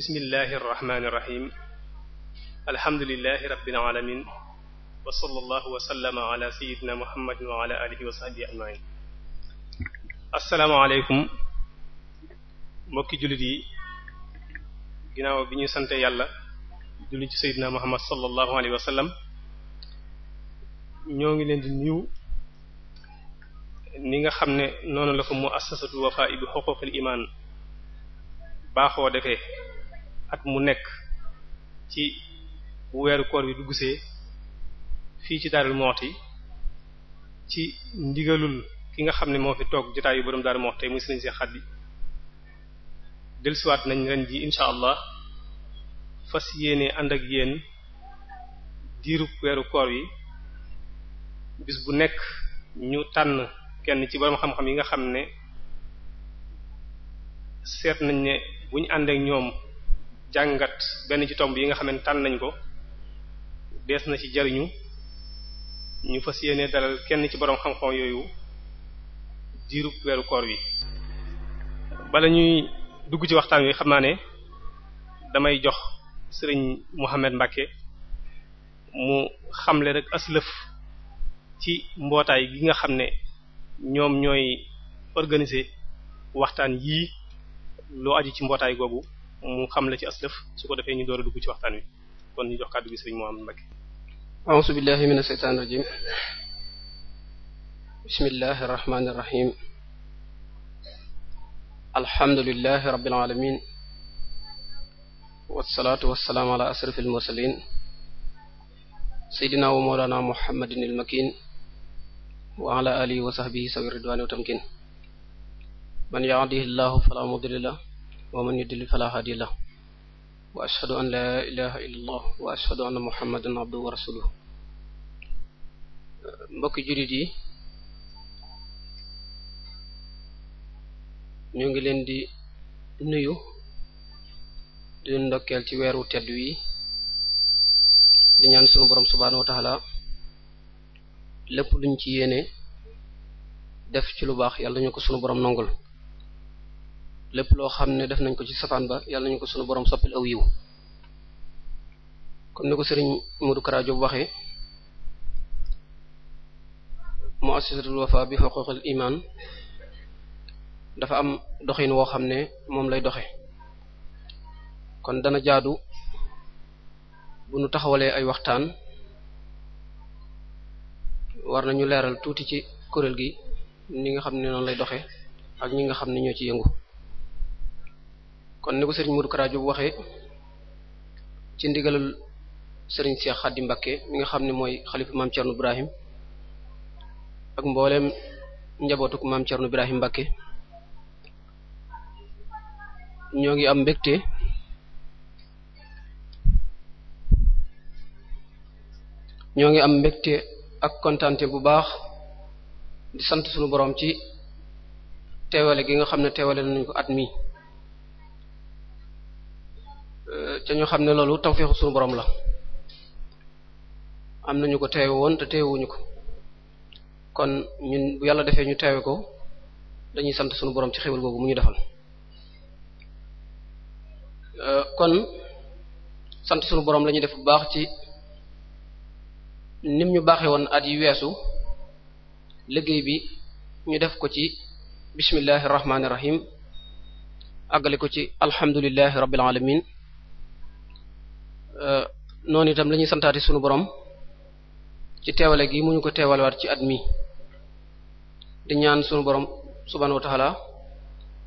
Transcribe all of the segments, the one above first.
bismillahi irrahmani irrahim alhamdulilahi rabbil alamin wa sallallahu wa sallama ala sayyidina muhammadin wa ala alihi wa sahbihi ajmain asalaamaaleykum mbokki jullit yi ginnaaw bi ñuy sante yàlla julli ci sayyidina muhammad sallallahu alayhi wa sallam ñoo ngi leen di nuyu ni nga xam ne noonu la ko muassasatu Wafa bi xuquqil iman baaxoo defee at mu nekk ci weeru koor bi duggsee fii ci Darou yi ci ndigalul ki nga xam ne moo fi toog jotaay yu borom Darou Moukhty muy Serigne Cheikh Khady dellusiwaat nañ ren ji incha allah fas yéene ànd ak yéen weeru koor wi bis bu nekk ñu tànn kenn ci borom xam yi nga xam ne seet nañ ne bu ñu ànd ak ñoom. jàngat benn ci tomb yi nga xam ne tànn nañ ko dees na ci jariñu ñu fas yéene dalal kenn ci boroom xam-xam yooyu diirub weeru koor wi bala ñuy dugg ci waxtaan wi xam naa ne damay jox sëriñ Mouhamed Mbacke mu xamle rek aslëf ci mbootaay gi nga xam ne ñoom ñooy organise waxtaan yii loo aju ci mbootaay googu mu xam la ci aslëf su ko defee ñu door a dugg ci waxtaan wi kon ñu jox kàddu gi sëriñ Muhammad Mbacké a'uuzu billahi minash shaytaanir rajiim bismillahir rahmaanir rahiim alhamdulillahi rabbil aalamiin wassalaatu wassalaamu ala asrafil mursaliin seydinaa wa mawlaana muhammadin il makiin wa ala alihi wa sahbihi sawi ridwaani wa tamkiin man yahdihi llahu fala mudilla ومن يدلل فلا هادي له وأشهد أن لا إله إلا الله وأشهد أن محمدا عبده ورسوله mbokki jullit yi ñu ngi leen di nuyu di leen ndokkeel ci weeru tedd wi di ñaan sunu borom subhaanahu wa lépp luñ ci yéene def ci lu baax yàlla ñu ko sunu borom nongul lépp loo xam ne def nañ ko ci safaan ba yàlla nañu ko sunu borom soppil aw yiw comme ni ko sëriñ Modou Kara Diop waxee muassasatul wafa bi huququl iman dafa am doxin woo xam ne moom lay doxe kon dana jaadu bu nu taxawalee ay waxtaan war nañu leeral tuuti ci kuréel gi ni nga xam ne noonu lay doxe ak ñi nga xam ne ñoo ci yëngu kon ni ko sëriñ Modou Kara bu waxee ci ndigalal sëriñ Cheikh Khady Mbacké mi nga xam ne mooy xalifa maam Thierno Ibrahim ak mbooleem njabootuk maam Thierno Ibrahim ñoo ngi am mbégte ñoo ngi am mbégte ak kontaante bu baax di sant sunu borom ci teewale gi nga xam ne teewale nañu ko at mi ca ñu xam ne loolu tawféexu suñu borom la am nañu ko teewe woon te teewuñu ko kon ñun bu yàlla defee ñu teewe ko dañuy sant suñu borom ci xéwal boobu mu ñu defal euh, kon sant suñu borom la def bu baax ci nim ñu baaxee woon at yi weesu liggéey bi ñu def ko ci bismillahi rahmaani rahim àggale ko ci alhamdulillahi rabbil alamin Euh, noonu itam lañuy ñuy santaati sunu borom ci teewale gi mu ñu ko teewalewaat ci at mi di ñaan sunu borom subhaanahu wa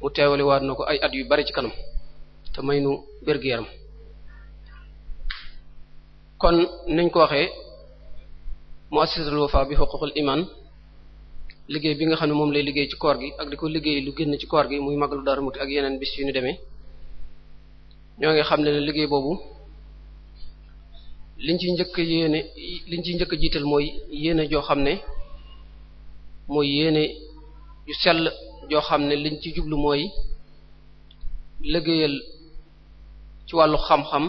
mu teewalewaat na ko ay at yu bari ci kanam te may nu wérgu yaram kon niñ ko waxee muassasatul Wafa bi huququl iman liggéey bi nga xam ne moom lay liggéey ci koor gi ak di ko liggéey lu génn ci koor gi muy magalu Darou Moukhty ak yeneen bis yu ñu demee ñoo ngi xam ne liggéey boobu liñ ci njëkk yéene liñ ci njëkk jiital mooy yéene joo xam ne mooy yéene yu sell joo xam ne liñ ci jublu mooy liggéeyal ci wàllu xam-xam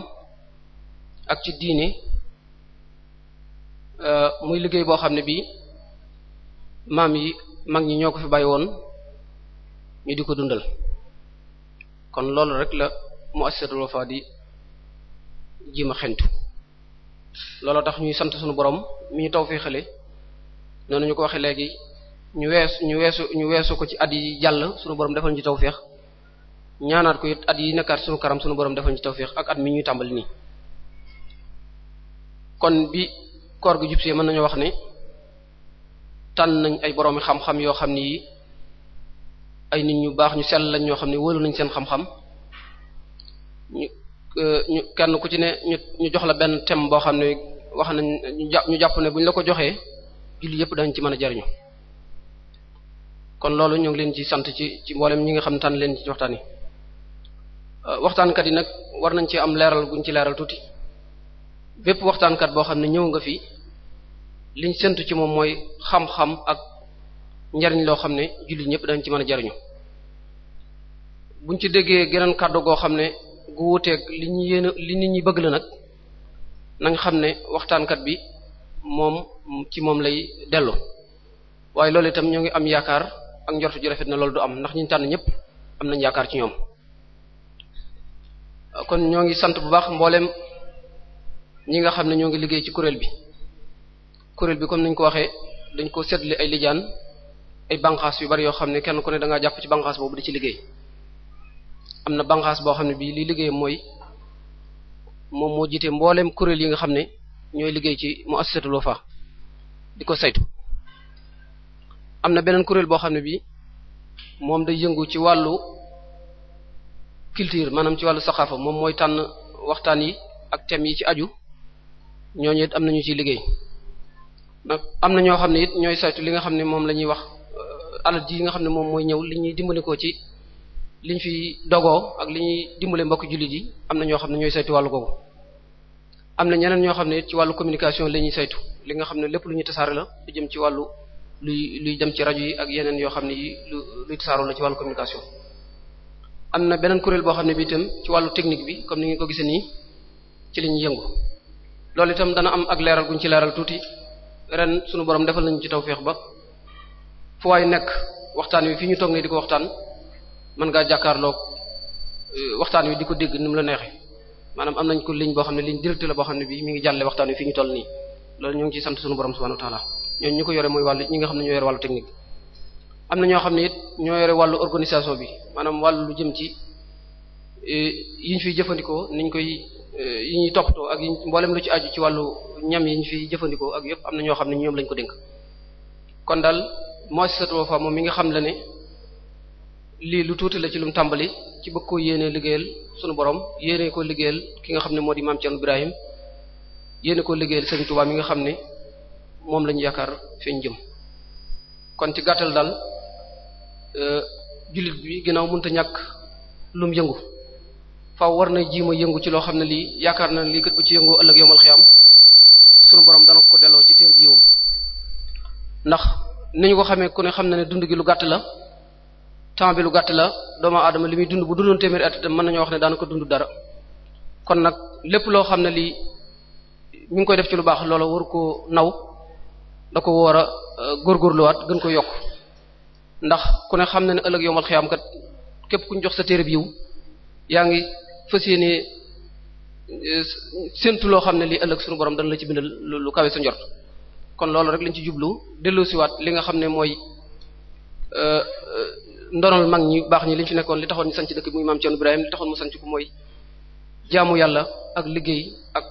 ak ci diine euh, muy liggéey boo xam ne bii maam yi mag ñi ñoo ko fi bàyyi woon ñu di ko dundal kon loolu rek la mu assatul wafa di jima xentu looloo tax ñuy sant suñu boroom mi ñu taw fii xale noonu ñu ko waxee léegi ñu weesu ñu weesu ñu weesu ko ci at yi jàll suñu borom defal ñu ci tawféex ñaanaat ko it at yi nekkaat suñu karam suñu borom defal ñu ci tawféex ak at mi ñuy tàmbali nii. kon bi koor gu jubsee mën nañu wax ne tànn nañ ay boroomi xam-xam yoo xam nii ay nit ñu baax ñu sell lañ ñoo xam ne wóolu nañ seen xam-xam Euh, ñu kenn ku ci ne ñu ñu jox la benn thème boo xam ne wax nañ ñu jàpp ne bu ñu la ko joxee julli yëpp dañ ci mën a jariñu kon loolu ñoo ngi leen ci sant ci ci mboolem ñi nga xam ne leen ci euh, waxtaankat yi nag war nañ ci am leeral guñ ci leeral tuuti bépp waxtaankat boo xam ne ñëw nga fi liñ séntu ci moom mooy xam-xam ak njariñ loo xam ne julli ñëpp dañ ci mën a jariñu buñ ci déggee geneen kàddu goo xam ne gu wuteeg li ñu yéen li nit ñi bëgg la nag na xam ne waxtaankat bi moom ci moom lay dellu waaye loolu itam ñoo ngi am yaakaar ak njort ju rafet na loolu du am ndax ñu tànn ñëpp am nañ yaakaar ci ñoom kon ñoo ngi sant bu baax mbooleem ñi nga xam ne ñoo ngi liggéey ci kuréel bi kuréel bi comme nañ ko waxee dañ ko seetli ay lijaan ay banqaas yu bari yoo xam ne kenn ku ne da ngaa jàpp ci banqaas boobu di ci liggéey am na banqaas boo xam ne bii li liggéeyam mooy moom moo jiite mbooleem kuréel yi nga xam ne ñooy liggéey ci muassasatul fa di ko saytu am na beneen kuréel boo xam ne bii moom day yëngu ci wàllu culture maanaam ci wàllu saxaafa moom mooy tànn waxtaan yi ak thèmes yi ci aju ñooñu it am nañu ciy liggéey am na ñoo xam ne it ñooy saytu li nga xam ne moom la ñuy wax euh, alal ji yi nga xam ne moom mooy ñëw li ñuy dimbali ko ci liñ fi dogoo ak li ñuy dimbale mbokk jullit yi am na ñoo xam ne ñooy saytu wàllu googu am na ñeneen ñoo xam ne ci wàllu communication la ñuy saytu li nga xam ne lépp lu ñuy tasaare la lu jëm ci wàllu luy luy dem ci rajo yi ak yeneen yoo xam ne yi lu luy tasaaroo la ci wàllu communication am na beneen kuréel boo xam ne bii itam ci wàllu technique bi comme ni ngeen ko gisee nii ci li ñuy yëngu loolu itam dana am ak leeral guñ ci leeral tuuti ren sunu borom defal nañu ci tawféex ba fu nekk waxtaan wi fi ñu toog di ko waxtaan mën ngaa jàkkaarloog euh, waxtaan wi di ko dégg ni mu la neexee maanaam am nañ ko ligne boo xam ne ligne direct la boo xam ne bii mu ngi jàllale waxtaan wi fi ñu toll nii loolu ñu ngi ciy sant suñu borom subhanahu wa ñu ko yore mooy wàllu ñi nga xam ne am na ñoo xam ne it ñoo wàllu organisation bi maanaam wàllu lu jëm ci euh, yi fiy jëfandikoo niñ koy euh, yi ñuy toppatoo ak yi mboolem lu ci aju ci wàllu ñam yi ñu fiy jëfandikoo ak yëpp am na ñoo xam ne ñoom lañ ko dénk kon daal mooy sa moom mi nga xam la ne lii lu tuuti la ci lu tàmbali ci bëgg koo yéene liggéeyal sunu borom yéene koo liggéeyal ki nga xam ne moo di maam Thierno Ibrahim yéene ko liggéeyal Serigne Touba mi nga xam ne moom lañu yaakaar feeñ jëm kon ci gàttal dal euh, jullit bi ginnaaw mënta ñàkk lum yëngu faw war na jiima yëngu ci loo xam ne lii yaakaar na lii kat bu ci yëngu ëllëg yowmal xiyam sunu borom dana ko delloo ci téer bi yowam ndax ni ñu ko xamee ku ne xam na ne dund gi lu gàtt la temps bi lu gàtt la doomu aadama li muy dund bu dundoon téeméeri at itam mën nañoo wax ne daanaka dund dara kon nag lépp loo xam ne lii mi ngi koy def ci lu baax loola war koo naw da ko war a euh, góorgóorluwaat gën ko yokk ndax ku ne xam na ne ëllëg yomal xiyaam kat képp ku ñu jox sa téere bi yiw yaa ngi fas yéenee euh, séntu loo xam ne lii ëllëg suñu borom dana la ci bindal lu kawe sa njort kon loolu rek lañ ci jublu delloosiwaat li nga xam ne mooy euh, ndonol mag ñi baax ñi liñ fi nekkoon li taxoon ñu sanc dëkk bi muy maam Thierno Ibrahim li taxoon mu sanc ko mooy jaamu yàlla ak liggéey ak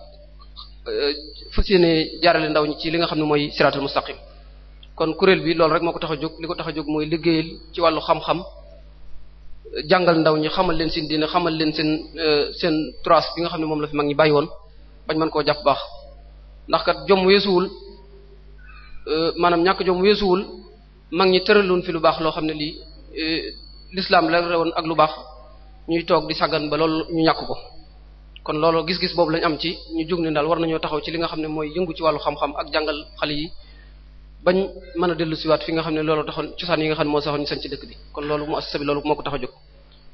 euh, fas yéene jaarale ndaw ñi ci li nga xam ne mooy siratul mustaqim kon kuréel bi loolu rek moo ko tax a jóg li ko tax a jóg mooy liggéeyal ci wàllu xam-xam jàngal ndaw ñi xamal leen seen diine xamal leen seen euh, seen trace bi nga xam ne moom la fi mag ñi bàyyi woon bañ mën koo jàpp baax ndax kat jom weesuwul euh, maanaam ñàkk jom weesuwul mag ñi tëraloon fi lu baax loo xam ne lii Euh, l'islam la rewoon ak lu baax ñuy toog di sàggan ba loolu ñu ñàkk ko kon loolu gis-gis boobu lañ am ci ñu jóg ne daal war na ñoo taxaw ci li nga xam ne mooy yëngu ci wàllu xam-xam ak jàngal xale yi bañ mën a dellu waat fi nga xam ne loolu taxoon cosaan yi nga xam ne moo saxoon ñu sañ ci dëkk bi kon loolu mu assasa bi loolu moo ko tax a jóg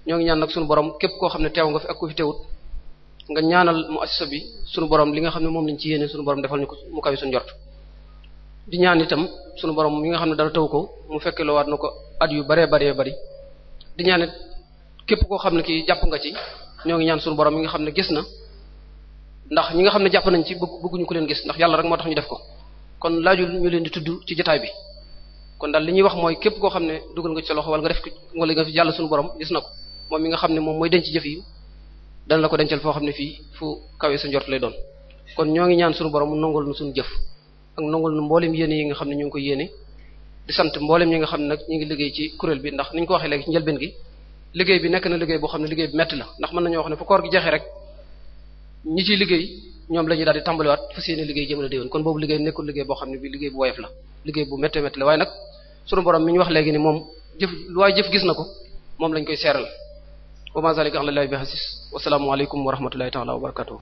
ñoo ngi ñaan nag suñu borom képp koo xam ne teew nga fi ak ku fi teewut nga ñaanal mu assasa sunu suñu li nga xam ne moom lañ ci yéene suñu borom defal ñu ko mu kawi suñu jort di ñaan itam suñu borom mi nga xam ne dara ko mu na ko at yu bëree bëree bari di ñaan képp koo xam ne kii jàpp nga ci ñoo ngi ñaan suñu borom mi nga xam ne gis na ndax ñi nga xam ne jàpp nañ ci bëgguñu ko leen gis ndax yàlla rek moo tax ñu def ko kon laajul ñu leen di tudd ci jotaay bi kon daal li ñuy wax mooy képp koo xam ne dugal nga sa loxo wala nga def wala nga yàlla suñu borom gis na ko moom mi nga xam ne moom mooy denc jëf yi dana la ko dencal foo xam ne fii fu kawe sa njort lay doon kon ñoo ngi ñaan suñu borom nangul nu suñu jëf ak nangul nu mboolem yéene yi nga xam ne ñu ngi ko yéene di sant mboolem ñi nga xam ne nag ñu ngi liggéey ci kuréel bi ndax ni ñu ko waxee léegi ci njëlbeen gi liggéey bi nekk na liggéey boo xam ne liggéey bi metti la ndax mën nañoo wax ne fu koor gi jeexee rek ñi ciy liggéey ñoom la ñuy daal di tàmbaliwaat fa seeni liggéey jëmale déwén kon boo xam ne bi liggéey bu woyof la liggéey bu métte métti la waaye nag sunu borom mi ñu wax léegi ni moom jëf waaye jëf gis na ko moom lañ koy seeral wa ma zalika ala llahi bi hasis wasalaamu aleykum wa rahmatullahi taala wa barakatuh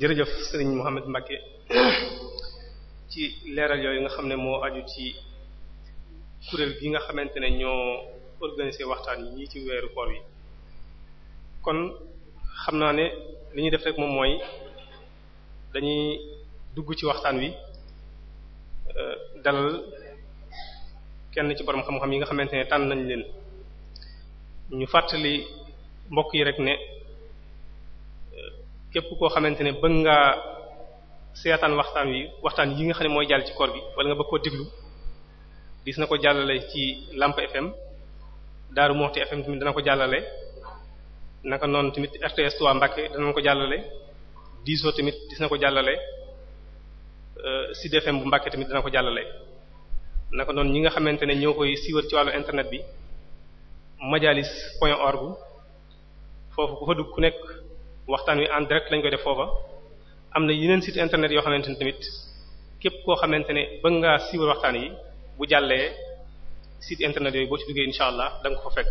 jërëjëf sëriñ Mouhamed Mbacke ci leeral yooyu nga xam ne moo aju ci kuréel gi nga xamante ne ñoo organiser waxtaan yi ñii ci weeru koor yi kon xam naa ne li ñuy def rek moom mooy dañuy dugg ci waxtaan wi euh, dalal kenn ci boroom xam-xam yi nga xamante ne tànn nañ leen ñu fàttali mbokk yi rek ne euh, képp koo xamante ne bëgg ngaa seetaan waxtaan wi waxtaan yi nga xam ne mooy jàll ci koor gi wala nga bëgg koo déglu dis na ko jàllale ci Lamp FM Daaru Muxti FM tamit dana ko jàllale naka noonu tamit RTS 3 Mbacké dana ko jàllale Diso tamit dis na ko jàllale euh, Sud FM bu Mbacké tamit dana ko jàllale naka noonu ñi nga xamante ne ñoo koy siiwal ci wàllu internet bi majalis point org foofu ku fa dugg ku nekk waxtaan wi en direct lañ koy def foofa am na yeneen site internet yoo xamante ne tamit képp koo xamante ne bëgg ngaa siiwal waxtaan yi bu jàllee site internet yooyu boo ci duggee incha allah danga ko ko fekk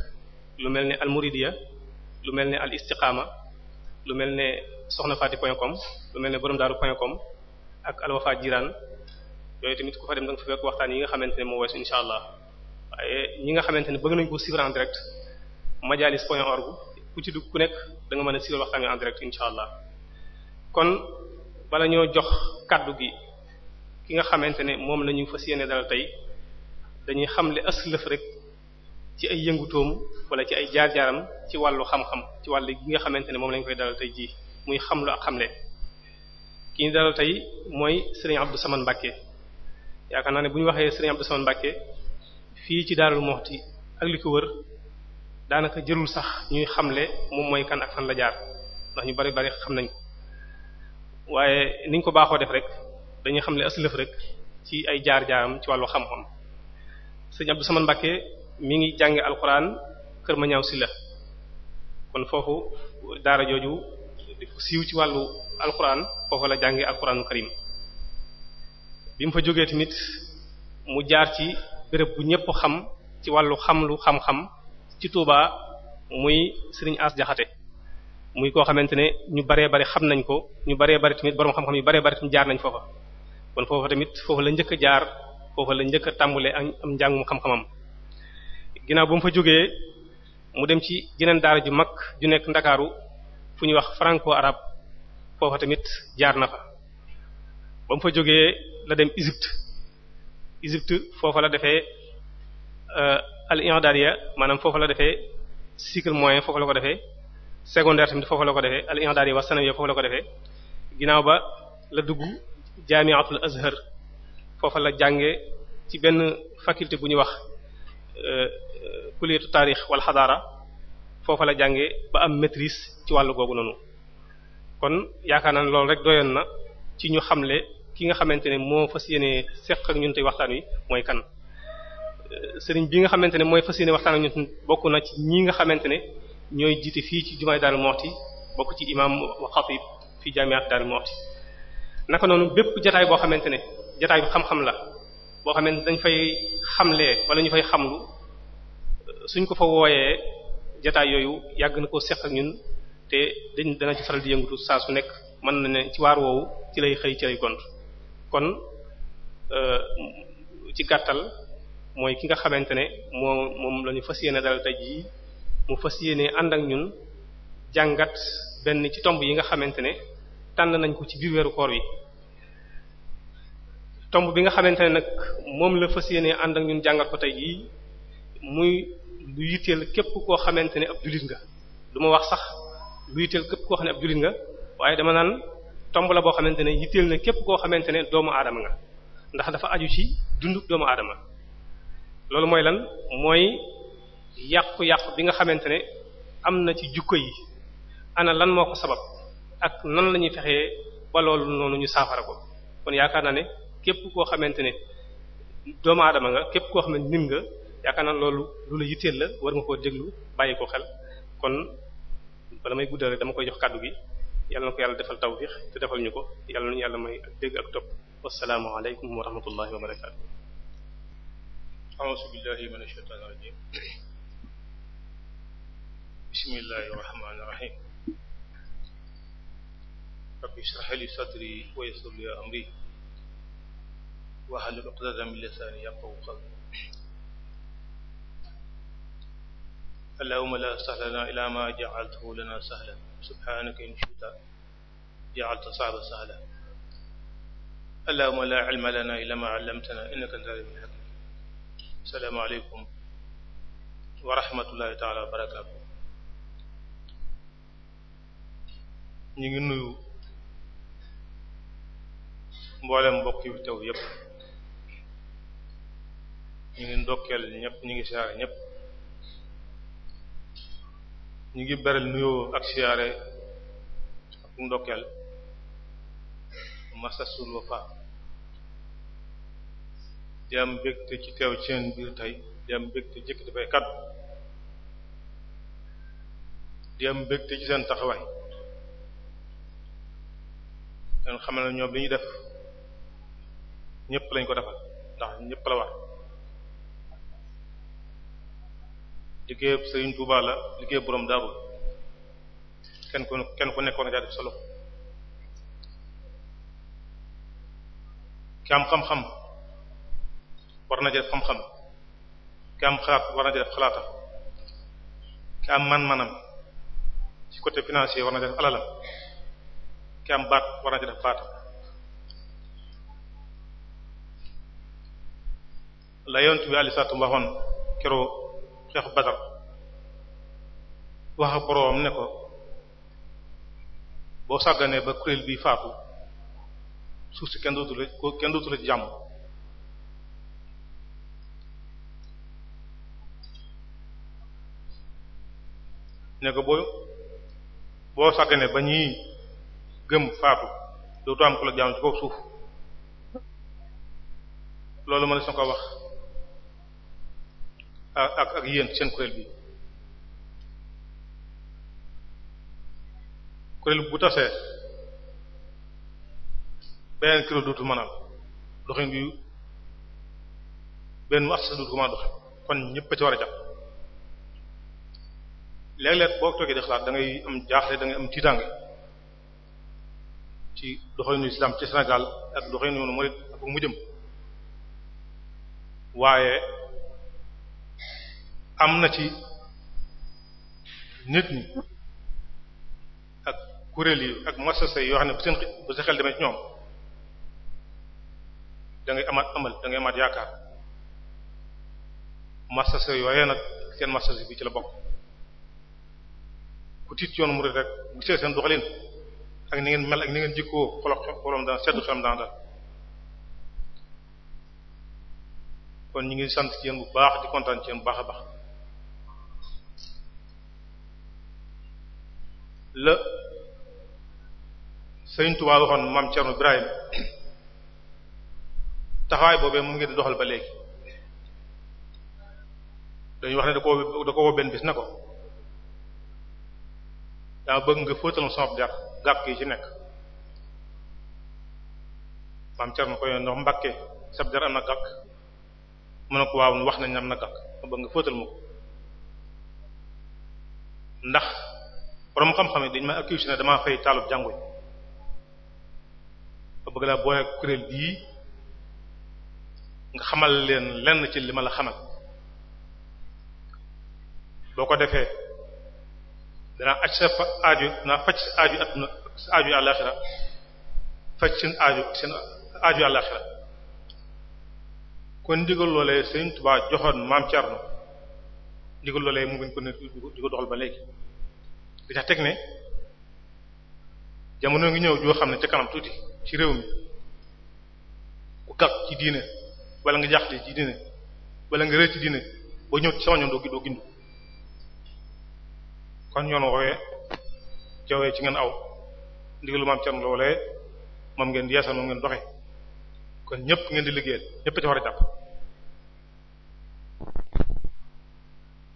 lu mel ne al muridiya lu mel ne al istiqaama lu mel ne soxnafaati point com lu mel ne borom daaru point com ak al wafa jiraan yooyu tamit ku fa dem da fa fekk waxtaan yi nga xamante ne moo weesu incha allah waaye ñi nga xamante ne bëgg nañ ko suivre en direct majalis point org ku ci dugg ku nekk da nga mën a siiwal waxtaan yi en allah bala ñoo jox kàddu gi ki nga xamante ne moom la ñu fas yéene dal tey dañuy xam le aslëf rek ci ay yëngutoom wala ci ay jaar-jaaram ci wàllu xam-xam ci wàllu gi nga xamante ne moom lañ koy dalal tey jii muy xamlu ak xamle ki ñu dalal tey mooy Serigne Abdou Samane Mbacké yaakaar naa ne bu ñu waxee Serigne Abdou Samane Mbacké fii ci Darou Moukhty ak li ko wër daanaka jërul sax ñuy xamle moom mooy kan ak fan la jaar ndax ñu bari bari xam nañ ko waaye niñ ko baaxoo def rek dañuy xam ne aslëf rek ci ay jaar-jaaram ci wàllu xam-xam sëñ Abdou Samane Mbacké mi ngi jànge alxuraan kër ma ñaaw si kon foofu daara jooju siiw ci wàllu alxuraan foofu la jànge alxuraanu karim bi mu fa jógee tamit mu jaar ci béréb bu ñëpp xam ci wàllu xam lu xam-xam ci Touba muy sëriñ As Jaxate muy koo xamante ne ñu baree bari xam nañ ko ñu baree bari tamit borom xam-xam yu bare bari tamit jaar nañ foofa kon foofa tamit foofa la njëkk a jaar foofa la njëkk a tàmbalee ak am njàngum xam-xamam. ginnaaw bu mu fa jógee mu dem ci jeneen daar ju mag ju nekk ndakaaru fu ñuy wax franco arab foofa tamit jaar na fa ba mu fa jógee la dem Égypte Égypte foofa la defee euh, al-i'dadiyya maanaam foofa la defee cycle moyen foofa la ko defee. secondaire tamit foofu la ko defee al i'dadi wa sanawi foofu la ko defee ginnaaw ba la dugg jaami'atul azhar foofa la jànge ci benn faculté bu ñuy wax euh, kuliyatu taarix wal xadaara foofa la jànge ba am maîtrise ci wàllu googu noonu kon yaakaar naa ne loolu rek doyoon na ci ñu xamle ki nga xamante ne moo fas yéene seq ak ñun tey waxtaan wi mooy kan euh, sëriñ bi nga xamante ne mooy fas yéene waxtaan ak ñun bokk na ci ñi nga xamante ne ñooy jiite fii ci jumaay Darou Moukhty bokk ci imam wa xatib fi jamiat Darou Moukhty naka noonu bépp jataay boo xamante ne jataay bi xam-xam la boo xamante dañ fay xamlee wala ñu fay xamlu suñ ko fa wooyee jataay yooyu yàgg na koo seq ak ñun te dañ dana ci di yëngatu saa su nekk mën na ne ci waar woowu ci lay xëy ci lay gont kon euh, ci gàttal mooy ki nga xamante ne moo moom la ñu fas yéene daal tey jii mu fas yéene ànd ak ñun jàngat benn ci tomb yi nga xamante ne tànn nañ ko ci biir weeru koor wi tomb bi nga xamante ne nag moom la fas yéene ànd ak ñun jàngat ko tey gii muy lu yitteel képp koo xamante ne ab jullit nga du wax sax lu yitteel képp koo xam ne ab jullit nga waaye dama naan tomb la boo xamante ne yitteel na képp koo xamante ne doomu aadama nga ndax dafa aju ci dundu doomu aadama loolu mooy lan mooy yàqu-yàqu bi nga xamante ne am na ci jukko yi ana lan moo ko sabab ak nan la ñuy fexee ba loolu noonu ñu saafara ko kon yaakaar naa ne képp koo xamante ne doomu aadama nga képp koo xam ne nit nga yaakaar naa loolu lu la yitteel la war nga koo déglu bàyyi ko xel kon bala may guddal rek dama koy jox kàddu gi yàlla na ko yàlla defal tawfiix te defal ñu ko yàlla nañu yàlla may dégg ak topp wassalaamu aleykum wa rahmatullahi wa barakaatu a'uuzu billahi minash bismillaahi rahmaani rahiim rabbi ishrah li sadri wa yassir li amri wahlul uqdatan min lisaani yafqahu qawli allahumma laa sahla illaa maa ja'altahu lanaa sahlan subhaanaka in shi'ta ja'alta as-sa'ba sahlan allahumma laa ilma lanaa illaa maa 'allamtanaa innaka antal 'aliimul hakiim assalaamu aleykum wa rahmatullaahi ta'aalaa wa barakaatuh ñu ngi nuyu mboolem mbokk tew teew yépp ñu ngi ndokkeel ñépp ñu ngi siyaare ñépp ñu ngi bari nuyoo ak siyaare ak ndokkeel masasul wafa di am bégte ci teew ci seen biir tey di am bégte jëkk dafay kaddu di am bégte ci seen taxawaay leen xamal ne ñoom li ñu def ñëpp lañ ko defal ndax ñëpp la war liggéeyub Sëriñ Tuubaa la liggéeyub boroom daaru kenn ku kenn ku nekkoon nga def solo ki am xam-xam war na ci def xam-xam ki am xalaat war na ci def xalaatam ki am man-manam ci côté financier war na def alalam ki am baat war na ci def baat la yont bi ali satum waxoon keroo xeexu Badar wax ak boroom ne ko boo sàgganee ba kuréel bi faatu suuf si kenn dootu la kenn dootu la jàmm ne ko boo boo sàgganee ba ñii gëm faatu dootu am ku la suuf loolu mën na ko wax ak ak yéen seen kuréel bi kuréel bu tasee beneen kuréel dootu mën a doxin bi benn mu as dootu ko kon ñëpp ci war a jàpp léeg-léeg boo toogee di xalaat da ngay am jaaxle da ngay am tiitaange. ci doxalinu islam ci senegal ak doxalinu murid ak mu jëm waaye am na ci nit ñi ak kuréel yi ak marsasa yoo xam ne bu seen bu seen xel demee ci ñoom da ngay amaat amal da amaat yaakaar marsasa yooyee nag seen marsasa bi ci la bokk ku tiit yoonu murid rek gisee seen doxalin ak ni ngeen mel ak ni ngeen jikkoo xolo xolom dana sedd xelam dana dal kon ñu ngi sant ci yéen bu baax di kontaan ci yéen bu baax a baax la Sëriñ Tuubaa waxoon maam Cerno Ibrahim taxawaay boobee mu ngi di doxal ba léegi dañuy wax ne da ko da ko woo benn bis na ko daa bëgg nga fóotal sama der làkk yi ci nekk maam Thierno ko yoon ndax Mbàkke sab am na gàkk mu ne ko waaw wax nañ am na gàkk ma bëgg nga fóotal ma ndax borom xam-xam yi dañ ma accuse ne damaa fay taalub jàngu ba bëgg laa boole kuréel bii nga xamal leen lenn ci li ma xamal boo ko defee danaa aj sa aajo danaa faj sa aajo adduna sa aajo faj seen aajo seen aajo àllaxira kon ndigal loolee Sëriñ Tuubaa joxoon maam Cerno ndigal loolee mu ngi ko ne di ko doxal ba léegi di teg ne jamono ngi ñëw joo xam ne ca kanam tuuti ci réew mi ku gàq ci diine wala nga jaaxle ci diine wala nga rëcc ci diine boo ñëw ci sama ñoom doo gindu fan yoon woowee jawee ci ngeen aw ndigalu maam Cerno loolee moom ngeen di yeesal moom ngeen doxe kon ñëpp ngeen di liggéeyal ñëpp ci war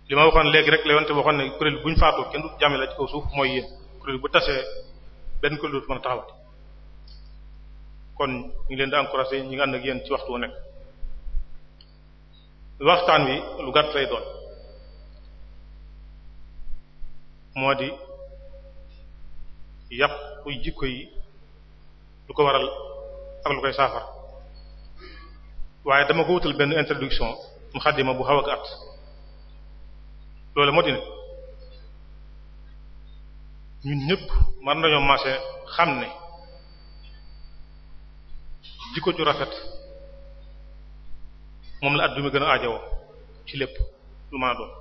li ma waxoon léegi rek la yonte waxoon ne kuréel bu ñu kenn du jàmme mooy yéen kuréel bu tasee benn kuréel dootu mën a taxawati kon ñu ngi leen di encourager ñi nga ànd ak yéen ci waxtu wu nekk waxtaan wi lu gàtt lay doon moo di yàqu jikko yi lu ko waral ak lu koy saafara waaye dama ko wutal benn introduction muxaddima bu xaw a gàtt loolu moo di ñun ñëpp mën nañoo marché xam ne jikko ju rafet moom la àdduna gën a aajowoo ci lépp lu mën a doon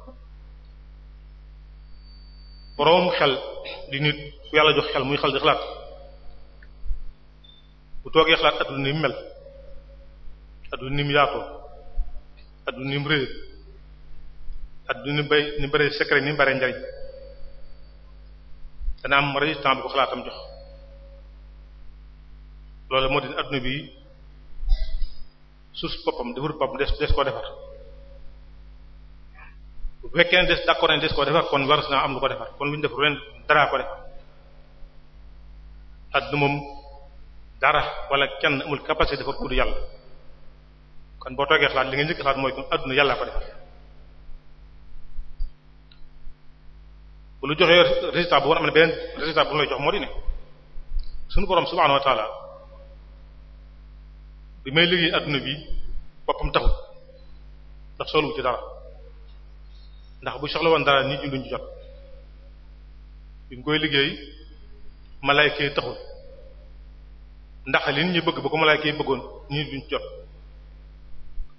boroom xel di nit ku yàlla jox xel muy xel di xalaat bu toogee xalaat adduna ni mel adduna ni mu yaatoo adduna ni mu rëy adduna ni bay ni bare secret ni mu bare njariñ dana am résultat bu ko xalaatam jox loolu moo di adduna bi suuf boppam defur boppam des des koo defar bu fekkee ne des d'accord ne des koo defar kon war naa am lu ko defar kon lu ñu def ren daraa ko defar adduna moom dara wala kenn amul capacité defar ku du yàlla kon boo toogee xalaat li nga njëkk xalaat mooy kon adduna yàlla ko defar bu lu joxee résultat bu war am na beneen résultat bu lay jox moo di ne suñu borom subhaanahu wa taala bi may liggéey adduna bi boppam taxul ndax soolu ci dara ndax bu soxla woon dara nit ñi duñ jot bi mu koy liggéey malaayka yi taxul ndax li nit ñi bëgg ba ko malaayka yi bëggoon nit ñi duñ jot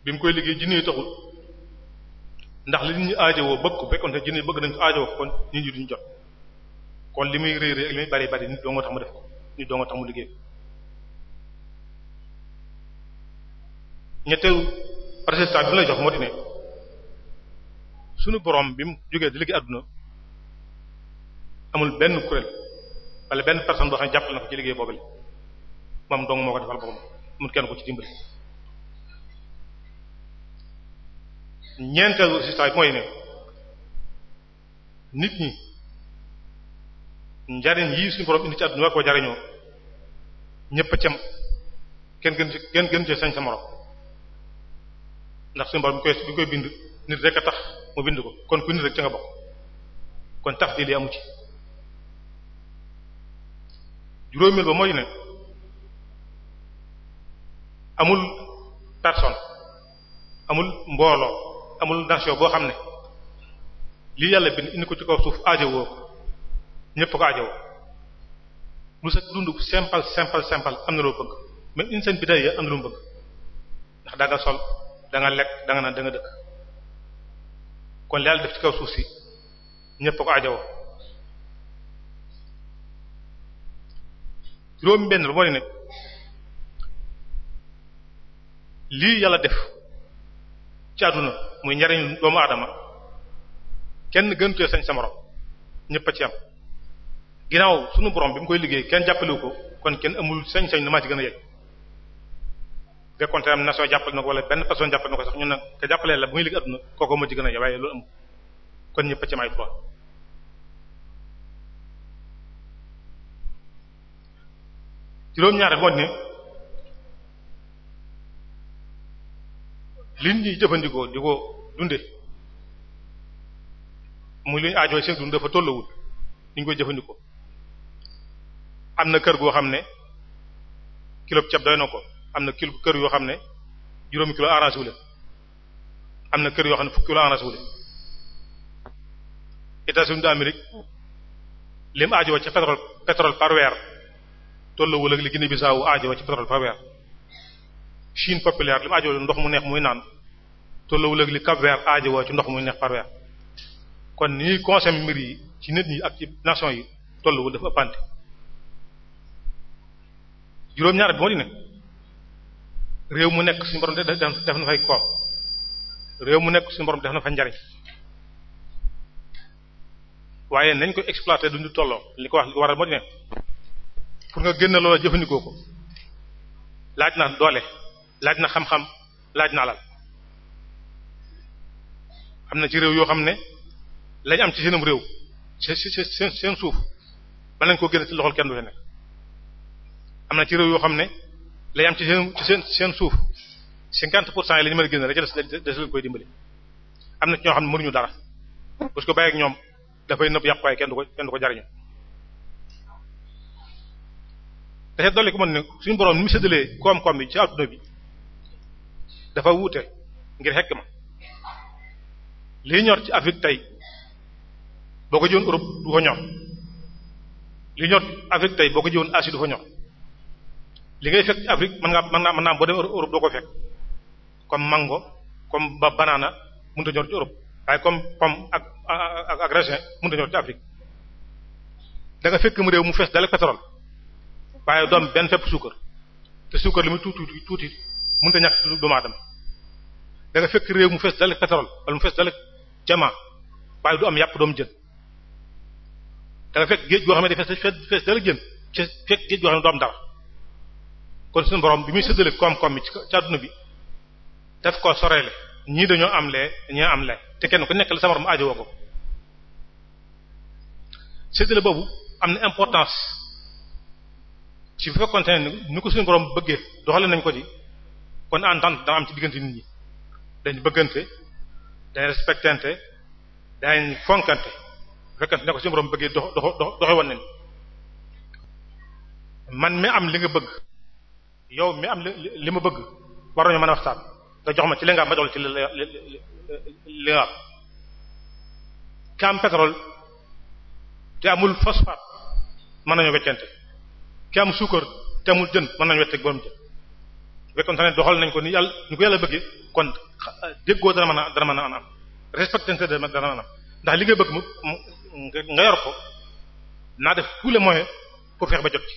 bi mu koy liggéey jinne yi taxul ndax li nit ñi aajowoo bëgg ko fekkoon te jinne bëgg nañ ko aajowoo kon nit ñi duñ jot kon li muy réy réy ak li muy bari bari nit doo nga tax mu def nit doo nga tax mu liggéey ñetteelu résultat bi mu lay jox moo di suñu borom bi mu jógee di liggéey àdduna amul benn kuréel wala benn personne boo xam ne jàppale na ko ci liggéey boobu moom dong moo ko defal boppam amul kenn ko ci dimbali. ñeenteelu résultat bi mooy ne nit ñi njariñ yii suñu borom indi ci àdduna war koo jariñoo ñëpp a kenn gën ci kenn gën ci sañ sa morom ndax suñu borom bi koy bind nit rek a tax. mu bind ko kon ku nit rek ca nga bokk kon tafdil yi amu ci juróomeel ba mooy ne amul personne amul mbooloo amul nation boo xam ne li yàlla bind indi ko ci kaw suuf aajowoo ko ñëpp ko aajowoo lu sa dund simple simple simple am na loo bëgg mais insaan bi day am na lu mu bëgg ndax da sol da lekk da nga naan da dëkk kon li yàlla def ci kaw suuf si ñëpp ko ajawoo juróomi benn lu moo ne lii yàlla def ci àdduna muy njariñ doomu aadama kenn gëntee sañ sa morom ñëpp a ci am ginnaaw sunu borom bi mu koy liggéey kenn jàppalewu ko kon kenn amul sañ-sañ na ci gën a yegg fekkoon tam nation jàppale na ko wala benn personne jàppale na ko sax ñun nag te jàppalee la bu muy liggéey adduna kooku ma ci gën a waaye loolu amul kon ñëpp ci may poids. juróom-ñaar moo ne li ñuy jëfandikoo di ko dunde muy li ñu aajoo seen dund dafa tollawul ni koy jëfandikoo am na kër goo xam ne kilo ceeb doy na ko. am na kilo kër yoo xam ne juróomi kilo arrangé am na kër yoo xam ne fukki kilo arrangé wu leen États-Unis d'Amérique li mu aajowoo ci pétrole par weer tolluwul li Guinée Bissau aajowoo ci pétrole par weer Chine populaire li mu ndox mu neex muy naan tolluwul ak li Cap-Vert aajowoo ci ndox muy neex par weer kon ni conseil mbir yi ci nit ñi ak ci nation yi tolluwul dafa ëppante juróom-ñaar bi moo di réew mu nekk suñu borom def na fay koom réew mu nekk suñu borom def na fa njari waaye nañ ko exploité duñu tolloo li ko wax li ko waral moo di pour nga génn loola jëfandikoo ko laaj na doole laaj na xam-xam laaj na alal am na ci réew yoo xam ne lañ am ci seenum réew seen seen seen suuf ba nañ ko génn ci loxol kenn du fi am na ci réew yoo xam ne. lay am ci seen suuf cinquante pour cent yi la ma mën a génn rek ca des des koy dimbali am na ci ñoo xam ne mënuñu dara parce que bàyyi ak ñoom dafay nëb yàqu waaye kenn du ko kenn ko jariñu te ko mën suñu borom ni mu séddalee koom-koom bi ci dafa wuute ngir xekk ma li ñor ci Afrique tey boo ko jiwoon Europe du ko ñor lii ñor Afrique tey boo ko jiwoon Asie du ko ñor li ngay fekk ci Afrique mën ngaa man naa man naa boo dem Europe doo ko fekk comme mango comme ba banana mënut a ñor ci Europe waaye comme pomme ak ak ak raisin mënut a ñor Afrique da fekk mu réew mu fees dale pétrole waaye doom benn fepp suukar te suukar li muy tuuti tuuti tuuti mënut a ñàkk doomu aadama da fekk réew mu fees dale pétrole wala mu fees dale jamaa waaye du am yàpp doom jën da fekk géej goo xam ne dafay fees fees dale jën fekk géej goo xam ne du dara. kon suñu borom bi muy séddale koom-koom ci ci àdduna bi daf koo soreele ñii dañoo am lee dañoo am lee te kenn ku nekk la sa morom aajo woo ko séddale boobu am na importance ci bu fekkoon ne ni ko suñu borom bëggee doxale nañ ko ci kon entente dana am ci diggante nit ñi dañ bëggante dañ respectante dañ fonkante bu fekkante suñu borom bëggee dox dox doxe woon nañ man mi am li nga bëgg. yow mi am li li ma bëgg war nañu mën a waxtaan nga jox ma ci li nga am ma jox la ci li li nga am ka am pétrole te amul phosphate mën nañu weccante ki am suukar te amul jën mën nañu wetteeg borom jën fekkoon sax ne doxal nañ ko ni yàlla ñu ko yàlla bëggee kon déggoo dana mën a dana mën a am respecté dana mën a am ndax li nga bëgg mu nga yor ko naa def tous les moyens pour fexe ba jot ci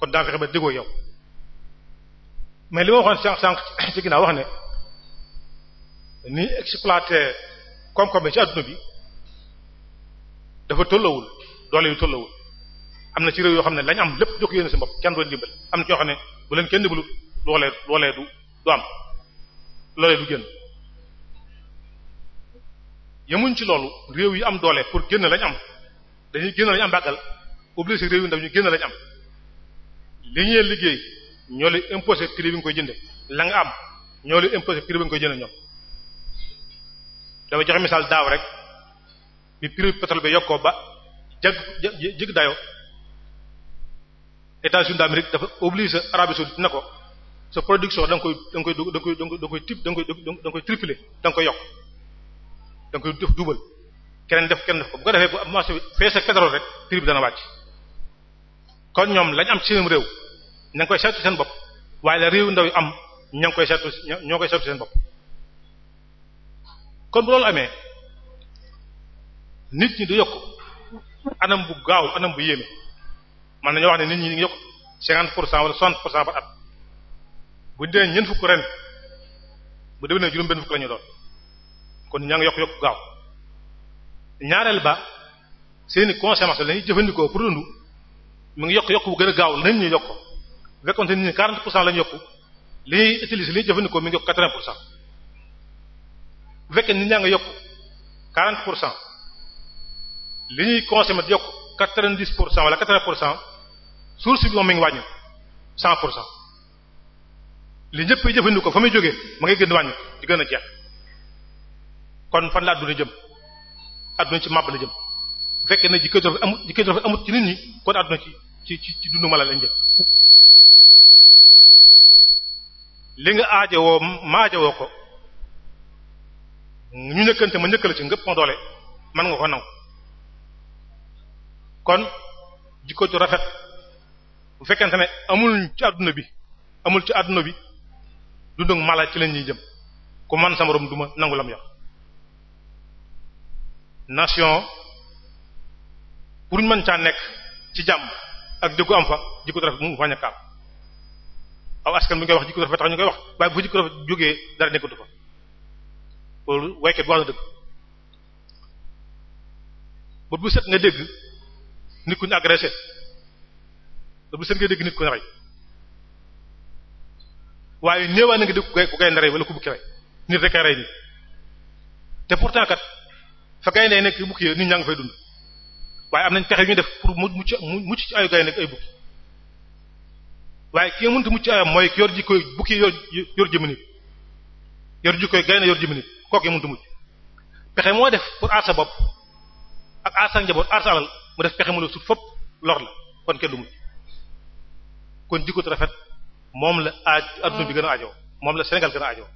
kon daa fexe ba déggoo yow. mais li ma waxoon sànq sànq ci ginnaaw wax ne ni exploité koom-koom yi ci adduna bi dafa tollawul doole yu tollawul am na ci réew yoo xam ne lañ am lépp jox yéen si bopp kenn doon dimbal am na ci ne bu leen kenn dimbalu loolee loolee du du am loolee ci loolu réew yi am doole pour génn lañ am dañuy génn lañ am bàggal obligé réew yi ndaw ñuy génn lañ am li ñuy liggéey ñoo lay imposé bi nga koy jënde langa am ñoo lay imposé bi nga koy jënde ñoom dama joxe misaal daaw rek bi prix pétrole bi yokkoo ba jag jig dayo États-Unis d'Amérique dafa obligé Arabie saoudite na ko sa production da nga koy da nga koy da nga koy da nga koy da nga koy da nga koy tripler da nga koy yokk da nga koy def duubal keneen def keneen def ko bu ko defee bu marché bi fees ak rek prix bi dana wàcc kon ñoom lañ am ci seen réew ña ngi koy seetu seen bopp waaye la réew ndaw yi am ña ngi koy seetu ñoo koy seetu seen bopp kon bu loolu amee nit ñi di yokk anam bu gaaw anam bu yéeme man nañoo wax ne nit ñi ngi yokk cinquante pour cent wala soixante pour cent at bu ñu dee ñeent fukk ren bu déwénee juróom benn fukk la ñu doon kon ñaa ngi yokk yokk gaaw ñaareel ba seeni conséquences la ñuy jëfandikoo pour dund mu ngi yokk yokk bu gën a gaaw nañ ñu yokk bu fekkoon te ni 40 yokku li ñuy utiliser li ñuy jëfandikoo mu ngi yokk 80 pour bu fekkee nit ñaa ngi yokku 40 pour cent li ñuy consommer di yokku 90 pour cent wala 80 pour cent source bi moom mi ngi wàññi pour cent li ñëpp yi jëfandikoo fa muy jógee ma ngay gën wàññi di gën a jeex kon fan la adduna jëm adduna ci màbb la jëm bu fekkee ne ji koy amut ji koy amut ci nit ñi kon adduna ci ci ci dundu mala lañ jëm li nga aajowoo woo ko ñu ñëkkante ma ñëkkal ci ngëpp ma doole man nga ko nangu kon jikko ju rafet bu fekkente ne amul ci àdduna bi amul ci àdduna bi dundug mala ci lañuy jëm ku man sama rom duma nangu lam yox nation ñu mën caa nekk ci jàmm ak jikko am fa jikko rafet mu fañ a kaam aw askan bi ñu wax jikko rafet tax ñu koy wax waaye bu fa jikko rafet jógee dara nekkatu fa loolu waykat bi wax set nga dégg nit ku ñu agressé dégg nit ku ñu waaye néewaa na nga dégg ku kay ku kay wala ku bukki rey nit rek rey nii te pourtant kat fa kay ne nekk bukki nit ñaa ngi fay dund waaye am nañ pexe yu ñu def pour mu mucc mucc ci ayu gaynde ay bukki waaye ki nga mënta mucc ayam mooy ki yor jikkoy bukki yor yor jëmmi nit yor jikkoy gaynde yor jëmmi nit kooku yi mënta mucc pexe moo def pour aar sa bopp ak aar sa njaboot aar sa alal mu def pexe mu la sut fopp lor la kon kenn du mucc kon jikko rafet moom la aaj adduna bi gën a ajoo moom la Sénégal gën a ajoo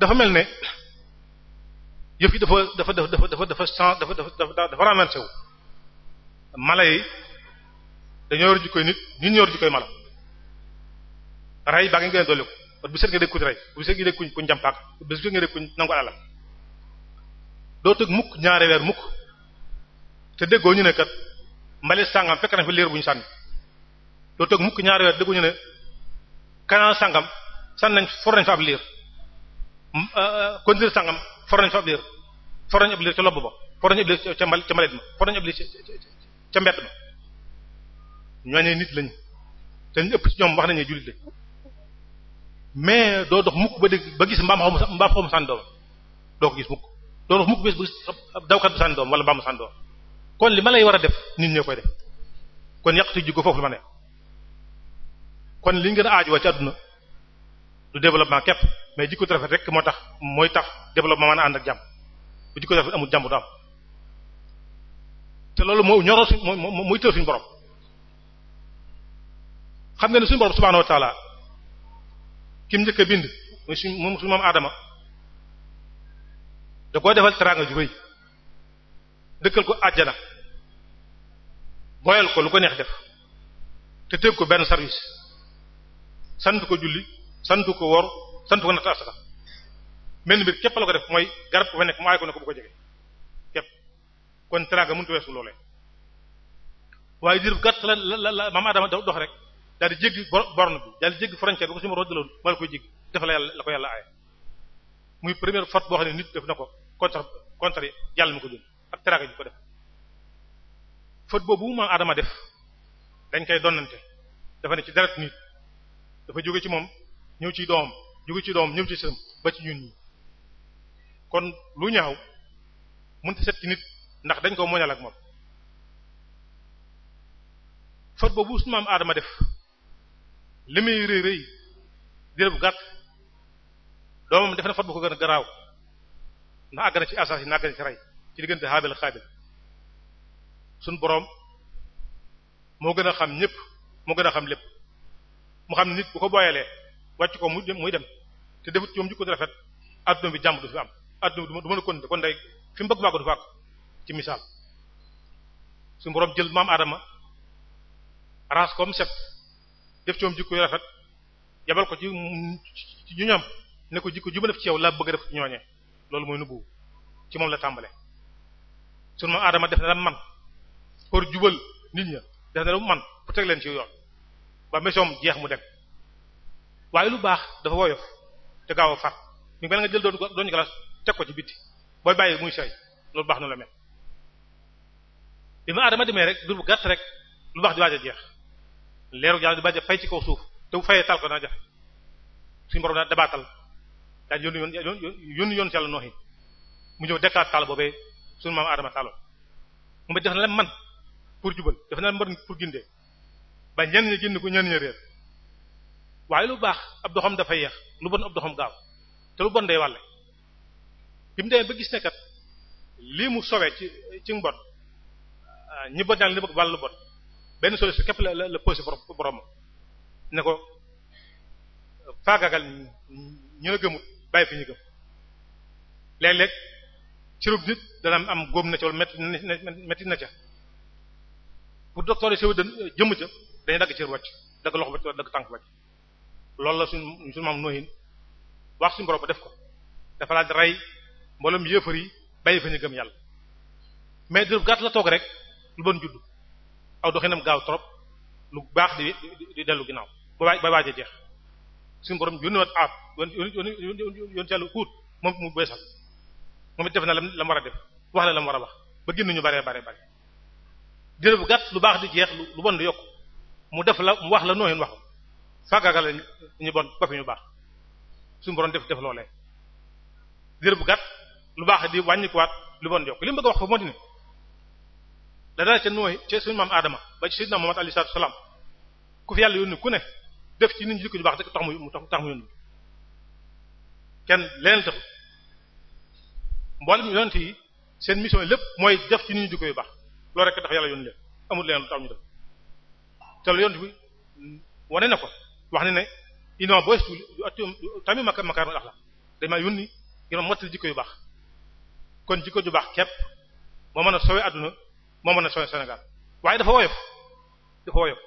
dafa mel ne yëf yi dafa dafa dafa dafa dafa chan dafa dafa dafa renversé wu mala yi dañoo yor jikkoy nit nit ñoo yor jikkoy mala rey baa ngi gën a dolli ko bu set nga dégg kuñ rey bu set nga dégg kuñ kuñ jàmpaak set nga dégg kuñ nangu alalam doo tëg mukk ñaari weer mukk te déggoo ñu ne kat mbalit sàngam fekk na fi liir bu ñu sànni doo tëg mukk ñaari weer déggoo ñu ne kanaan sàngam sànni nañ for nañ fa liir euh, euh, conduire sàngam for nañ fa ab liir for nañ ab liir ca lobb ba for nañ liir ca mbal ma for nañ nit lañ te ñu ëpp ci ñoom wax nañu jullit lañ mais doo dox mukk ba dégg ba gis mbaam xaw ma mbaam doom doo ko gis mukk doo dox mukk ba gis dawkat bu sànni doom wala mbaam sànni doom kon li ma lay war a def nit ñi koy def kon yàq te jikko foofu la ma ne kon liñ gën a aajuwa ci àdduna du développement képp mais jikko ju rafet rek moo tax mooy tax développement mën a ànd ak jàmm bu jikko ju rafet amul jàmm te loolu moo ñoroo suñ moo mooy tër suñu borom nga ne suñu borom kim njëkk a bind moom aadama da koo defal teraanga ju dëkkal ko àjjana boyal ko lu ko neex def te teg ko benn service sant ko julli santu ko wor santu ko natt asaka menn mbir képp la ko def mooy garab ko fa nekk mu aay ko ne ko bu ko jege képp kon teraanga mënut a weesu loolee waaye diir bu gàtt la la la maam Adama dox rek daal di jéggi borne bi daal di jéggi frontière bi ko si ma roddaloon ma la koy jéggi dafa la yàlla la ko yàlla aaye muy première faute boo xam ne nit def na ko contre contre yàlla mi ko jël ak teraanga ji ko def faute boobu maam Adama def dañ koy donnante dafa ci deret nit dafa ci moom. ñëw ci doom jóge ci doom ñëw ci sëm ba ci ñun ñi kon lu ñaaw mënta set ci nit ndax dañ koo moñal ak moom fot boobu su maam aadama def li muy rëy rëy diir bu gàtt doomam def na fot bu ko gën a garaaw ndax àgg na ci asas yi na àgg na ci rey ci diggante Haabil Xaabil suñ boroom moo gën a xam ñépp moo gën a xam lépp mu xam nit bu ko booyalee wàcc ko muy dem dem te defut ci moom jikko rafet adduna bi jàmm du fi am adduna bi du mën a continuer kon day fi mu bëgg baago du fa ak ci misaal suñu borom jël maam Adama raas ko set def ci moom jikko rafet yabal ko ci ci ñu ñoom ne ko jikko ju ma def ci yow laa bëgg a def ñooñee loolu mooy nubbu ci moom la tàmbale suñu maam Adama def na la man pour jubal nit ña def na la man pour teg leen ci yoon ba mesoom jeex mu dem waaye lu baax dafa woyof te gaaw a far ñu mel nga jël doon doon ñu galas teg ko ci bitti booy bàyyi muy sooy loolu baax na la mel. bi ma aadama demee rek du bu gàtt rek lu baax di waaj jeex leeru yàlla di baaj a fay ci kaw suuf te bu fayee tal ko dana jafe suñu borom daal dabaatal daal yónni yoon yónni yoon si yàlla nooxi mu ñëw dekkaat taal boobee suñu maam aadama taaloon mu def na la man pour jubal def na la man pour gindee ba ñenn ñi génn ko ñenn ñi réer waaye lu baax ab doxam dafa yeex lu bon ab doxam gaaw te lu bon day wàlle bi mu demee ba gis ne lii mu sowee ci ci mbon ah, ñi bon ñaag li bëgg wàllu bon benn solution képp la la posé borom ne ko faagagal ñu la gëmut bàyyi fi ñu gëm léeg-léeg cirub nit dana am góom na ca wala métti métti na ca pour docteur yi sew dën jëmm ca dañuy dagg cër wàcc dagg loxo wàcc dagg tànk wàcc loolu la suñ suñu maam noohin wax suñu borom ba def ko dafa laa di rey mboolem yéefar yi bàyyi fa ñu yàlla mais du gàtt la toog rek lu bon judd aw doxinam gaaw trop lu baax di dellu ginnaaw ba ba waaj a jeex suñu borom yónni waat aat yónni yàlla uut moom mu beesal moom it def na la lam war a def wax la lam war a wax ba génn ñu bare bare bare diir bu gàtt lu baax di jeex lu bon di yokk mu def la mu wax la noohin wax fàggaagal ñu bon ba ñu baax suñ borom def def loolee. diir bu gàtt lu baax di wàññikuwaat lu bon yokk li mu bëgg a wax foofu moo daal ca suñu maam Adama ba ci Sayyidina Muhammad ku fi yàlla ku ne def ci nit ñi jikko mu tax mu yónni kenn leneen taxul mboolem seen mission lépp mooy def ci nit ñi jikko yu baax loolu rek tax yàlla yónni leen amul leneen lu tax ñu def te loolu yonent bi na ko. wax ne ne inno boo suul du atum tamit maka makaarul axlaq dañ maa yónni ngir mottali jikko yu baax kon jikko ju baax kepp moo mën a sowe adduna moo mën a sowe Sénégal waaye dafa woyof dafa woyof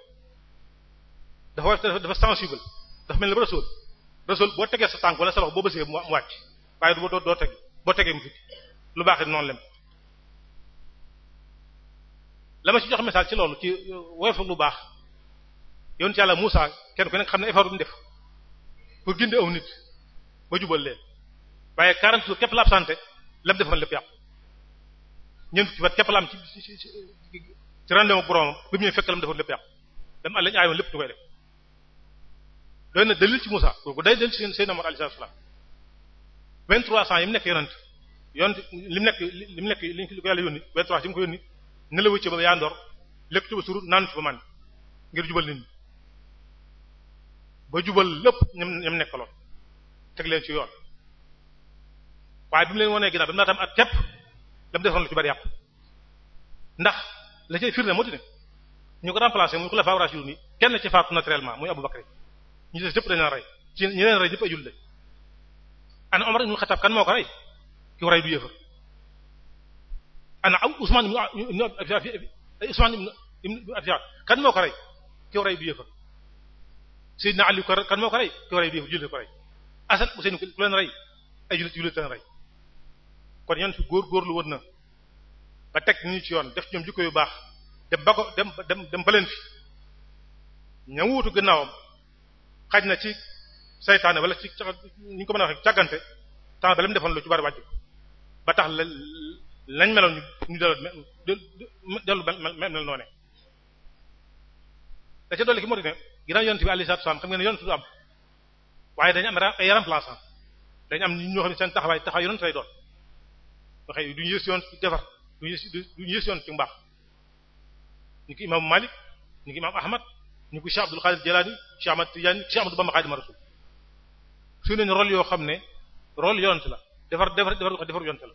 dafa woyof dafa sensible dafa mel ni rasul rasul boo tegee sa tànk wala sa loxo boo bësee mu wàcc waaye doo doo teg boo tegee mu fit lu baax it noonu lem la ci jox message ci loolu ci woyof lu baax yonent yàlla Moussa kenn ku nekk xam ne effort bu mu def pour gindi aw nit ba jubal leen waaye 40 jours képp la sante la mu defoon lépp yàqu ñeent fukki fat képp la am ci ci ci ci rendez-vous boromam ba mu ñëw fekk la mu defoon lépp yàqu dama lañ aayoon lépp du koy def doy na dalil ci Moussa kooku day dalil ci Seydina Muhammad alayhi salaam 23 ans yi mu nekk yonent yonent li mu nekk li mu nekk li ko yàlla yónni 23 ans yi mu ko yónni nelawu ci ba yaandoor lekk ci ba suru naan ci ba man ngir jubal nit ba jubal lépp ñam ñam nekkaloon teg leen ci yoon waaye bi mu leen wonee ginnaaw bi mu naatam at képp la mu defoon lu ci bari yàqu ndax la ci firnde moo di ne ñu ko remplacé muy xulafaa rashidun yi kenn ci faatu naturellement muy Abu Bakr ñu des jëpp dañu la rey ci ñi leen rey ñëpp ay jullit lañ ana Omar ibn Khattab kan moo ko rey ki rey du yéefar ana Usman Usman ibn Affan kan moo ko rey ki rey du yéefar Seydina Ali ko kan moo ko rey ko rey a jullit ko rey Asan Useynu ku leen rey ay kon ñoon fi góor-góorlu woon na ba teg ñu ci yoon def ñoom jikko yu baax dem ba ko dem dem dem ba leen fi ña wuutu gannaawam xaj na ci saytaane wala ci ni ñu ko mën a waxee càggante temps ba leen defoon lu ci bari wàcc ba tax la lañ meloon ñu dellu dellu mel noone da ca dolli ki moo di ginnaaw yonent bi alayhi salaam xam ngeen ne yonent am waaye dañ am ay remplaçant dañu am ñoo xam ne seen taxawaay taxaw yonent lay doon waxee duñu yës yoon ci defar duñu yës duñu yës yoon ci mbaax ñu ko imaamu Malik ñu ko imaamu Ahmad ñu ko Cheikh Abdul Qadir Jilani Cheikh Ahmad Tidiane Cheikh Ahmadu Bamba Xaadimu Rasuul su nañ rôle yoo xam ne rôle yonent la defar defar defar defar yonent la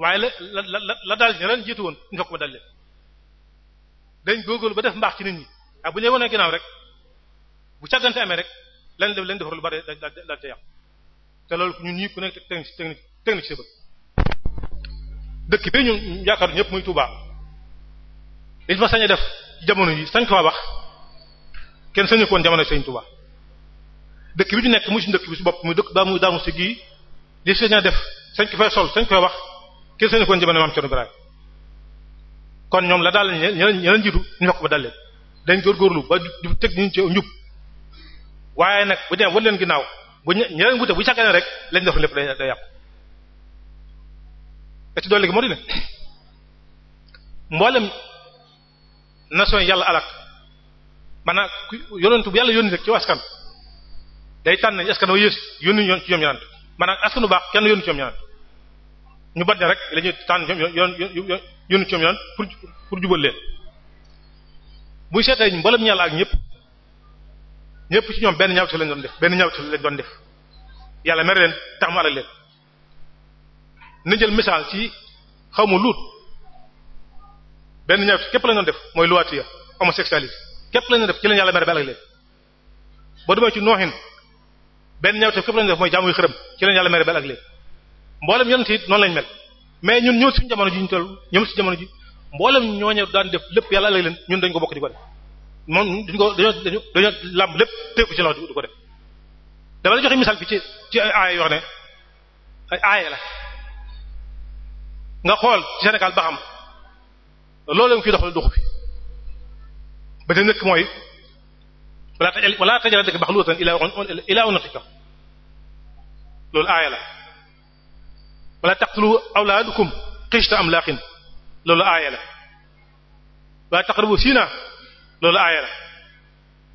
waaye la la la la daal ñi ren jiitu woon ñu fekk ba dal leen dañ góorgóorlu ba def mbaax ci nit ñi ah bu ñu wonee ginnaaw rek bu càggante amee rek la leen defar lu bari daal daal yàq te loolu ñun ñii ku nekk technique technique technique ci sa dëkk bi ñun yaakaar ñëpp muy Touba li ma sañ a def jamono yi sañ ko wax kenn sañu ko woon jamono Sëriñ Touba dëkk bi ñu nekk muy suñu bopp muy dëkk daa muy daamu si gii li sañ a def sañ ko fay sol sañ wax kenn sañu maam Thierno Ibrahima kon ñoom la daal lañ leen ñu leen ñu wax ko ba dal dañ góorgóorlu ba du teg ñu ci njub waaye nag bu demee wan leen ginnaaw bu ñu ñu leen bu sàggane rek lañ def lépp day yàqu te ci doole gi moo di ne mboolem nation yàlla alak maanaam yàlla yónni rek ci askan day tànn askan wa yées yónni ñoom ci ñoom ñaanant maanaam askanu baax kenn yónni ci ñoom ñaanant ñu bat ne rek la ñuy tànn ñoom yónni ci ñoom ñaanant jubal leen buy seetee mboolem ñàll ak ñëpp ñëpp ci ñoom benn ñaawte lañ doon def benn ñaawte lañ doon def yàlla mere leen tax mu alal leen na jël misaal ci xaw ma luut benn ñaawte képp lañ doon def mooy luwaatiya homosexualité képp lañ doon def ci leen yàlla mere ba alal leen boo demee ci nooxin benn ñaawte képp lañ def mooy jaamuy xërëm ci leen yàlla mere ba alal leen mboolem yonent it noonu lañ mel mais ñun ñëw suñu jamono ji ñu toll ñëw suñu jamono ji mboolem ñooña daan def lépp yàlla lay ñun dañ ko bokk di ko def moom duñ ko dama la joxe misaal fi ci ci aaya yoo xam la nga xool ci Sénégal ba xam loolu lañ fi doxal doxu mooy wala tajal wala tajal dëkk maxluutan ilaa ilaa unatika loolu aaya la wala taqtulu loolu aaya la waa taqrabu zina loolu aaya la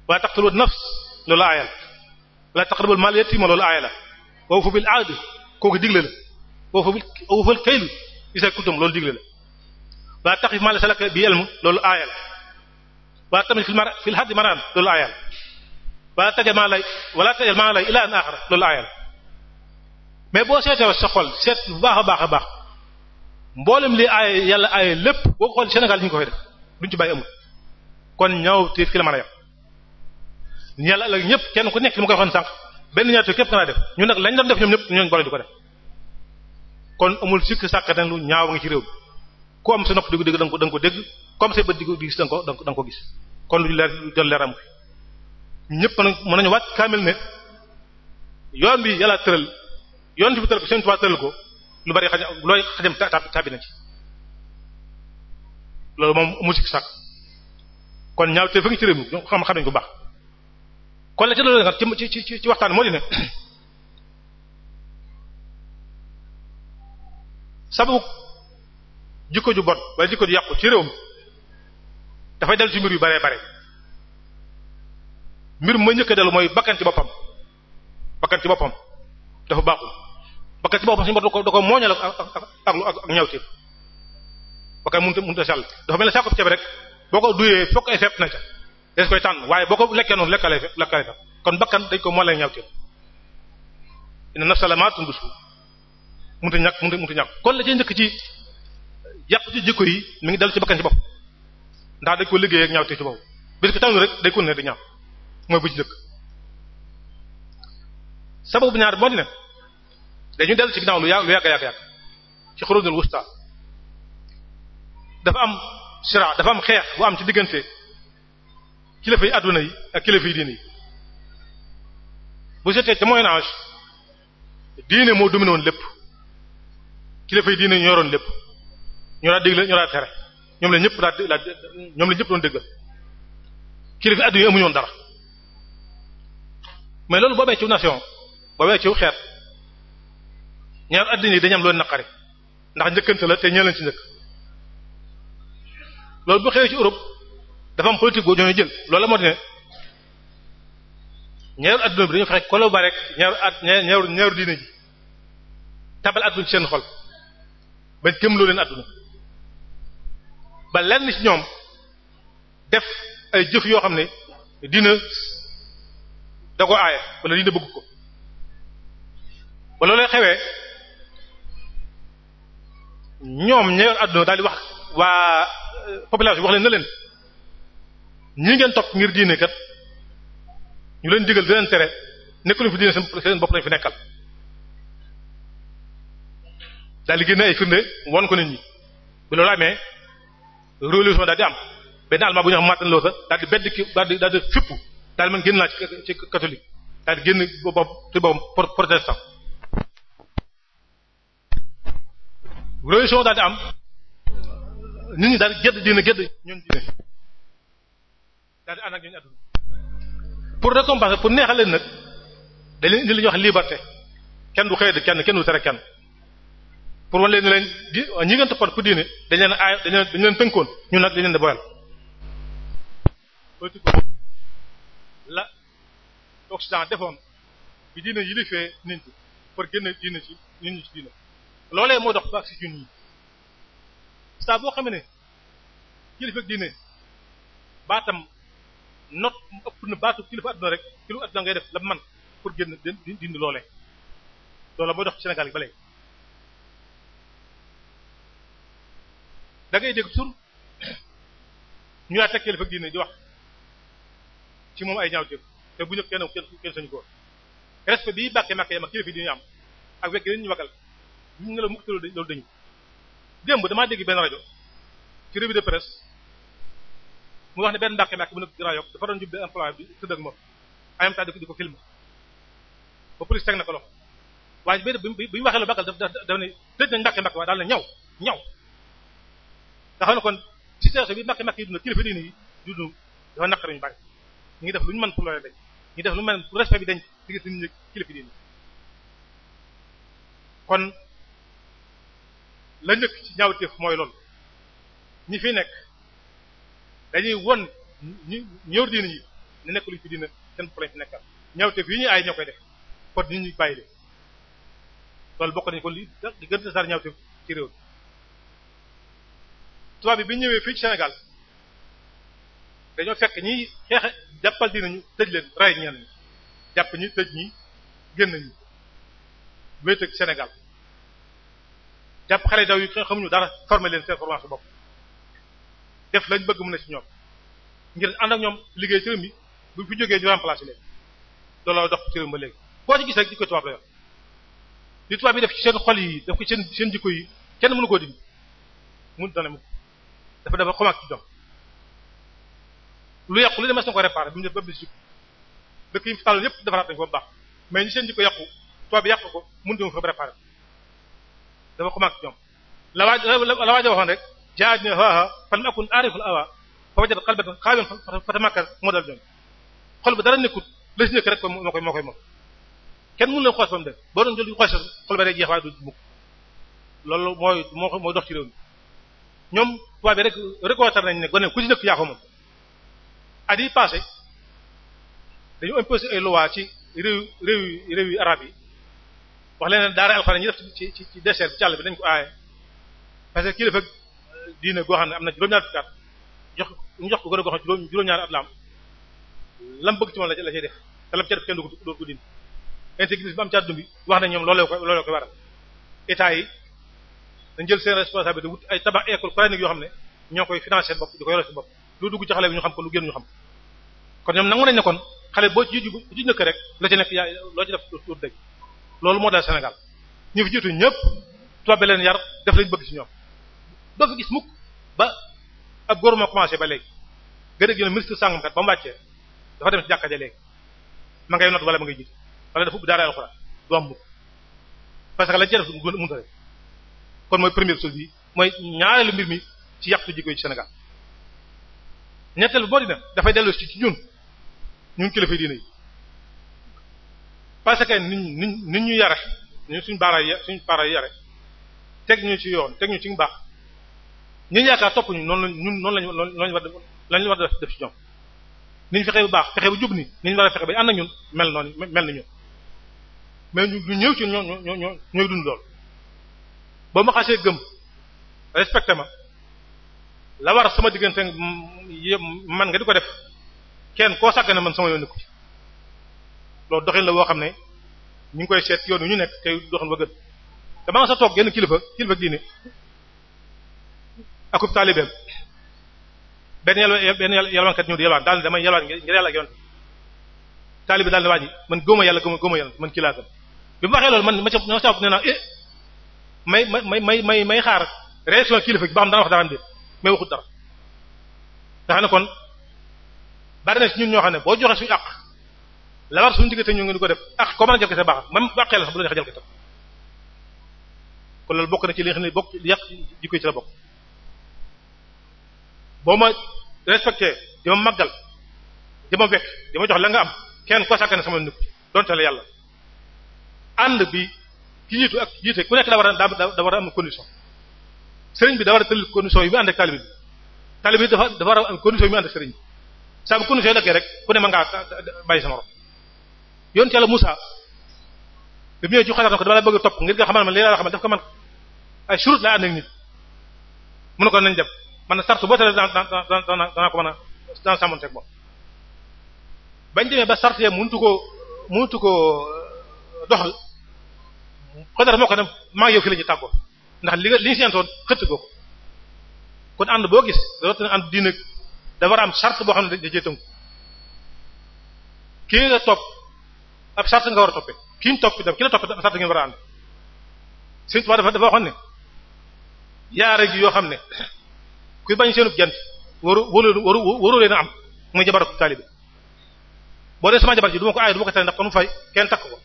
waa taqtulu nafs loolu aaya la wala taqrabu mal yatima loolu aaya la wa ufu bil aadi kooku digle la wa ufu bil wa ufu al kayl isa kultum loolu digle la wala taqif ma la salaka bi ilm loolu aaya la wala tamit fil mar fil hadd maran loolu aaya la wala tajal maa lay wala tajal maa lay ila an axara loolu aaya la mais boo seetee sa xol seet bu baax a baax a baax. mboolem li aaye yàlla aaye lépp boo ko xool Sénégal ñu ko fay def duñ ci bàyyi amul kon ñaaw tiif fi la mën a yem yàlla ëllëg ñëpp kenn ku nekk li ma koy benn ñaawteef képp nga def ñu nag lañ doon def ñoom ñëpp ñooñu boole di ko def kon amul sikk sàkk dañ lu ñaaw nga ci réew bi ku am nopp dégg da nga ko da ko dégg comme say bët di ko da nga ko gis kon lu leer lu jël leeram bi mën nañu wàcc kaamil ne yoon bi yàlla tëral yoon bi tëral ko seen tubaab tëral ko lu bari xaj looy xajam tàbbi na ci loolu moom musique sax kon ñaaw te fa ngi ci réew mi xam xam nañ ko baax kon la ci loolu nga ci ci waxtaan moo di ne jikko ju bon wala jikko ju yàqu ci réew mi dafay dal ci mbir yu bare bare mbir mu ma njëkk a mooy bakkan ci boppam bakkan ci boppam dafa baaxul bakkan ci boppam suñu borom da ko mooñal ak ak ak ak ñawti bakkan mënut a mënut a sell dafa mel ne saako ceeb rek boo ko duyee fokk ay fépp na ca des koy tànn waaye boo ko lekkee noonu lekkalee fépp lekkalee fépp kon bakkan dañ ko moolee ñawti inna nafsa lamatun bisu mënut a ñàkk mënut a mënut a ñàkk kon la ci njëkk ci yàq ci jikko yi mi ngi dal ci bakkan ci bopp ndax dañ ko liggéeyee ak ñawti ci bopp bis ko rek day ko ne di ñaaw mooy bu ci njëkk ñaar moo di dañu dellu ci ginnaaw lu yàgg lu yàgg yàgg ci xurudul wusta dafa am sira dafa am xeex bu am ci diggante kilifa yi adduna yi ak kilifa yi diine yi bu jotee ca moyen âge diine moo dominé woon lépp kilifa yi diine ñu yoroon lépp ñu daa déglu ñu daa tere ñoom la ñëpp daa la ñoom la ñëpp doon déggal kilifa adduna yi amuñu woon dara mais loolu boo bee ci nation boo bee ci xeet. ñaar addina yi dañu am loolu naqari ndax njëkkante la te ñoo leen ci njëkk loolu bu xewee ci Europe dafa am politique boo ñoo jël loolu moo di ne ñaar adduna bi dañu fexe collaborer rek ñaar at ñaar ñaar diine ji tabal adduna ci seen xol ba gëmloo leen adduna ba lenn ci ñoom def ay jëf yoo xam ne dina da ko aaya wala dina bëgg ko ba loolee xewee ñoom ñee yor daal di wax waa euh, population bi wax leen na leen ñi ngeen topp ngir diine kat ñu leen digal di leen tere nekkuñu fi diine seen bopp lañu fi nekkal daal di génne ay firnde won ko nit ñi bu loolu amee religion daal di am benn almaa bu ñu xam Martin Luther daal di bedd ki daal di daal di fippu daal di mën ci catholique daal di génn boppam ci boppam protestant religion daal di am nit ñu daal di gëdd diine gëdd ñun diine daal di ànd ak ñooñu àdduna pour récompenser pour neexal leen nag dañ leen indi li ñuy wax liberté kenn du xëy kenn kenn du tere kenn pour leen ñu leen di ñi ngeen toppoon ku diine dañ leen aay dañ leen dañ leen tënkoon ñun nag dañ leen di boyal. politique la Occident defoon bi diine yilifee nit ñi pour génne diine ci nit ñi ci diine. loole moo dox ba ak si jun yi saa boo xamee ne kilifa diine baatam not ëpp na baatu kilifa adduna rek kilifa adduna ngay def la man pour génn dindi loolee loola mooy dox Sénégal yi ba léegi da yi dégg tur ñu laa teg kilifa diine di wax ci moom ay ñaaw jëf te bu ñëpp kenn kenn sañu ko respect bii bàkkee màkkee ma kilifa diine am ak wekk leen ñu wakkal mu ne la loolu dañ dañu démb damaa dégg benn rajo ci revue de presse mu wax ne benn mbàkke mbàkke bu nekk Grand Yoff dafa doon jublu emploi bi tëdd ak moom en même temps di ko di ko ba police teg na ko waaye bi bi bi waxee lu bakkal daf daf ne tëj nañ mbàkke mbàkke waaye daal na ñaw ñaw nga xam ne kon situation bi mbàkke mbàkke yi dund kilifa diine yi dund dafa naqari ñu bari ñu ngi def lu ñu mën pour loolee dañ ñu def lu mel respect bi dañ diggante ñu kilifa diine kon la nekk ci ñaawteef mooy lool ñi fi nekk dañuy won ñu ñëw diina yi ne nekk luñ fi diina seen problème fi nekkal ñaawteef yi ñuy aay ñoo koy def kon nit ñi bàyyi leen loolu bokk nañu kon di gën a tasaare ñaawteef ci réew mi tubaab bi ñëwee fii ci Sénégal dañoo fekk ñiy xeex jàppal dinañu tëj leen rey ñenn jàpp ñi tëj ñi génn ñi wéet ak Sénégal jàpp xale daw yi xamuñu dara forme leen seen formation bopp def lañ bëgg mën na ci ñoom ngir ànd ak ñoom liggéey ci réew mi bu fi jógee ñu remplacer leen looloo dox ci réew ba léegi koo ci gis rek jikko li tubaab yi def ci seen xol yi def seen seen yi kenn mënu koo dindi mun ne mu dafa dafa xomaag ci doom lu yàqu lu demees na ko réparer bi mu def ba bis dëkk yi mu fi yëpp defaraat nañ ko bu baax mais ñi seen jikko yàqu tubaab yi yàq ko mun dama fa préparer dama ko màgg ñoom la waaj la waaj a waxoon rek jaaj ne waaw fan akun aariful awa fa wajat xalbatan xaawiyan fa tamakkar moo dal ñoom xol ba dara nekkut la si nekk rek moo koy moo koy moom kenn mënu leen xoos ba mu def boo doon jël di xoos xol ba day jeex moo mooy dox ci réew mi ñoom tubaab bi rek reconnaître nañ ne gone ku ci yaa ko moom at yi passé dañu imposé ay loi ci réew réew réew yi arab yi wax leen ne daara alxuraan ñu def ci ci ci désert bi càll bi dañ ko aaye parce que kilifa euh, diine goo xam ne am na juróom-ñaari fukki at jox ñu jox ko gën a goo xam juróom juróom lam bëgg ci moom la la cay def te lam ca def kenn du ko dóor ko bi am ci àdduna wax na ñoom looloo ko looloo ko waral état yi dañ jël seen responsabilité wut ay tabax école coranique yoo xam ne ñoo koy financer bopp di ko yore si bopp lu dugg ci xale bi ñu xam ko lu génn ñu xam kon ñoom nangu nañ ne kon xale boo ci juj juj rek la ci def yaa loo ci def dóor dëgg loolu moo dal Sénégal ñu fi jiitu ñëpp tobbe leen yar def lañ bëgg si ñoom doo fi gis mukk ba ak góor moo commencé ba léegi nga dégg ñu ne ministre sàngam kat ba mu wàccee dafa dem ci jàkka ja ma ngay not wala ma ngay jiite wala dafa ubbi daara alxuraan du am mukk parce que lañ cee def mënta rek kon mooy première chose mooy ñaareelu mbir mi ci yàqtu jikko yi ci Sénégal ñetteel boo di ne dafay dellu ci ñun ñun kilifa diine yi parce que ni ñu nit ñu yare ñu suñ baaraay ya suñ baaraay yare teg ñu ci yoon teg ñu ci mbaax ñun yaakaar topp ñu noonu ñun noonu lañu noonu lañu war a def ci ñoom niñ fexe bu baax fexe bu jub ni niñ war a fexe ba ànd ñun mel noonu mel ni ñun mais ñu ñëw ci ñoo ñoo ñoo ñooy dund lool ba ma xasee gëm respecté ma la war sama diggante man nga di ko def kenn koo sàgg na man sama yoon ko loolu doxin la woo xam ne ñu ngi koy seet yoon wi ñu nekk tey doxin wa dama nga sa toog genn kilifa kilifa diine akub taalibeem benn yàlla benn yàllaankat ñëw di yàlwaan daal ne damay yàlwaan ngir yàlla ak yonent taalibe daal ne waa ji man góoma yàlla góoma góoma yonent man kii laa gëm bi mu waxee loolu man ma ca ma ca nee naa eh may may may may may xaar réaction kilifa gi ba xam dana wax dara may waxut dara nga xam ne kon bari na ñun ñoo xam ne boo joxe suñu àq la war suñu diggante ñoo ngi di ko def ak ko mën a jalgate baax même bu àqee la sax bu la neexee jalgate kon loolu bokk na ci li nga xam ne bokk yàq jikko ci la bokk boo ma respecté di ma màggal ma wekk di ma jox la nga am kenn ko sàkkane sama nit donte la yàlla ànd bi ki jiitu ak jiite ku nekk da war a da war a am condition sëriñ bi da war a tëll condition yu mu ànd ak taalibe bi dafa dafa war a am condition yu mu ànd ak sëriñ bi saa condition yi daggee rek ku ne ma ngaa bàyyi sama morom yoon yàlla Musa bi mu ñëwee ci xajar na ko dama la bëgg topp ngir nga xamal ma li la xamal daf ko man ay surut laa ànd ak nit mu ko nañ dem man na sart boo tale dana dana dana ko mën bo dana sàmmanteeg moom bañ demee ba sart yee mënutu ko mënutu ko euh, doxal xadar moo ko ne maa ngi yow fi la ñu ndax li nga li ñu seentoon xëtt ko kon ànd boo gis dootu ànd diina da war a am sart boo xam ne da cee tënku kii la topp ab charte nga war a toppee ki ñu topp daf ki la topp ab charte ngeen war a ànd Sëriñ Tuubaa dafa dafa waxoon ne yaare ji yoo xam ne kuy bañ seenub jant waru waru waru leen am muy jabar ak taalibe boo dee sama jabar ji du ma ko aay du ma ko tere kon mu fay kenn takk ko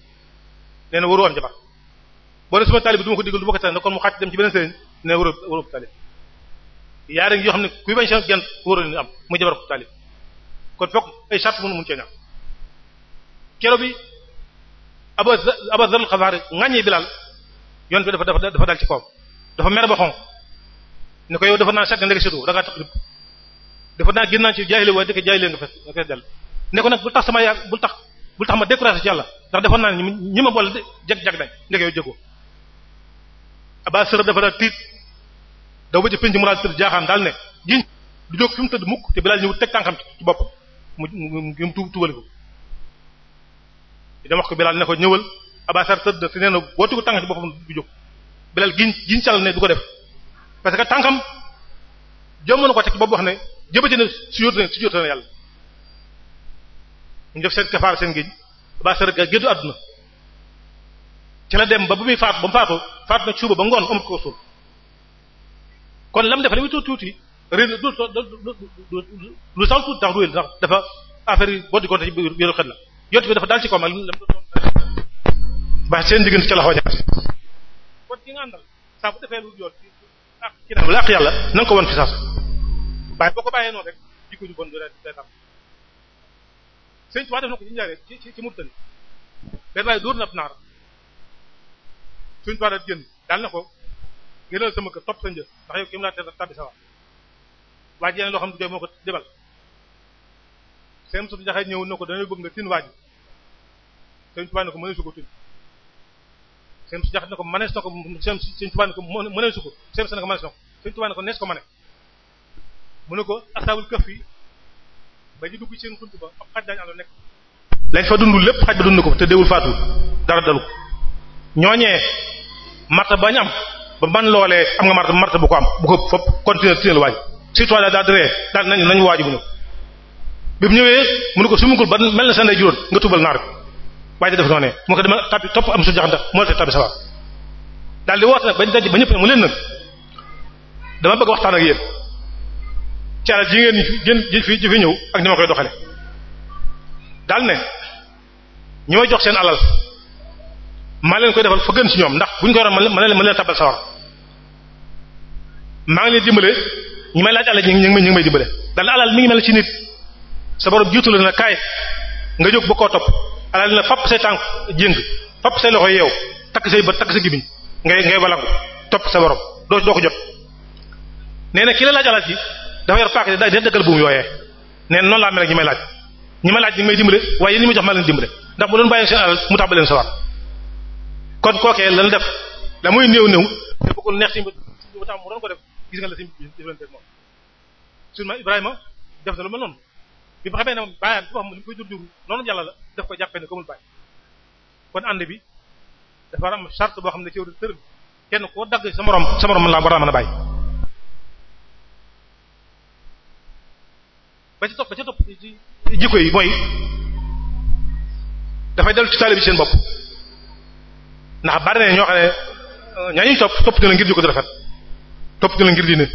nee na waru am jabar boo dee sama taalibe ko mu xàcc dem ci beneen sëriñ nee waru waru taalibe yaare gi yoo xam ne kuy bañ seenub jant waru leen a am muy jabar ak taalibe kon fokk ay charte mënu mun cee ñàkk bi Abu Abu Dharr al-Ghifari ŋaññi Bilaal yoon bi dafa dafa dafa dal ci kawam dafa mer ba xonq ni ko yow dafa naa sàgg ndek da ngaa naa gis naa ci jaahili waaye dëkk nga fes nga fes dal ne ko nag bul tax sama yaa bul tax bul tax ma découragé ci yàlla ndax defoon naa ne ma boole jag-jag dañ ndek yow jëgoo Abaa Sarr ba ci penc mu daal tëdd jaaxaan daal ne giñ du jóg fi mu tëdd mukk te Bilaal ñëw teg tànkam ci boppam mu mu mu tuubali ko di dem wax ko Bilal ne ko ñëwal Abasar tëdd te nee na boo bu tànkam ci boppam du jóg Bilal giñ giñ sal ne du ko def parce que tànkam jëmmoon ko teg boobu wax ne jëbëti na su jóot na su jóot na yàlla ñu def seen kafaar seen géej Abasar ga géddu àdduna ci dem ba bu muy faatu ba mu faatu faatu na suuba ba ngoon amut ko suul kon lam def li tuuti lu réer du du du du du du du du du du du du du du yott bi dafa dal ci ko mal lam doon ba seen diggante ca loxo ñaar kon ki nga àndal saa bu defee ah, la ak yàlla na ko won fi sax ba boo ko bàyyee noonu rek jikko ju bon du day tax sëñ Tuubaa def na ko ci njaare ci ci ci murtani benn waaye dóor na ab naar sëñ Tuubaa da génn daal na ko gënal sama kër topp sa ndax yow ki mu laa teel a tabbi sa waa waa ji loo xam ne moo ko débal seen sutu jaxee ñëw na ko dañoo bëgg nga tin waaj seen tubaab ne ko mënee su ko tin seen su ko mënees na ko seen tubaab ne ko mënee su ko seen su ne ko mënees na ko seen tubaab ne ko nees ko mu ne ko asaabul këf yi ba ñu dugg seen xunt ba ab xaj daañu nekk lañ fa dund lépp xaj ba dund ko te déwul faatu dara dalu ñooñee marta bañ am ba man loolee am nga marta marta bu ko am bu ko fopp continuer tinel waaj surtout daal daal di nañ nañ nañu nañu waaju bu ñëw bi mu ñëwee mu ko su mungul ba mel na sa ndey nga tubal naar bi waaye da def noonee mu ko dama tàbbi topp am su jaxanta moo la tàbbi sawar daal di woote nag bañ daj ba ñëpp ne mu dama bëgg waxtaan ak yéen ci alal ji ngeen ji fi ñëw ak ni ma koy doxale daal ne ñi may jox seen alal ma leen koy defal fa gën ci ñoom ndax bu ñu koy ron ma leen mën leen tàbbal sawar maa ngi leen dimbale ñi may laaj alal ñi ngi may ñi ngi may alal mi ngi mel ci nit sa borom jiitu la ne la kaay nga jóg bu koo topp alal na fapp say tànk jéng fapp say loxo yeew takk say bët takk sa gibiñ ngay ngay walangu topp sa borom doo doo ko jot. nee na ki la laaj alal ji dafa yor paaka day dëggal buum yooyee nee noonu laa mel ak ñi may laaj ñi may laaj ñi may dimbale waaye yéen ñi may jox ma leen dimbale ndax bu doon bàyyi seen alal mu tax ba leen sawar kon kookee lan def la muy néew néew te bëggul neex si ba tax mu la si Ibrahima def na lu mel noonu. bi ma xamee ne moom bàyyam ci boppam li mu koy noonu yàlla la daf ko jàppee ne ko mul bàyyi kon ànd bi dafa war am boo xam ne ci war a koo dagg sa morom sa morom laa war a mën a bàyyi ba ci topp ba ci jikko yi mooy dafay dellu ci taalibe bi seen bopp ndax bari na ñoo xam ne euh, ñaa ñuy topp topp ñu la ngir jikko di rafet topp ñu la ngir diine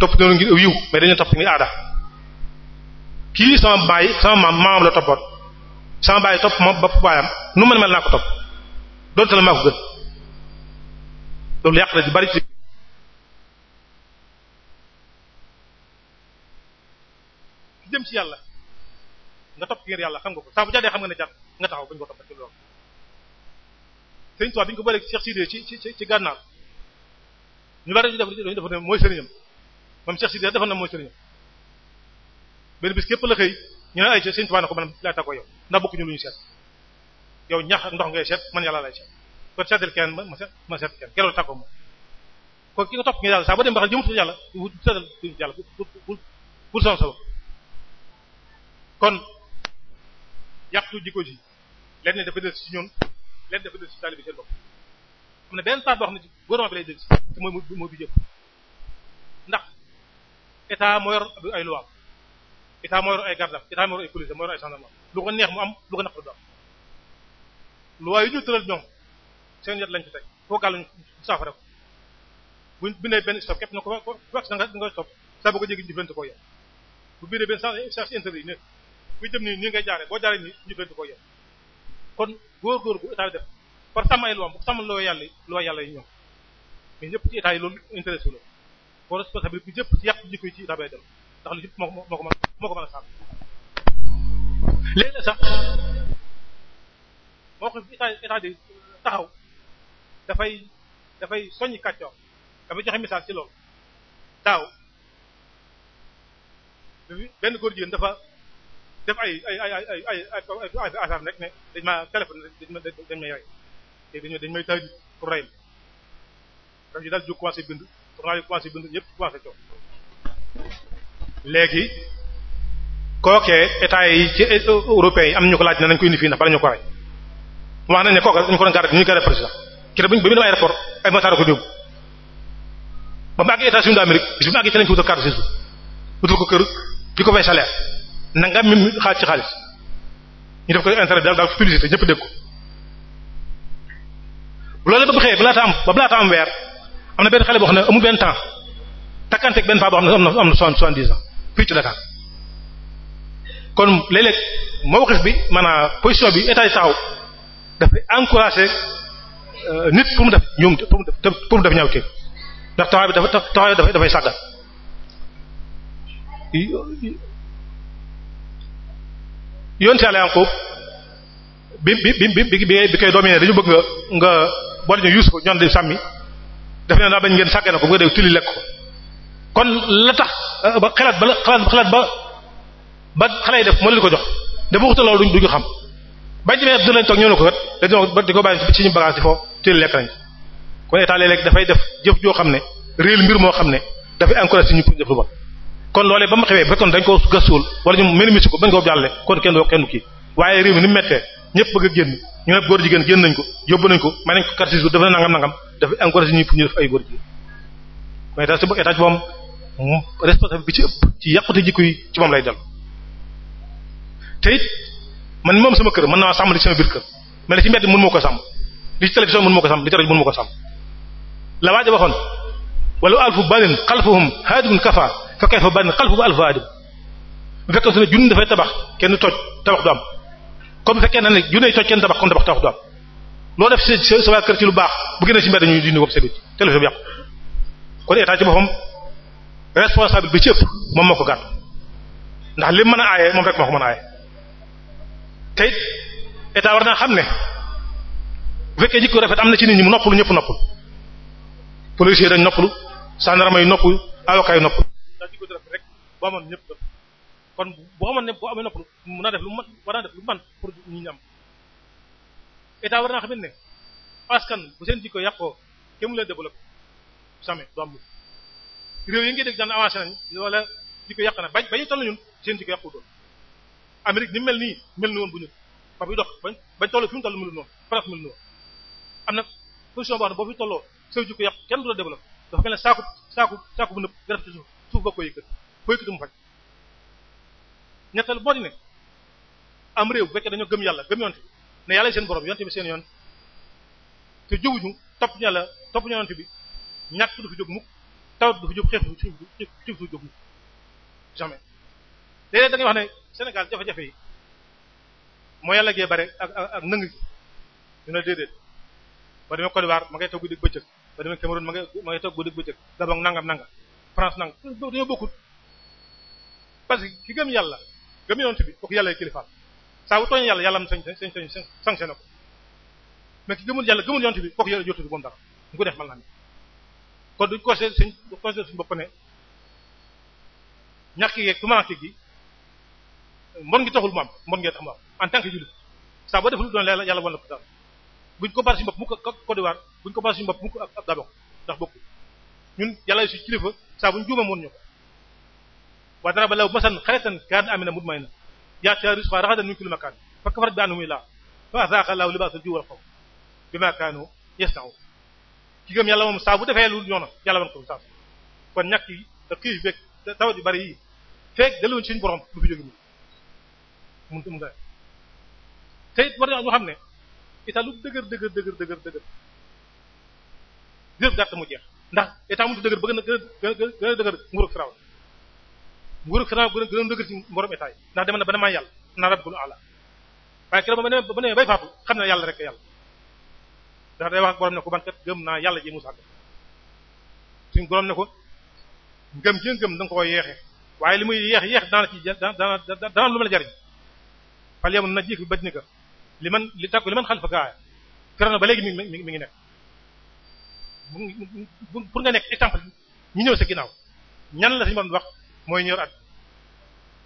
topp ñu la ngir yiw mais dañu topp ngir aada kii sama baay sama maam maamam la toppoon sama baay topp ma bopp baayam nu mën mel naa ko topp doonte la ko gën loolu yàq na di bari ci ci yàlla nga topp ngir yàlla xam nga ko saa bu jàddee xam nga ne jàdd nga taxaw bañ ko topp ci loolu sëriñ Tuubaa bi ñu ko booleeg Cheikh Sidé ci ci ci gànnaar ñu bari ñu def dañu def ne mooy sëriñam moom Cheikh Sidé dafa na mooy sëriñam benn bis képp la xëy ñu ne ay ca sëñ ko man laa tàggoo yow ndax bokkuñu lu ñu seet yow ñax ndox ngay seet man yàlla lay seet kon kenn ma ma seet kenn keroog ki nga topp nga yàlla saa ba dem ba xam jëmut yàlla wut seetal yàlla pour sama sabab kon yàqtu jikko ji dafa des ci ñun lenn dafa des ci taalibe seen bopp am na benn part boo xam ne ci bi lay dégg si mooy mooy bi jëpp ndax état moo ay luwaam état moo ay garde état moo yor ay police moo lu ko neex mu am lu ko naqari du am loi yu ñu tëral ñoom seen yet lañ ci teg foo gàll ñu saafara ko bu bindee benn stop képp na ko ko wax nga nga stop saa ko jéggi ñu bu bindee benn sens interdit ne kuy jëm nii nii ngay jaaree boo jaaree nii jëflante ko yow kon góor-góor gu état def par sàmm ay lois bu sàmm loo yàlla loo yàlla yi ñoom mais ñëpp ci état yi loolu intéressé wu la kon bi yëpp ci yàq jikko yi ci état dem ndax lu lépp moo ko moo ko moo ko mën a sàmm léegi sax moo ko état état bi taxaw dafay dafay soññi kàccoor dafay joxe message ci loolu daaw benn góor jigéen dafa def ay ay ay ay ay ay ay rek ne dañ maa téléphone dañ ma dañ may rey léegi dañ may taal pour rey ma daf ji daal jóg commencé bind journal yi commencé bind ñëpp commencé coow léegi kookee état yi ci européens yi am ñu ko laaj ne nañ ko indi fii ndax bala ñu ko rey wax na ne kooka dañu ko doon garder ñuy garder président ki da bu ñu dem aéroport ay motards ko yóbbu ba mu àgg États-Unis d'Amérique bis bu mu àgg ci lañ ko wutal carte de séjour wutal ko kër di ko fay salaire nanga mi xaaj ci xaalis ñu def ko intérêt daal daal publicité ñëpp dégg ko bu loolu ba xëyee ba laata am ba laa am weer am na benn xale boo xam ne amul benn temps takkanteeg ne am na am na soixante piccu Dakar kon léeg-léeg mawqif bi maanaam position bi état yi taxaw dafay encourager euh, nit pour mu def ñoom pour mu def ñaw mu def ñaaw teef ndax taxawaay bi dafa taxawaay dafay dafay yoon si àll bi bi bi bi bi bi koy dominé dañu bëgg nga nga boole ñu Yuusuf ñoom di sàmmi daf ne daa bañ ngeen sàggee na ko bu nga dee tili lekk ko kon la tax euh, ba xalaat ba xalaat xalaat ba ba xale yi def mën leen ko jox dafa wutal loolu duñu xam bañ ci ne lañ toog ñëw na ko kat dañu di ko bàyyi ci ñu bagage yi foofu teel lekk nañ kon dafay def jëf joo xam ne réel mbir moo xam ne dafay encouragé ñu pour ba kon loolee ba mu xewee ba kon dañ ko gëstuwul wala ñu minimise ko bañ ko jàlle kon kenn kenn kii waaye réew mi ni mu méttee ñëpp bëgg a génn nañ ko yóbbu nañ ko may nañ ko quartier dafa nangam nangam dafay encouragé ñu ay góor jigéen kon état si état responsable bi ci ëpp ci yàqute jikko yi ci moom lay dellu te it man moom sama kër mën naa sàmm li sama biir kër mais li ci mbedd mën moo ko sàmm li ci télévision mën moo ko sàmm li ci rajo mën moo ko sàmm la waaja waxoon wala alfu banin xalfuhum haadimun kafa fa kayfa banin xalfuhum alfu haadim bu fekkee su ne junni dafay tabax kenn toj tabax du am comme bu fekkee na ne junney toj kenn tabax kon tabax tabax du am loo def sa sa waa lu baax bu génnee ci mbedd ñu dindi ko sa biir télévision bi yàqu ci boppam responsable bi ci ëpp moom moo ko gàddu ndax li mën a aaye moom rek moo ko mën a aaye te it war naa xam ne bu fekkee jikko rafet am na ci nit ñi mu noppalu ñëpp noppalu policier dañ noppalu gendarme yi noppalu avocat yi noppalu ndax kon boo xamoon ne boo amee noppalu mun naa def lu man war pour ñi ñu am war naa xam ne askan bu seen jikko yàqoo kenn mu leen développé réew yi nga dégg daan avancé nañ loola di ko yàq na bañ bañu toll ñun seen di ko yàqutoon Amérique ni mel nii mel ni woon bu ñu fa buy dox bañ bañ toll fi mu toll mënul noonu presque mënul noonu am na position boo xam ne boo fi tolloo sëw ji yàq kenn du la développé dafa mel ne saaku saaku saaku bu nëpp nga suuf suuf ba ko yëkkat ko yëkkati mu faj ñettal moo di ne am réew bu fekkee dañoo gëm yàlla gëm yonte bi ne yàlla seen borom yonte bi seen yoon te jóguñu ñu yàlla topp ñu yonte bi ñàkk tawat du fi jóg xeex xiif du jóg mu jamais léeg-léeg da wax ne Sénégal jafe-jafe yi moo yàlla gee bare ak ak nëng gi ñu ne déedéet ba demee Côte d'Ivoire ma ngay toog guddi bëccëg ba demee Cameroun ma ngay ma ngay toog guddi bëccëg Gabon nangam nangam France nangam dañoo bokkut parce que ki gëm yàlla gëm yonent bi kooku yàlla kilifaam saa bu tooñee yàlla yàlla am sañ sañ sañ sanctionné ko mais ki gëmul yàlla gëmul yonent bi kooku yàlla jotu bi moom dara ñu ko def mën kon duñ ko seet suñ ko seet suñu bopp ne ngi taxul mu am mbon ngee tax mu am en tant que jullit saa deful doon yàlla yàlla wan la ko daal buñ ko baal suñu bopp ko Côte d'Ivoire buñ ko baal suñu bopp mu ko ab daa bokk ndax bokku ñun yàlla su kilifa saa buñ juuma mën ñu ko wa daraba lahu masalan qaryatan kaanat aaminatan mutma'innatan ya'tiihaa rizqahaa ragadan min kulli makaan fakafarat bi an'umil laah fa azaaqahaa ki gëm yàlla moom saa bu defee lu ñoona yàlla wan ko saa kon ñàkk yi da kii beeg yu bari yi feeg delluwoon ci suñu borom lu fi jóge mu mënut mu xam ne état dëgër dëgër dëgër mu jeex ndax te mënut dëgër bëgg na gën a gën a dëgër nguurug Firaaw nguurug Firaaw gën a gën a dëgër ci borom état yi ndax dem na ba ne maa yàlla naa rabbul ala waaye keroog ba ne ba ne bay faatu xam ne yàlla rek yàlla daa day wax borom ne ko man kat gëm naa yàlla ji mu sàkk suñ ne ko ngëm ji ngëm da nga ko yeexe waaye li muy yeex yeex daana ci daana daana lu ma la jariñ fal yam na ji fi ka li man li takku li man xalifa gaaya terano ba léegi mi mi mi ngi nekk pour nga nekk exemple ñu ñëw sa ginnaaw ñan la suñu borom wax mooy ñëw at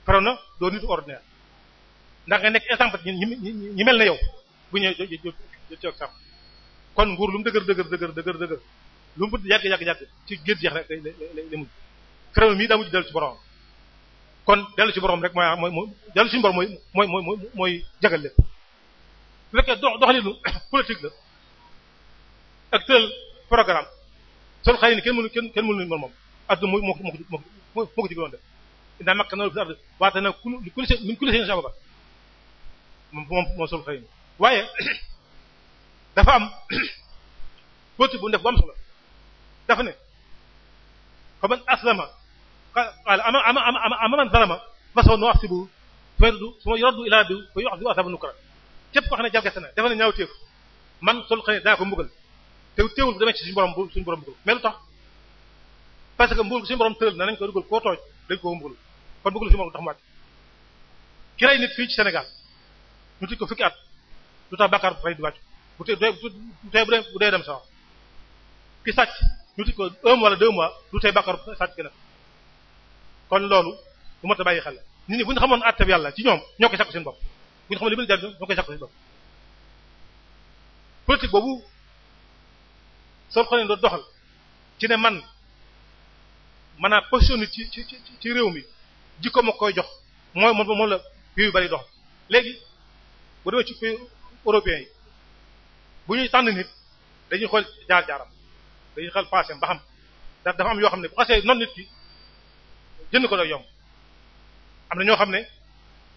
na doo nit ordinaire ndax nga nekk exemple ñi ñi mel na yow bu ñëwee jo jo jo kon nguur lu mu dëgër dëgër dëgër dëgër dëgër lu mu yàgg yàgg ci géej jeex rek lay lay mujj këram mii daa mujj dellu ci borom kon dellu ci borom rek mooy mooy mooy dellu ci borom mooy mooy mooy mooy jagal lépp bu fekkee dox doxalinu politique la ak tëral programme sol xëy ni kenn mënu kenn kenn mënu moom moom adduna moo ko moo moo ko digaloon def indaa makka na fi ard waate na kul kul min kulli moom moom sol xëy waaye dafa am politique bu def bu am solo dafa ne fa man aslama qaala ama ama ama ama man zalama fa sawfa nu'assibuhu fa yaruddu summa yuraddu ilaa rabbihi fa yu'azzzabu 'azaaban nukraa képp koo ne jalgati na dafa ne ñaaw téef man sol xëy daa ko mbugal te teewul bu demee ci suñu borom suñu borom mbugal mais parce que mbugal suñu borom tëral na nañ ko dugal koo tooj dañ ko mbugal kon mbugal suñu borom tax mu wàcc ki nit fii ci Sénégal ñu tëj ko fukki at lu tax bàkkaar bu rey di wàcc bu tee bu tee bu dee dem sa ki sàcc ñu tëj ko un mois wala deux mois lu tee bàkkar sàcc ki la kon loolu lu mat a bàyyi xel la nit ñi ñu xamoon àtte bi yàlla ci ñoom ñoo koy sàkku seen bopp bu ñu xamoon li muy jariñ ñoo koy sàkku boobu soo xam ne ci ne man maanaam position nit ci ci ci réew mi jikko ma koy jox mooy moom moom la pays bari doxal léegi bu demee ci pays yi bu ñuy tànn nit dañuy xool jaar-jaaram dañuy xool passé ba dafa am yoo xam ne bu xasee noonu nit ki jënd ko day yomb am na ñoo xam ne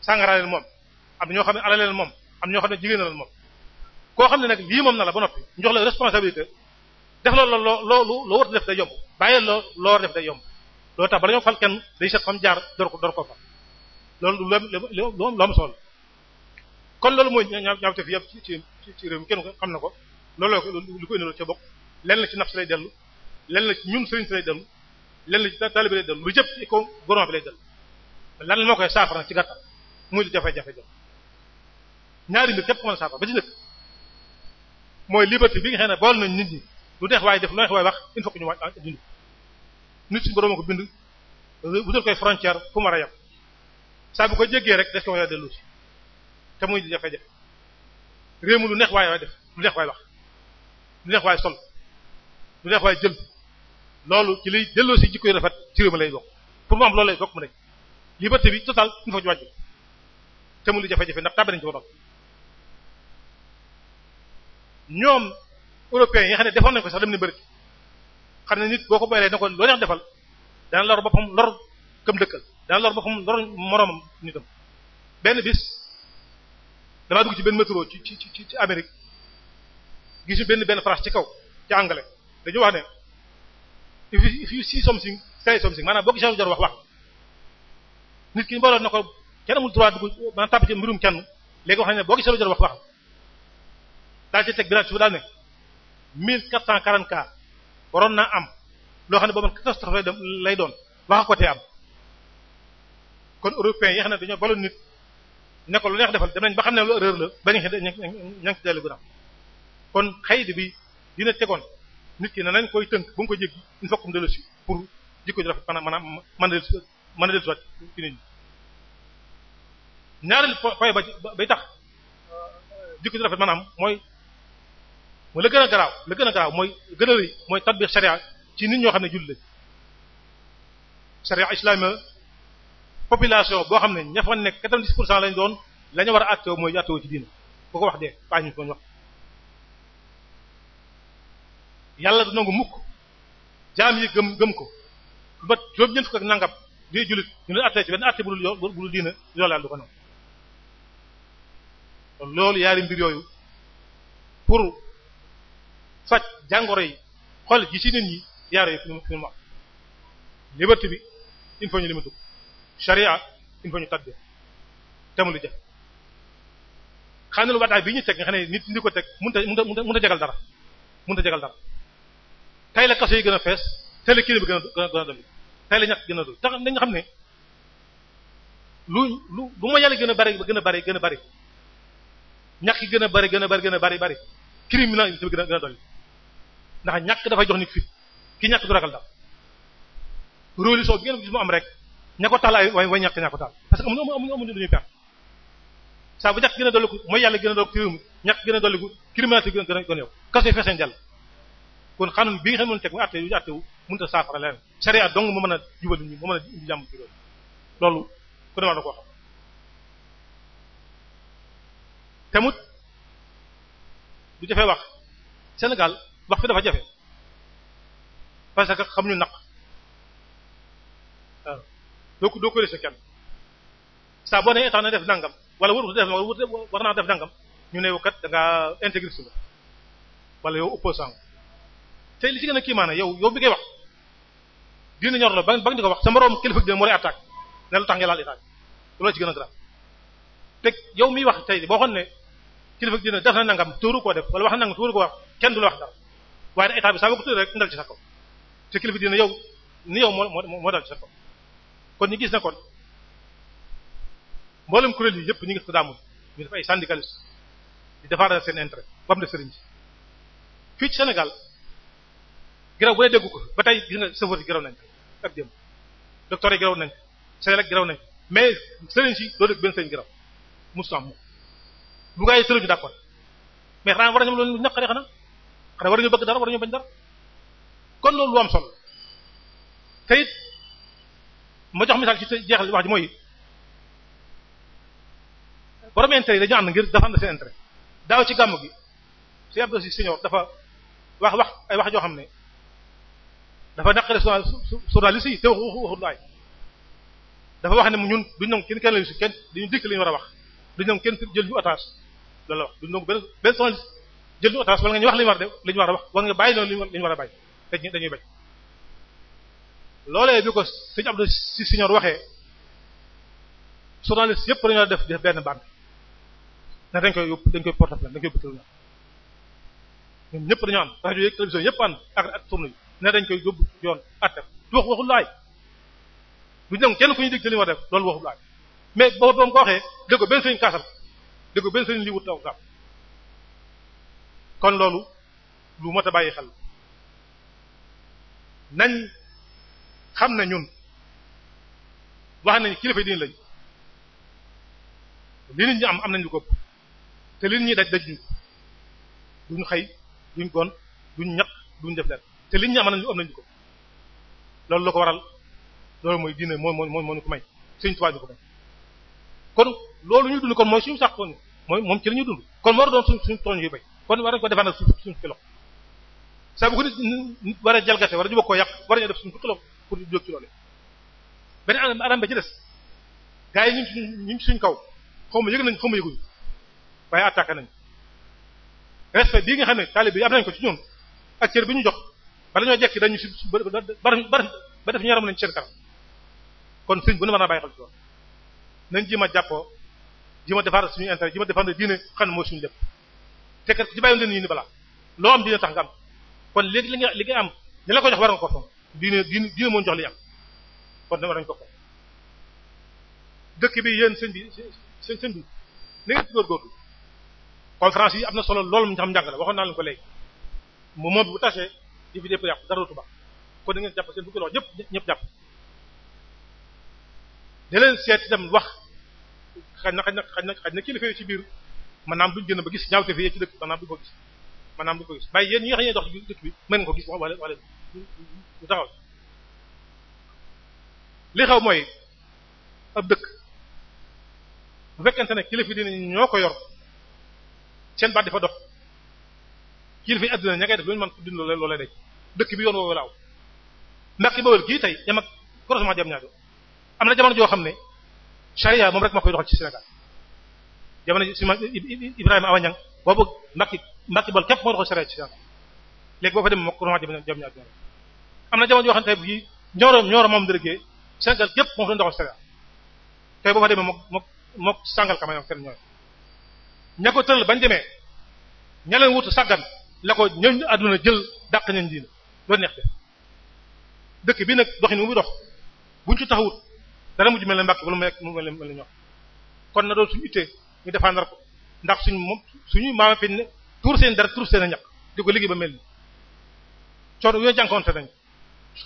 sàngara leen moom am na ñoo xam ne alal leen moom am na ñoo xam ne jigéen leen moom. koo xam ne nag lii moom na la ba noppi njox la responsabilité def la loo loo def day yomb bàyyi loo def day yomb loolu tax bala ñoo fal kenn day seet fam jaar door ko door ko fa loolu lu am lu am solo kon loolu mooy ñaaw ñaawteef yëpp ci ci ci réew mi kenn xam na ko loolu la ko lu ko indiloon ca bokk lenn la ci nafs lay dellu lenn la ci ñun sëriñ si lay dellu lenn ci taalibe lay dellu lu jëpp ci ko gouvernement lay dellu lan moo koy saafara ci gàttal muy lu jafe-jafe jëm ñaari mbir képp ko mën a saafara ba ci nekk mooy liberté bi nga xam ne bool nañ nit ñi lu neex waay def lu neex waaye wax il faut ñu waaj a dund nit suñu borom ko bind bu dul koy frontière fu mu a yem saa bu ko jéggee rek des dellu ci te muy li koy def réew mi lu neex waaye waay def waay wax lu neex waay sol lu neex waay jël loolu ci liy delloo si jikko yu rafet ci réew lay bokk pour mu loolu lay bokk mu nekk liberté bi total ñu fa wàññi te mu li jafe-jafe ndax tàbbi nañ ci boppam ñoom européens yi nga xam ne defoon nañ ko sax dem ni bëri xam ne nit boo ko boolee na ko loo neex defal dana lor boppam lor këm dëkkal dana lor boppam lor moromam nitam benn bis damaa dugg ci benn métro ci ci ci ci Amérique gis benn benn phrase ci kaw ci anglais dañu wax ne if you si something say something boo gisee jar wax wax nit ki mbooloo na ko kenn amul droit dugg maanaam tàbbi ci mbirum kenn léegi wax nañ ne boo gisee jar wax wax daal ci teg bi suuf daal ne 1444 waroon naa am loo xam ne boobu catastrophe lay doon wax ko tey am kon européens yi xam ne dañoo baloon nit. ne ko lu defal dem nañ ba xam ne lu erreur la ba ñu ña ngi ci dellu kon xaydi bi dina tegoon nit ki ne nañ koy tënk bu nga ko jéggi il faut que pour jikko ji rafet maanaam maanaam mën mën a dellusiwaat ci nit ñi ñaareel tax euh, jikko ji rafet maanaam mooy mooy la gën a garaaw la garaaw mooy gën a rëy mooy tatbiq sharia ci nit ñoo xam ne jullit lañ sharia islamique population boo xam ne ña fa nekk 90 pour cent lañ doon lañu war a àtteewoo mooy àtteewoo ci diina ku wax dee paa ñu ko wax. yàlla du nangu mukk jaam yi gëm gëm ko lu mat nangam di jullit ñu ne àttee ci benn àtte bu loolu yàlla du yaari mbir yooyu pour faj jàngoro yi xol gi ci nit ñi yaaro yi fi mu fi mu wax liberté bi il faut ñu limatu sharia il faut ñu tatbix te mu lu jëf lu bataay bi ñu teg nga xam ne nit ñi ko teg mun ta mënut a mënut a jagal dara mënut a jagal dara tey la kaso yi gën a fees tey la kii bi gën a gën a dolli tey la ñàkk gën a dolli tax nañ lu lu lu ma gën a bari gën a bari gën a bari ñàkk gën a bari gën a bari gën a bari bari criminalité bi gën a ndax ñàkk dafa jox nit fi ki ñàkk du ragal dara religion bi ngeen gis mu am rek. ña ko taal ay way way ñàkk ñaa ko taal parce que amuñu amuñu amuñu dañuy perte saa bu ñàkk gën a dolliku mooy yàlla gën a dolliku ci réew gën a dolliku criminalité gën a gën a yow kaso yi feeseen jàll kon xanun bi nga xam ne teg muy àtte yu àtte wu mënut a saafara dong mu mën a jubal nit ñi mu a indi jàmm ci réew loolu ku ne war na koo xam tamut du jafee wax Sénégal wax fi dafa jafe parce que xam ñu naq doo ko doo ko rejeté kenn saa boo nee état na def nangam wala warut def war naa def nangam ñu ne yow kat da ngaa intégriste la wala yow opposant te li ci gën a yow yow bi ngay wax dina ñor la ba nga ko wax sa moroom kilifa gi moo lay attaque ne lu tax nga laal ci gën a grave te yow miy wax tey boo xam ne kilifa gi dina def na nangam tóoru koo def wala wax na nangam tóoru ko wax kenn du la wax dara waaye état bi saa boo ko tudd sa kaw yow yow moo moo moo dal ci sa kon ñu gis ne kon mboolem kuréel yi yëpp ñu ngi ko daamul ñu def ay syndicaliste di défendre seen intérêt ba mu def sëriñ ci fii ci Sénégal giraw bu dee déggu ko ba tey gis nga chauffeur yi giraw nañ ak démb docteur yi giraw nañ Sénégal mais sëriñ si doo dégg benn sëriñ giraw musu am moom bu gaa yi sëriñ d'accord mais xanaa war nañu loolu ñaqare xanaa xanaa war nañu bëgg dara war nañu bañ dara kon loolu lu am solo te ma jox misaal ci jeexal wax ji mooy borom intérêt yi dañu ànd ngir dafa am seen intérêt daaw ci gàmm gi si Abdou Si Senior dafa wax wax ay wax joo xam ne dafa naqare journaliste yi te waxu waxu ay dafa wax ne mu ñun duñ nangu kenn kenn lañu si kenn dañu dikk li ñu war a wax duñ nangu kenn jël ñu otage loolu la wax duñ nangu benn benn journaliste jël ñu otage wala nga ñu wax li ñu war a def li ñu war a wax wala nga bàyyi loolu li ñu war a bàyyi te dañuy bañ loolee bi ko sëñ Abdou si siñor waxee journaliste yëpp dañoo def def benn bande ne dañ koy yóbbu dañ koy porte plainte dañ koy yóbbu ñëpp dañoo am télévision yëpp ànd ak ak tourne yi ne dañ koy yóbbu yoon àtte du wax waxul laay du ñu kenn ku ñu dégg ci li war def loolu waxul laay mais boobu ba mu ko waxee dégg ko benn sëñ kaasam dégg ko benn sëñ lii wut taw taw kon loolu lu mot a bàyyi xel nañ xam na ñun wax nañu kilifa diine lañ li nit ñi am am nañu ko te li nit ñi daj daj ñu duñu xëy duñ gon duñ ñaq duñ def dara te li ñu am nañu am nañu ko loolu la ko waral loolu mooy diine moo moo moo ñu ko may Sëriñ ko may kon loolu ñu dund kon mooy suñu sax tooñ mooy moom ci la ñuy dund kon moo doon suñ suñ tooñ yu bay kon war nañu ko defandal suñ suñ kilo saa ko nit war a jalgate war a jubóo koo yàq war nañu def suñ kilo pour ñu jóg ci loole beneen anam anam ba ci des gars yi ñu ngi suñ kaw xaw ma yëg nañ xaw ma yëguñu waaye attaqué nañ respect bii nga xam ne taalib bi am nañ ko ci ñoom ak cër bi ñu jox bala ñoo jekki dañu si ba ba ba def ñaaramu nañ ci kanam kon suñ bu ne war naa bàyyi xel ci loolu nañ jéem a jàppoo jéem a défendre suñu intérêt a défendre diine xam ne mooy suñu lépp te kat ci ni balaa loo am diine kon léegi li nga am ñi la ko jox war nga ko diine diine diine moo jox li am kon dama dañ ko ko dëkk bi yéen sëñ bi sëñ sëñ ni ngeen ci góorgóorlu conférence yi am na solo lool mu xam njàng la waxoon naa leen ko léegi mu moom bu tasee di fi dépp yàqu dara dootu baax kon da ngeen jàpp da leen seet itam wax xaj na xaj na xaj na xaj na kilifa yi ci biir maanaam duñ gën ba gis ñaaw te fi ci dëkk maanaam duñ ko gis maanaam duñ ko gis bàyyi yéen ñi nga xam dox ci dëkk bi mën nga ko gis wax wala wala ñu taxaw li xew mooy ab dëkk bu fekkente ne kilifa dina ñoo ko yor seen baat dafa dox kilifa yi adduna ña ngay def lu ñu mën dund loolu dëkk bi yoon woowu laaw ndax ki bawal kii tey yam ak na jamono joo xam ne charia rek moo koy doxal ci Sénégal jamono si Ibrahima Awañang boobu mbakki mbakki bool képp moo doxal charia ci Sénégal léegi boo fa dem moo croisement jam ñaajo am na jamono yoo xam ne bii ñooro ñooro moom di liggéey Sénégal yëpp moom doon doxal Sénégal tey boo fa demee mook mook mook sàngal seen ñooy ña ko tëral bañ demee ña leen wut sàggan la ko ñëw jël dàq nañ diina loolu neex dëkk bi nag doxin mu muy dox buñ ci taxawut dara mujj mel ne mbàkk wala mu mel ne kon na doon suñu ittee ñu défendre ko ndax suñu moom suñu maama fi tuur seen dara tuur seen a ñaq di ko liggéey ba mel ni coono yooyu jànkoonte nañ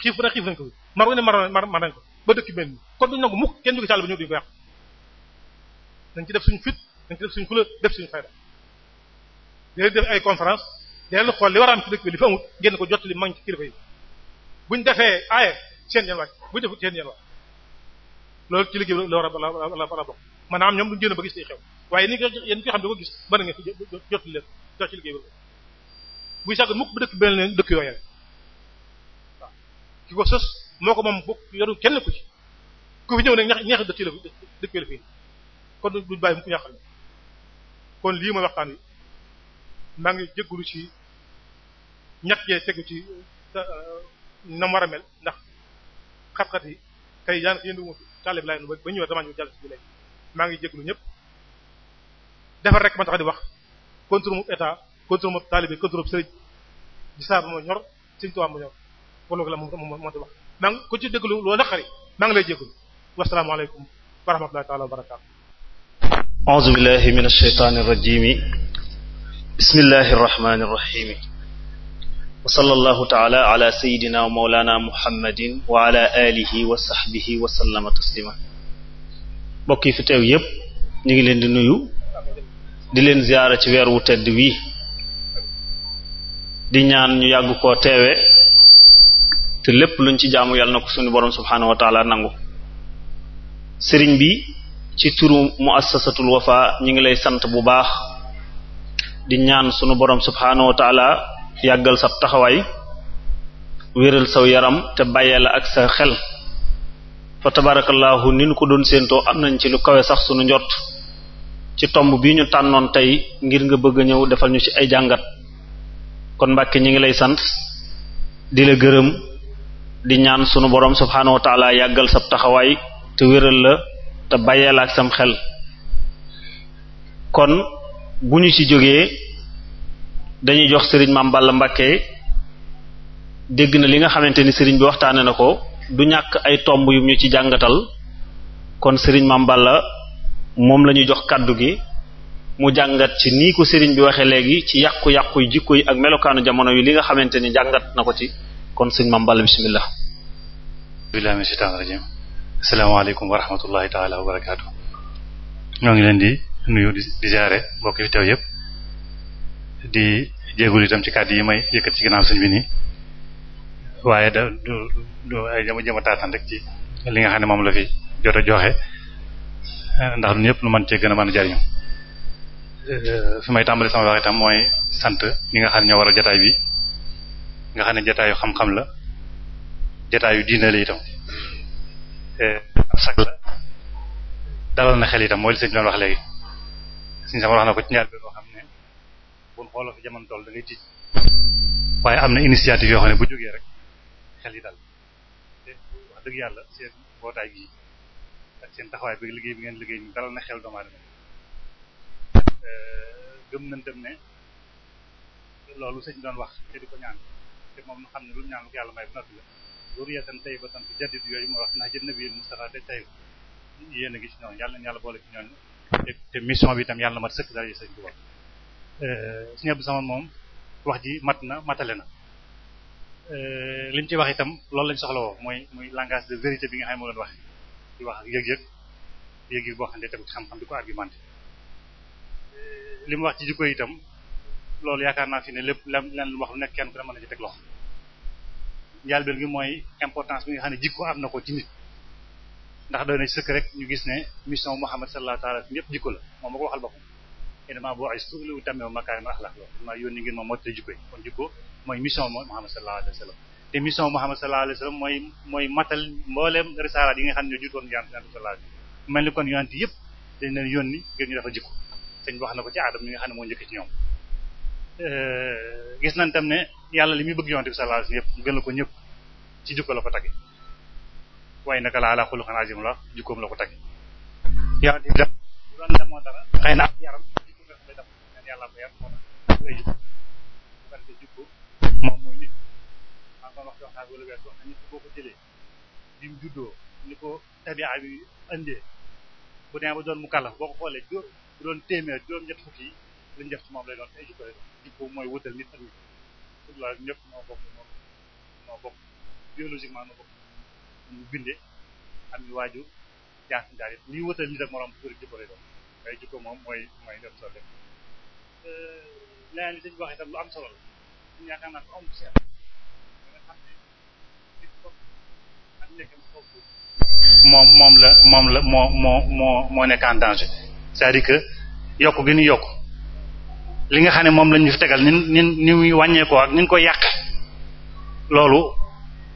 xiif bu ne xiif nañ ko mar wu ne mar mar nañ ko ba dëkk mel ni kon duñ nangu mukk kenn jóge sàll ba ñëw duñ ko yàq dañ ci def suñu fit dañ ci def suñu fula def suñu fayda dinañ def ay conférence dinañ xool li war a am ci dëkk bi li fi amut ngeen ko jottali mag ci kilifa yi buñ defee aaye seen yéen wàcc buñ defut seen yéen wàcc loolu ci liggéey bi la war a la war a bokk maanaam ñoom duñ génn ba gis ay xew waaye ni yéen ko xam ne ko gis mën nga fi jottali leen jox ci liggéey bi buy sàgg mukk bu dëkk benn leen dëkk yooyee ki ko sos moo ko moom bokk yoru kenn ku ci ku fi ñëw nag ñax ñax dëkk la dëkk la fi kon duñ bàyyi mu ko ñaxal kon lii mooy waxtaan wi maa ngi jégalu ci ñax gee tegu ci euh, nam war a mel ndax xat-xat yi tey yaa ngi yëndu taale bi laay nu ba maa ngi jégalu ñëpp defar rek ma tax di wax contre mu état contre mu taalibe contre mu sëriñ di saa ba ñor Sëriñ Tuubaa ma ñor. kon nag la moom moo di wax maa ngi ku ci déglu loolu naqari maa ngi lay jégalu wasalaamu aleykum wa rahmatullahi taala wa barakaatu a'uuzu billahi min ash-shaytaani rajiim bismillahi rahmaani rahiim wa sallallahu taala ala sayyidina wa mawlana muhammadin wa ala alihi wa sahbihi wa sallama taslima mbokk yi fi teew yépp ñu ngi leen di nuyu di leen ziyaara ci weer wu tedd wii di ñaan ñu yàgg koo teewe te lépp luñ ci jaamu yàlla na ko suñu borom subhaanahu wa taala nangu sëriñ bi ci turu muassasatul wafa ñu ngi lay sant bu baax di ñaan sunu boroom subhaanahu wa yàggal sa taxawaay wéral saw yaram te bàyyee la ak sa xel fa tabarakallahu ni ñu ko doon séentoo am nañ ci lu kawe sax sunu njot ci tomb bi ñu tànnoon tey ngir nga bëgg a ñëw defal ñu ci ay jàngat kon Mbàkke ñi ngi lay sant di la gërëm di ñaan sunu borom subhaanahu wa taala yàggal sab taxawaay te wéral la te bàyyeel ak sam xel kon bu ñu ci jógee dañuy jox sëriñ Maam Balla Mbakke dégg na li nga xamante ni sëriñ bi waxtaane na ko du ñàkk ay tomb yu ñu ci jàngatal kon sëriñ màmbal Balla moom la jox kàddu gi mu jàngat ci nii ko sëriñ bi waxee léegi ci yàqu-yàqu yi jikko yi ak melokaanu jamono yi li nga xamante ni jàngat na ko ci kon sëñ ma Balla bismillah billahi minash shaitanir rajim asalaamaaleykum wa rahmatullahi taala wa barakaatu ñoo ngi leen di nuyu di ziare mbokk yi fi teew yëpp di jéegul itam ci kàddu yi may yëkkat ci ginnaaw sëñ bi nii waaye da du du ay jama jëma taataan rek ci li nga xam ne moom la fi jot a joxe ndax lu ñëpp lu mën cee gën a mën a jariñu Euh, fi may tàmbali sama wax itam mooy sant ñi nga xam ne ñoo waral jataay bi nga xam ne jataayu xam-xam la jataayu diine la itam euh, ab sag la dalal na xel itam mooy li sëñ doon wax léegi si sama wax na ko ci ñaar bi loo xam ne buñ xooloo fi jamono toll da ngay waaye am na initiative yoo xam ne bu jógee rek xel yi dal te wax dëgg yàlla seen mbootaay gi bi liggéey bi ngeen liggéey ñu dalal na xel doomu Euh, gëm nañ tam ne loolu sëñ doon wax te di ko ñaan te moom na xam ne lu ñaan lu yàlla may bu noppi la loolu yetan tay ba sant jadid yooyu mu wax naa jën nabi te yéen a ngi ci ñoom yàlla boole ci ñoom te mission bi itam yàlla na mat sëkk daal sëñ bi wax euh, sëñ Abdou Samane moom wax ji mat na matale na euh, li ñu ci wax itam loolu lañ soxla woo mooy muy langage de vérité bi nga xam ne moo doon wax di wax ak yëg-yëg yëg boo xam ne tamit xam-xam di ko argumenté li mu wax ci jikko itam loolu yaakaar naa fi ne lépp lenn lu wax lu nekk kenn ku ne mën na teg loxo njàlbeen gi mooy importance bi nga xam ne jikko am na ko ci nit ndax doy na ci sëkk rek ñu gis ne mission Muhammad sallallahu alayhi wa sallam ñëpp jikko la moom ma ko waxal boppam innamaa bu'istu li utammima makaarima al-axlaaq loolu maa yónni ngir ma mottali jikko yi kon jikko mooy mission mooy Muhammad sallallahu alayhi wa sallam te mission Muhammad sallallahu mooy mooy matal mbooleem risaalaat yi nga xam ne ñoo jiitoon yonent sallallahu alayhi wa sallam yëpp dañ leen yónni ngir ñu dafa jikko sëñ wax na ko ci aadam mi nga xam ne moo njëkk ci ñoom eh, gis nañ tam ne yàlla li muy bëgg yonte bi sallallahu alayhi wasallam yëpp gën la ko ñëpp ci jukko la ko tagge waaye naka la ko na yaram jikko nga boo ko jëlee bi juddoo ni ko tabia bi indee bu dee ba doon mu kàllaf boo ko xoolee bu doon téeméer juróom-ñett fukk yi lañ def ci moom lay doon ay jikko doon jikko mooy wutal nit ak nit pour loolu ñëpp noo bokk noo bindee am ñu waajur jaasi njaar yëpp nit moom mooy mooy dem solo lépp leneen li dañu wax itam lu am solo la ñu yaakaar moom moom la moom la moo moo moo moo nekk danger c'est-à-dire que yokk gi ñu yokk li nga xam ne moom lañ ñu fi tegal ni ni ni muy wàññeekoo ak ni ñu ko yàq loolu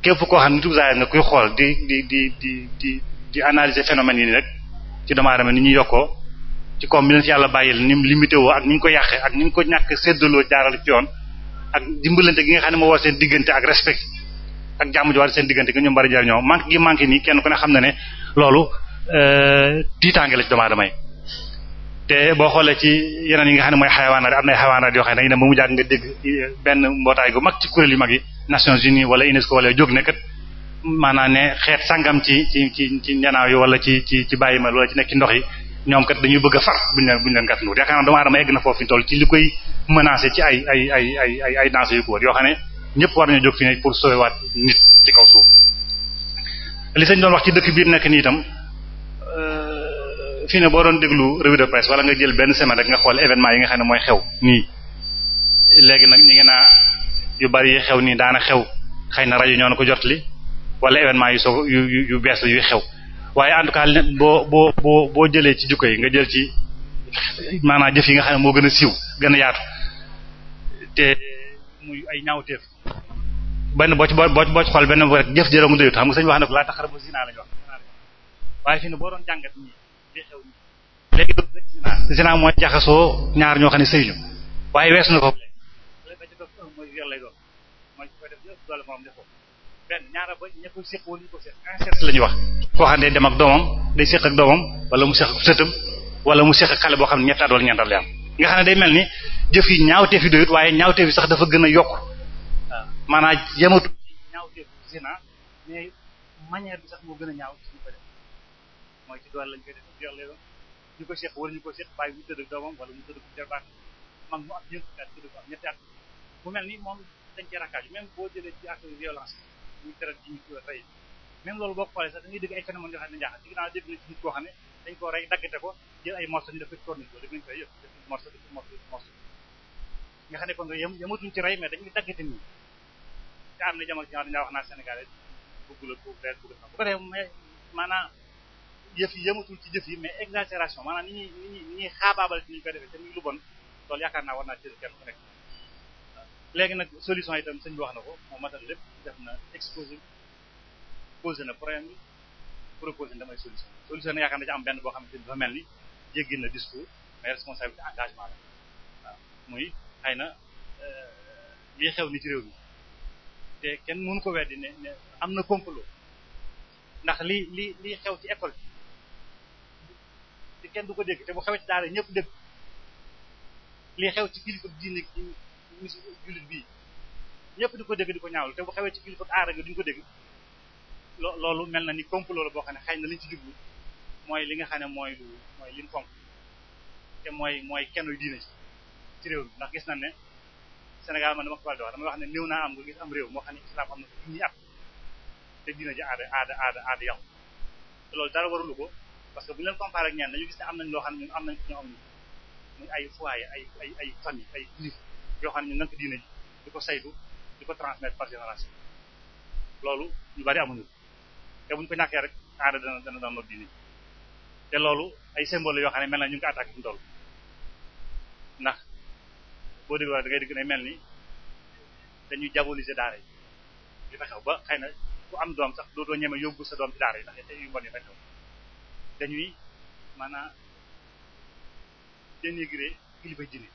képp koo xam ne nitu zaahir nga kuy xool di di di di di di analyser yi rek ci doomu aadama ni ñu yokkoo ci koom bi leen fi yàlla bàyyil ni mu limité woo ak ni ñu ko ak ni ñu ko ñàkk seddaloo jaaral ci yoon ak dimbalante gi nga xam ne moo war seen diggante ak respect ak jàmm ji war seen diggante gi ñoom bari jariñoo manque gi manque nii kenn ko ne xam na ne loolu euh, tiitaange la ci doomu te boo xoolee ci yeneen yi nga xam ne mooy xayawaanaat am na ay xayawaanaat yoo xam ne dañuy ba mu jàgg nga dégg benn mbootaay gu mag ci kuréel yu mag yi Nations Unies wala UNESCO wala jóg ne kat maanaam ne xeet sangam ci ci ci ci njanaaw yi wala ci ci ci bàyyi ma wala ci nekk ci ndox yi ñoom kat dañuy bëgg a far buñ leen buñ leen kat nuur yaakaar naa doomu aadama egg na foofu ñu toll ci li koy menacé ci ay ay ay ay ay ay danger yu ko yoo xam ne ñëpp war nañu jóg fi ne pour sauver waat nit ci kaw suuf li ni itam fii ne boo doon déglu revue de presse wala nga jël benn semaine rek nga xool événement yi nga xam ne mooy xew nii léegi nag ñi nga naa yu bari yi xew nii daana xew xëy na rajo ñoo na ko jot li wala événement yu soo yu yu bees la yuy xew waaye en tout cas boo boo boo boo jëlee ci jukko yi nga jël ci maanaam jëf yi nga xam ne moo gën a siiw gën a yaatu te muy ay ñaawteef benn boo ci boo boo ci xool benn rek jëf jëloo mu doyut xam nga sëñ wax ne laa taxara bu zinaa la ñu wax léegi loolu zina mooy jaxasoo ñaar ñoo xam ne sëyñu waaye weesu na ko mooy wér lay la ñuy wax koo xam ne dem ak doomam day séq ak doomam wala mu séq ak sëtam wala mu séq ak xale boo xam ne ñetti at wala ñeenti am nga xam ne day mel ni jëf yi ñaawteef yi doyut waaye ñaawteef yi sax dafa gën a yokk maanaam yematu ñaawteef zina mais a ñaaw jeex lay doon ñu ko seex wala ñu ko seex bàyyi mu tëdd ak doomam wala mu tëdd ak jarbaat mag mu am ñëpp at tëdd ko am ñetti at mu mel ni moom dañ ci rakkaaju même boo jëlee ci acte violence muy teral ci nit rey même loolu boo xoolee sax da ngay dégg ay phénomène yoo xam ne njaaxal ci ginnaaw dégg na ci nit koo xam ne dañ ko rey daggate ko jël ay morceau ñu def ko ci corniche boobu dégg nañu koy yëpp def morceau def morceau morceau nga xam ne kon yamatuñ ci rey mais dañuy daggate nii te am na jamono ci ñaaw dañaa wax naa Sénégalais bëggula ko bëgg na ko bu ko defee maanaam yëf yi yëmatul ci jëf yi mais exagération maanaam ni ñuy ni ñuy xaabaabal ci ñu koy defee te muy lu bon loolu yaakaar naa war naa jël kenn nekk léegi nag solution yi itam sëñ bi wax na ko moo matal lépp na exposé posé na problème bi na damay solution solution na yaakaar na ci benn boo xam ni dafa mel ni jéggi na discours mais responsabilité engagement la waaw muy xay na euh, lii xew ni ci réew mi te kenn mënu ko weddi ne ne am na complot ndax li li lii xew ci école bi kenn du ko dégg te bu xewee ci daara ñëpp dégg li xew ci kilifa diine ci jullit bii ñëpp di ko dégg di ko ñaawlu te bu xewee ci kilifa aara gi duñu ko dégg loolu mel na ni complot la boo xam ne xëy na liñ ci jublu mooy linga nga xam ne mooy lu mooy liñ fonk te mooy mooy kenn diine ci réew mi ndax gis nañ ne Sénégal man dama ko faral di wax wax ne néew naa am nga gis am réew moo xam ne islam am na ko junni at te diina ji aada aada aada te loolu dara warulu ko parce que bu ñu leen comparé ak ñeneen gis ne am nañ loo xam ne ñun am nañ ko ñoo am muy ay foyer ay ay ay famille ay kilifa yoo xam ne ñu nank diine ji di ko saytu di ko transmettre par génération loolu ñu bari amuñu te buñu ko ñàkkee rek aada dana dana doon te loolu ay symbole yoo xam ne mel ñu ngi ko attaqué fi mu toll ndax boo déggoo da ngay dégg ne mel ni dañuy diaboliser daara yi di fa xew ba xay na ku am doom sax doo doo ñeme yóbbu sa doom ci daara yi ndax yi xew dañuy maanaam dénigrer kilifa diine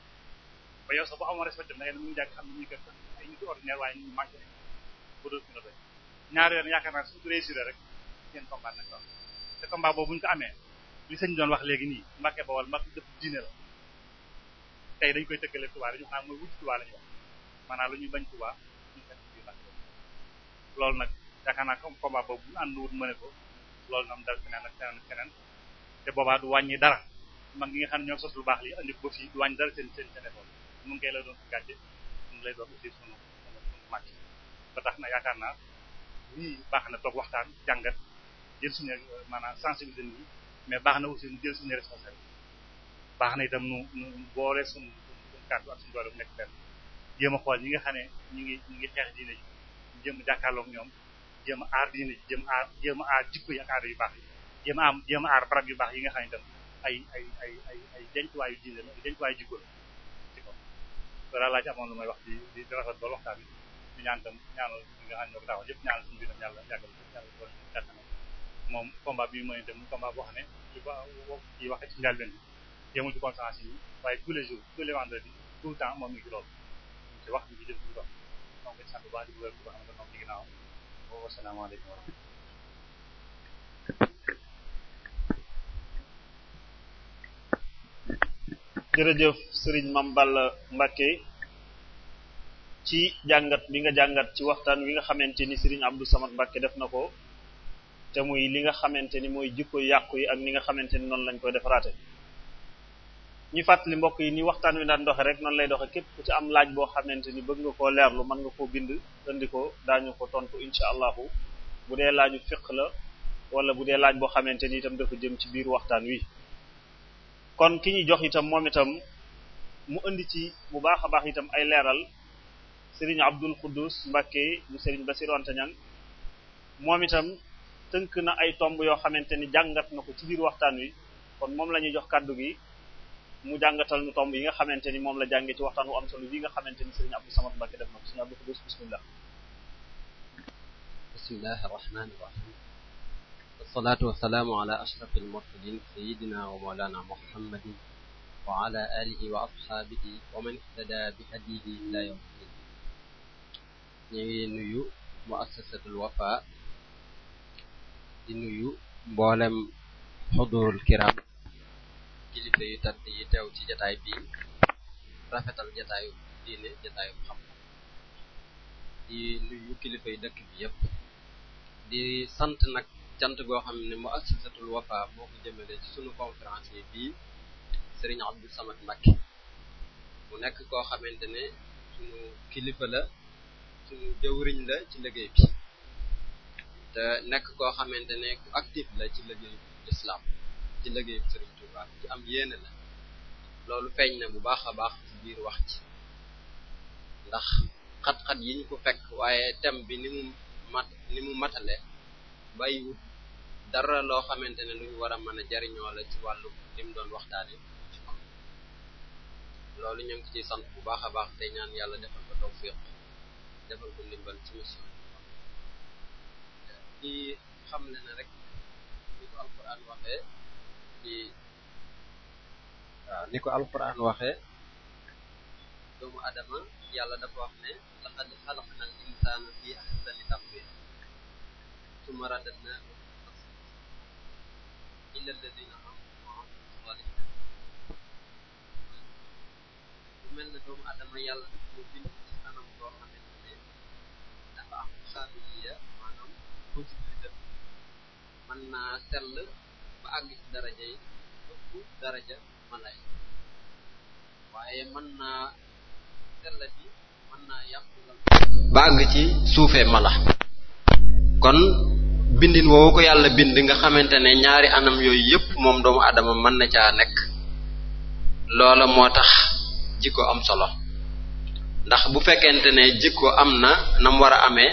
ba yow sax boo xamoon respecté da ngay ne mu ngi jàkk xam ne ñu kat ay nit ordinaire waaye ñu manqué bu dul nag te combat boobu ñu ko amee li sëñ doon wax léegi nii Mbàkke Bawol Mbàkke dëpp diine la tey dañ koy tëkkale Tuubaa dañu xam mooy wut Tuubaa la ñuy bañ Tuubaa ñu nag yaakaar naa comme combat boobu ñu ànd wut mëne ko loolu na am dal feneen ak feneen te boobaa du wàññi dara mag ñi nga xam ne ñoo sos lu baax li andi ko fii du wàññi dara seen seen seen effort mu ngi koy la doon si mu ngi lay doon aussi sunu sunu ba tax na yaakaar naa lii baax na toog waxtaan jàngat jël suñu maanaam sensibiliser nit ñi mais baax na aussi seen jël suñu responsabilité baax na itam nu nu boole suñu suñu kàddu ak suñu doole bu nekk benn jéem a xool ñi nga xam ne ñu ngi ñu ngi xeex diine ji jéem a ñoom jéem a aar diine jéem a aar jéem a aar jikko yi yu baax yi jéem am jéem a aar barab yu baax yi nga xam ne ay ay ay ay ay dencuwaayu diine la ay dencuwaayu jikko la ci ko laa ci amoon may wax di di rafet ba waxtaan bi di ñaan tam ñaanal ñi nga xam ne ñoo ko moom combat bi mooy dem combat boo xam ne lu ba wax ci njàlbeen bi yemul ci conférence waaye tous les jours tous les vendredis tout le temps moom mi ngi ci wax mi ngi jëm ci wax donc sant bu baax di bu bu baax nga noom ci ginnaaw wasalaamaaleykum wa rahmatulah jërëjëf sëriñ Mame Balla Mbacké ci jàngat bi nga jàngat ci waxtaan wi nga xamante ni sëriñ Abdou Samad Mbacké def na ko te muy li nga xamante ni mooy jikko yàqu yi ak ni nga xamante ni noonu lañ koy defaraate ñu fàttali mbokk yi ni waxtaan wi daan doxe rek noonu lay doxe képp ku ci am laaj boo xamante ni bëgg nga koo leerlu mën nga koo bind indi ko daañu ko tontu incha allahu bu dee laaju fiq la wala bu dee laaj boo xamante ni itam dafa jëm ci biir waxtaan wi kon ki ñu jox itam moom itam mu indi ci bu baax a baax itam ay leeral Serigne Abdul Quddus Mbacke mu Serigne Bassirou Antañan moom itam tënk na ay tomb yoo xamante ni jàngat na ko ci biir waxtaan wi kon moom la ñuy jox kàddu gi mu jàngatal nu tomb yi nga xamante ni moom la jànge ci waxtaan wu am solo yi nga xamante ni sëriñ Abdou Samad Mbacké def na ko sëriñ Abdou Xuddus bismillah bismillahi arrahmani irrahim wasalaatu wasalaamu ala ashraf almursalin sayidina wa mawlana muhammadin wa ala alihi wa ashaabihi wa man ihtada bi hadihi ila yawm din ñu ngi nuyu muassasatul wafa di nuyu mboolem xudurul kiram kilifa yu tànn yi teew ci jataay bii rafetal jataayu diine jataayu xam di nuyu kilifa yu dëkk bi yépp di sant nag cant goo xam ne mu assisatul wafa moo ko jëmale ci sunu conférence yi bii Serigne Abdou Samad Mbacké mu nekk koo xamante ne sunu kilifa la sunu jëwriñ la ci liggéey bi te nekk koo xamante ne ku actif la ci liggéey bi l'islam ci liggéey Sëriñ Tuuba ci am yéene la loolu feeñ na bu baax a baax ci biir wax ci ndax xat-xat yi ñu ko fekk waaye thème bi ni mu mat ni mu matale bay dara loo xamante ne lu ñu war a mën a jariñoo la ci wàllu li mu doon waxtaane loolu ñu ngi ciy sant bu baax a baax te ñaan yàlla defal ko tawfiq defal ko ndimbal ci mission bi xam ne ne rek ni ko alquran waxee ci euh, ni ko alquran waxee doomu adama yàlla dafa wax ne laqad xalaqnal insaana fi ahsani taqwiim summa radadnaahu illa alladina bu mel ne doomu adama yàlla daf ko bind ci anam boo xamante ne dafa am xaabiliya maanaam possibilité naa sell ba àgg ci waaye mën naa sellati ci suufee mala kon bindin woowu ko yàlla bind nga xamante ne ñaari anam yooyu yépp moom doomu adama mën na caa nekk loola moo tax jikko am solo ndax bu fekkente ne jikko am na nam war a amee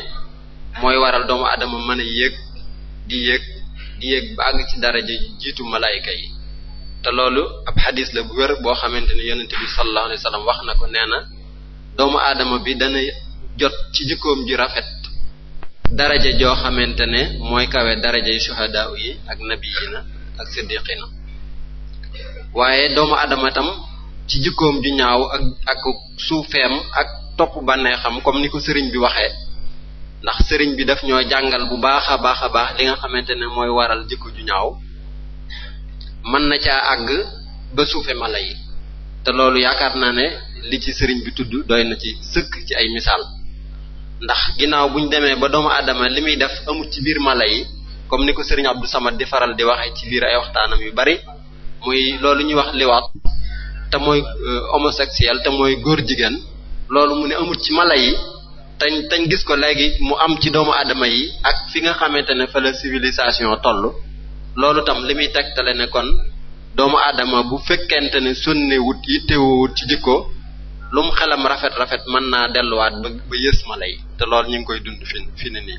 mooy waral doomu adama mën a yéeg di yéeg di yéeg ba àgg ci daraja jiitu malaayka yi te loolu ab xadiis la bu wér boo xamante ne yonent bi sallallahu alayhi wasallam wax na ko neena doomu aadama bi dana jot ci jikkoom ji rafet daraja joo xamante ne mooy kawe daraja yi shuhadaa yi ak nabiyina ak siddiqina waaye doomu aadama tam ci jikkoom ju ñaaw ak ak suufeem ak topp bànneexam comme ni ko sëriñ bi waxee ndax sëriñ bi daf ñoo jàngal bu baax a baax a baax li nga xamante ne mooy waral jikko ju ñaaw mën na caa àgg ba suufe mala yi te loolu yaakaar naa ne li ci sëriñ bi tudd doy na ci sëkk ci ay misaal ndax ginnaaw bu ñu demee ba doomu aadama li muy def amut ci biir mala yi comme ni ko sëriñ Abdou Samad di faral di waxee ci biir ay waxtaanam yu bari muy loolu ñuy wax liwaat te mooy euh, homosexuel te mooy góor jigéen loolu mu ne amut ci mala yi tañ tañ gis ko léegi mu am ci doomu aadama yi ak fi nga xamante ne fa la civilisation toll loolu tam li muy tegtale ne kon doomu aadama bu fekkente ne sunne wut yittewut ci jikko lum xelam rafet rafet mën naa delluwaat ba ba yës ma lay te loolu ñu ngi koy dund fi fi ne nii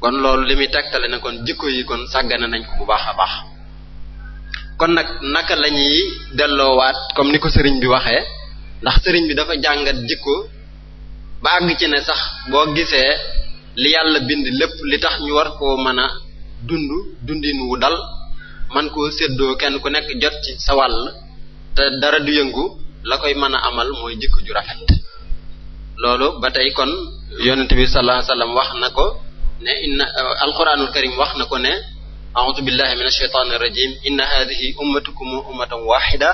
kon loolu li muy tegtale ne kon jikko yi kon sàggane nañ ko bu baax a baax kon nag naka lañuy ñuy delloowaat comme ni ko sëriñ bi waxee ndax sëriñ bi dafa jàngat jikko ba àgg ci ne sax boo gisee li yàlla bind lépp li tax ñu war koo mën a dund dundin wu dal man koo seddoo kenn ku nekk jot ci sa wàll te dara du yëngu la koy mën a amal mooy jëkk ju rafet loolu ba tey kon yonent bi sallallahu alayhi wasallam wax na ko ne inna alquranul karim wax na ko ne a'udhu billahi minash shaitanir rajim inna hadhihi ummatukum ummatan wahida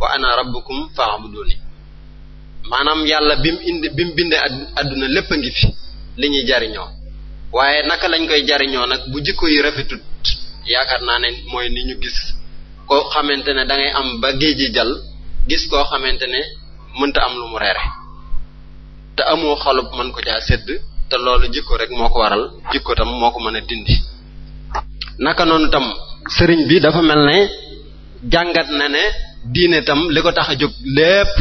wa ana rabbukum fa'buduni maanaam yàlla bi mu indi bi mu bindee àdduna lépp a ngi fi li ñuy jariñoo waaye naka lañ koy jariñoo nag bu jikko yi rafetut yaakaar naa ne mooy ni ñu gis koo xamante ne dangay am ba géej ji jal gis koo xamante ne mënta am lu mu reere te amoo xolub mën ko caa sedd te loolu jikko rek moo ko waral jikko tam moo ko mën a dindi naka noonu tam sëriñ bi dafa mel ne jàngat na ne diine tam li ko tax a jóg lépp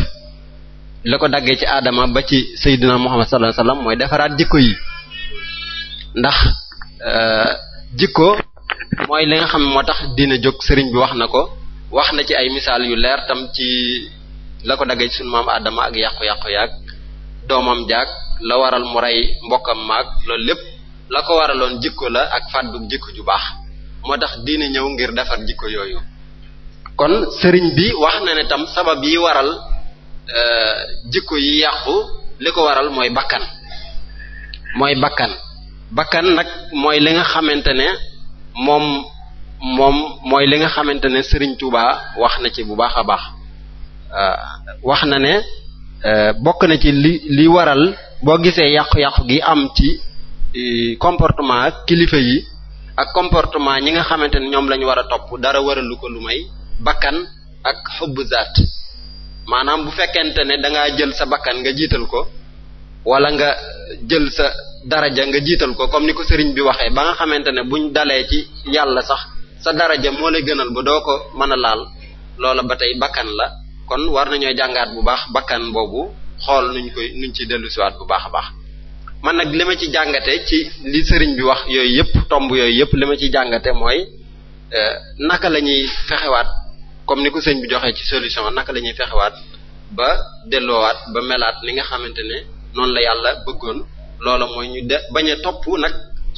la ko daggee ci aadama ba ci sayyidina muhammad sallallahu alayhi wasallam mooy defaraat jikko yi ndax euh, jikko mooy li nga xam moo tax diina jóg sëriñ bi wax na ko wax na ci ay misaal yu leer tam ci la ko daggee ci sunu maam aadama ak yàqu-yàqu yaag doomam jaag la waral mu rey mbokkam maag loolu lépp la ko waraloon jikko la ak fàddu jikko ju baax moo tax diina ñëw ngir defar jikko yooyu kon sëriñ bi wax na ne tam sabab yi waral Euh, jikko yi yàqu li ko waral mooy bakkan mooy bakkan bakkan nag mooy li nga xamante ne moom moom mooy li nga xamante ne Serigne Touba wax na ci bu baax a baax euh, wax na ne euh, bokk na ci li li waral boo gisee yàqu-yàqu gi am ci comportement kilifa yi ak comportement ñi nga xamante ne ñoom la ñu war a topp dara waralu ko lu may bakkan ak xubbu zaat maanaam bu fekkente ne da ngaa jël sa bakkan nga jiital ko wala nga jël sa daraja nga jiital ko comme ni ko sëriñ bi waxee ba nga xamante ne buñ dalee ci yàlla sax sa daraja moo lay gënal ba doo ko mën a laal loola ba tey bakkan la kon war nañoo jàngaat bu baax bakkan boobu xool nuñ koy nuñ ci dellusiwaat bu baax a baax man nag li ma ci jàngate ci li sëriñ bi wax yooyu yëpp tomb yooyu yëpp li ma ci jàngate mooy euh, naka la ñuy fexewaat comme ni ko sëñ bi joxee ci solution naka lañuy ñuy fexewaat ba delloowaat ba melaat li nga xamante ne noonu la yàlla bëggoon loola mooy ñu de bañ a topp nag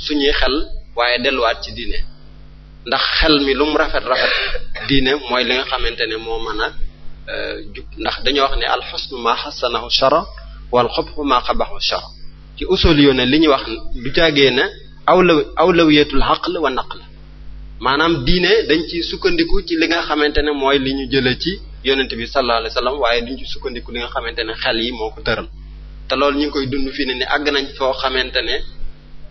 suñuy xel waaye delluwaat ci diine ndax xel mi lu rafet rafet diine mooy li nga xamante ne moo mën a euh, ndax dañoo wax ne al xusnu ma xasanahu shara wal xubxu ma xabaxu shara ci usul yo ne li ñuy wax du jàggee na awlaw awlawiyatul xaql wa naql maanaam diine dañ ci sukkandiku ci li nga xamante ne mooy li ñu jëlee ci yonent bi sallallahu alayhi wasallam waaye duñ ci sukkandiku li nga xamante ne xel yi moo ko tëral te loolu ñu ngi koy dund fii ne ni àgg nañ soo xamante ne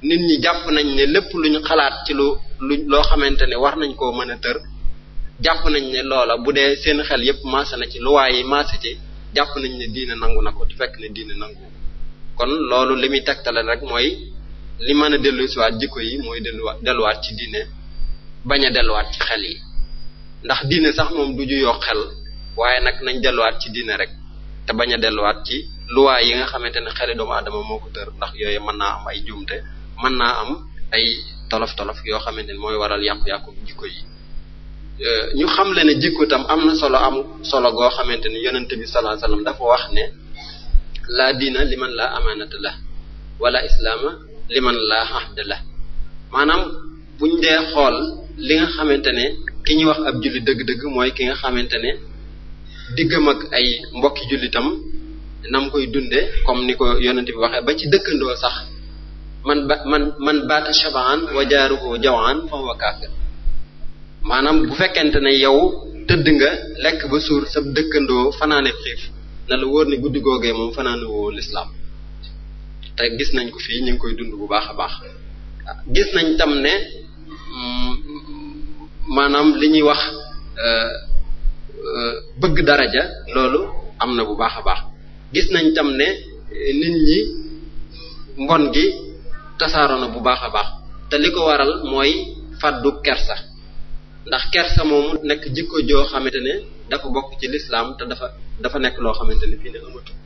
nit ñi jàpp nañ ne lépp lu ñu xalaat ci lu lu loo xamante ne war nañ koo mën a tër jàpp nañ ne loola bu dee seen xel yépp maase na ci lu waaye yi maase ci jàpp nañ ne diine nangu na ko te fekk ne diine nangu kon loolu li muy tegtale rek mooy li mën a dellusiwaat jikko yi mooy delluwaat delluwaat ci diine bañ a delluwaat ci xel yi ndax diine sax moom du juyoo xel waaye nag nañ delluwaat ci diine rek te bañ a delluwaat ci luwaay yi nga xamante ne xeli doomu aadama moo ko tër ndax yooyu mën naa am ay jumte mën naa am ay tolof-tolof yoo xamante ne mooy waral yàqu-yàqu jikko yi euh, ñu xam la ne jikko tam am na solo am solo goo xamante ni yonente bi sallallahu alayhi wasallam dafa wax ne laa diina liman laa amaanata la wala islaama liman laa ahda la maanaam buñ dee li nga xamante ne ki ñuy wax ab jullit dëgg-dëgg mooy ki nga xamante ne diggam ak ay mbokki jullitam nam koy dunde comme ni ko yonent bi waxee ba ci dëkkandoo sax man ba man man baata shabaan wajaaruhu jawaan fa huwa kaafir maanaam bu fekkente ne yow tëdd nga lekk ba suur sa dëkkandoo fanaane xiif na la wóor ne guddi googee moom fanaane lislaam te gis nañ ko fii ñu ngi koy dund bu baax a baax gis nañ tam ne mm, maanaam li ñuy wax euh, euh, bëgg dara ja loolu am na bu baax a baax gis nañ tam ne euh, nit ñi mbon gi tasaaroo na bu baax a baax te li ko waral mooy faddu kersa ndax kersa moomu nekk jikko joo xamante ne dafa bokk ci lislaam te dafa dafa nekk loo xamante ne fii ne amatul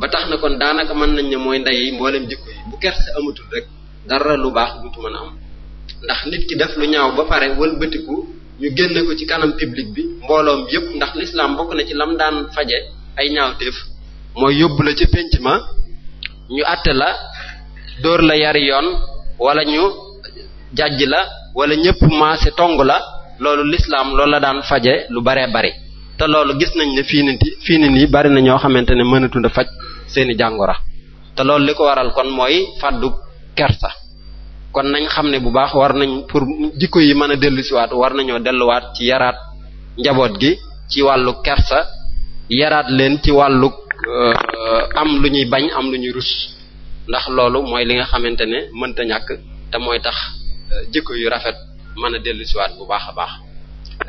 ba tax na kon daanaka mën nañ ne mooy ndey mboolem jikko yi bu kersa amatul rek dara lu baax duutu mën a am ndax nit ki def lu ñaaw ba pare wëlbatiku ñu génne ko ci kanam public bi mbooloom yépp ndax lislaam bokk na ci lam daan faje ay ñaawteef mooy yóbbu la ci pénc ma ñu àtte la dóor la yari yoon wala ñu jàjj la wala ñépp maase tong la loolu lislaam loolu la daan faje lu baree bari te loolu gis nañ ne fii niti fii nii bari na ñoo xamante ne mënatunda faj seeni jàngoro te loolu li ko waral kon mooy fàddu kersa kon nañ xam ne bu baax war nañ pour jikko yi mën a dellusiwaat war nañoo delluwaat ci yaraat njaboot gi ci wàllu kersa yaraat leen ci wàllu euh, am lu ñuy bañ am lu ñuy rus ndax loolu mooy li nga xamante ne mënta ñàkk te mooy tax euh, jikko yu rafet mën a dellusiwaat bu baax a baax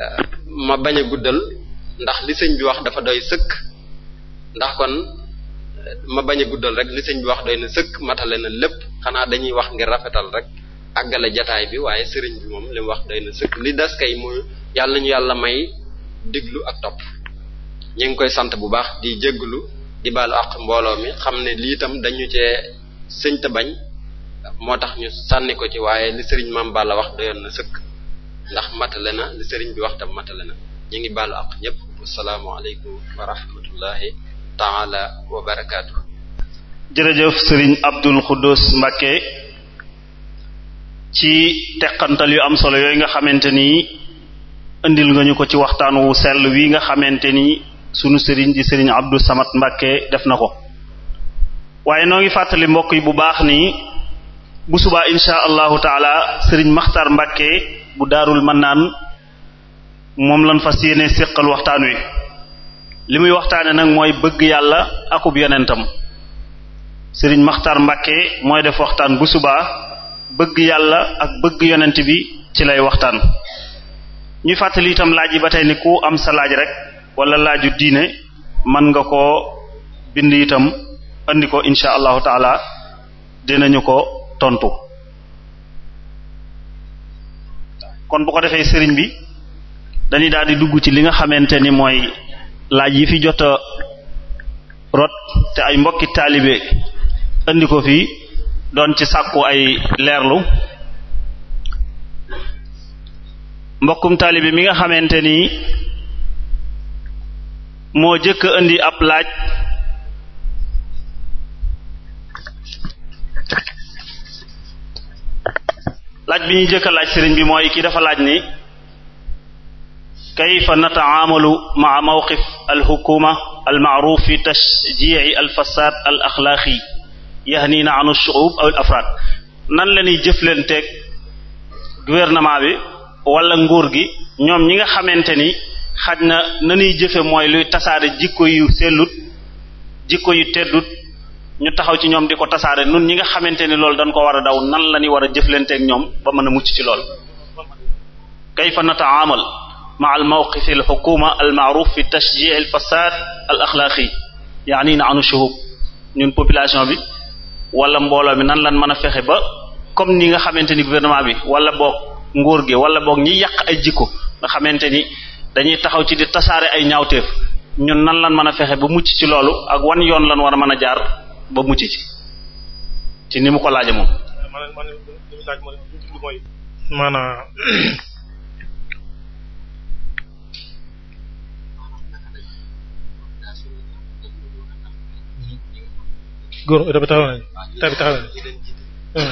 euh, ma bañ a guddal ndax li sëñ bi wax dafa doy sëkk ndax kon ma bañ a guddal rek li sëñ bi wax doy na sëkk matale na lépp xanaa dañuy wax ngir rafetal rek àggale jataay bi waaye sëriñ bi moom li wax doy na sëkk li des kay mu yàlla ñu yàlla may diglu ak topp ñu ngi koy sant bu baax di jégglu di baalu mbooloo mi xam ne lii itam dañu cee sëñ bañ moo tax ñu sànni ko ci waaye li sëriñ Mame Balla wax doyoon na sëkk ndax matale na li sëriñ bi wax tam matale na ñu ngi baalu ak ñëpp wasalaamualeykum wa rahmatullahi taala wa barakaatu jërëjëf sëriñ Abdul Xuddus Mbàkke ci teqantal yu am solo yooyu nga xamante ni indil nga ñu ko ci waxtaan wu sell wi nga xamante ni sunu sëriñ di sëriñ Abdou Samad Mbàkke def na ko waaye noo ngi fàttali mbokk yi bu baax ni bu subaa insha allahu taala sëriñ Maxtar Mbàkke bu daarul mannaan moom lan fa yéene séqal waxtaan wi li muy waxtaane nag mooy bëgg yàlla akub yonentam sëriñ maxtaar mbàkke mooy def waxtaan bu subaa bëgg yàlla ak bëgg yonent bi ci lay waxtaan ñuy fàttali itam laaj yi ba tey ni ku am sa laaj rek wala laaju diine man nga ko bind itam andi ko insha allahu taala dinañu ko tontu kon bu ko defee sëriñ bi dañuy daal di dugg ci li nga xamante ni mooy laaj yi fi jot rot te ay mbokki taalibe indi ko fii doon ci sàkku ay leerlu mbokkum taalibe mi nga xamante ni moo jëkk indi ab laaj laaj bi ñuy jëkk a laaj sëriñ bi mooy kii dafa laaj ni kayfa nataamalu maa mawqif alxukuma almaaruf fi tasjici alfasaad al axlaaqi na an shuub aw al nan la ñuy jëflanteeg gouvernement bi wala nguur gi ñoom ñi nga xamante ni xaj na nanuy jëfe mooy luy tasaare jikko yu sellut jikko yu teddut ñu taxaw ci ñoom di ko tasaare nun ñi nga xamante ni loolu dañ ko war a daw nan la ñuy war a jëflanteeg ñoom ba mën a mucc ci lool kayfa nataamal مع الموقف الحكومة المعروف في تشجيع الفساد الأخلاقي يعني naanu shuhub ñun population bi wala mbooloo mi nan lan mën a fexe ba comme ni nga xamante ni gouvernement bi wala boog nguur gi wala boog ñi yàq ay jikko nga xamante ni dañuy taxaw ci di tasaare ay ñaawteef ñun nan lan mën a fexe ba mucc ci loolu ak wan yoon lan war a mën a jaar ba mucc ci ci ni mu ko laaje moom góor oto bi taxaw nañ taa bi taxaw nañ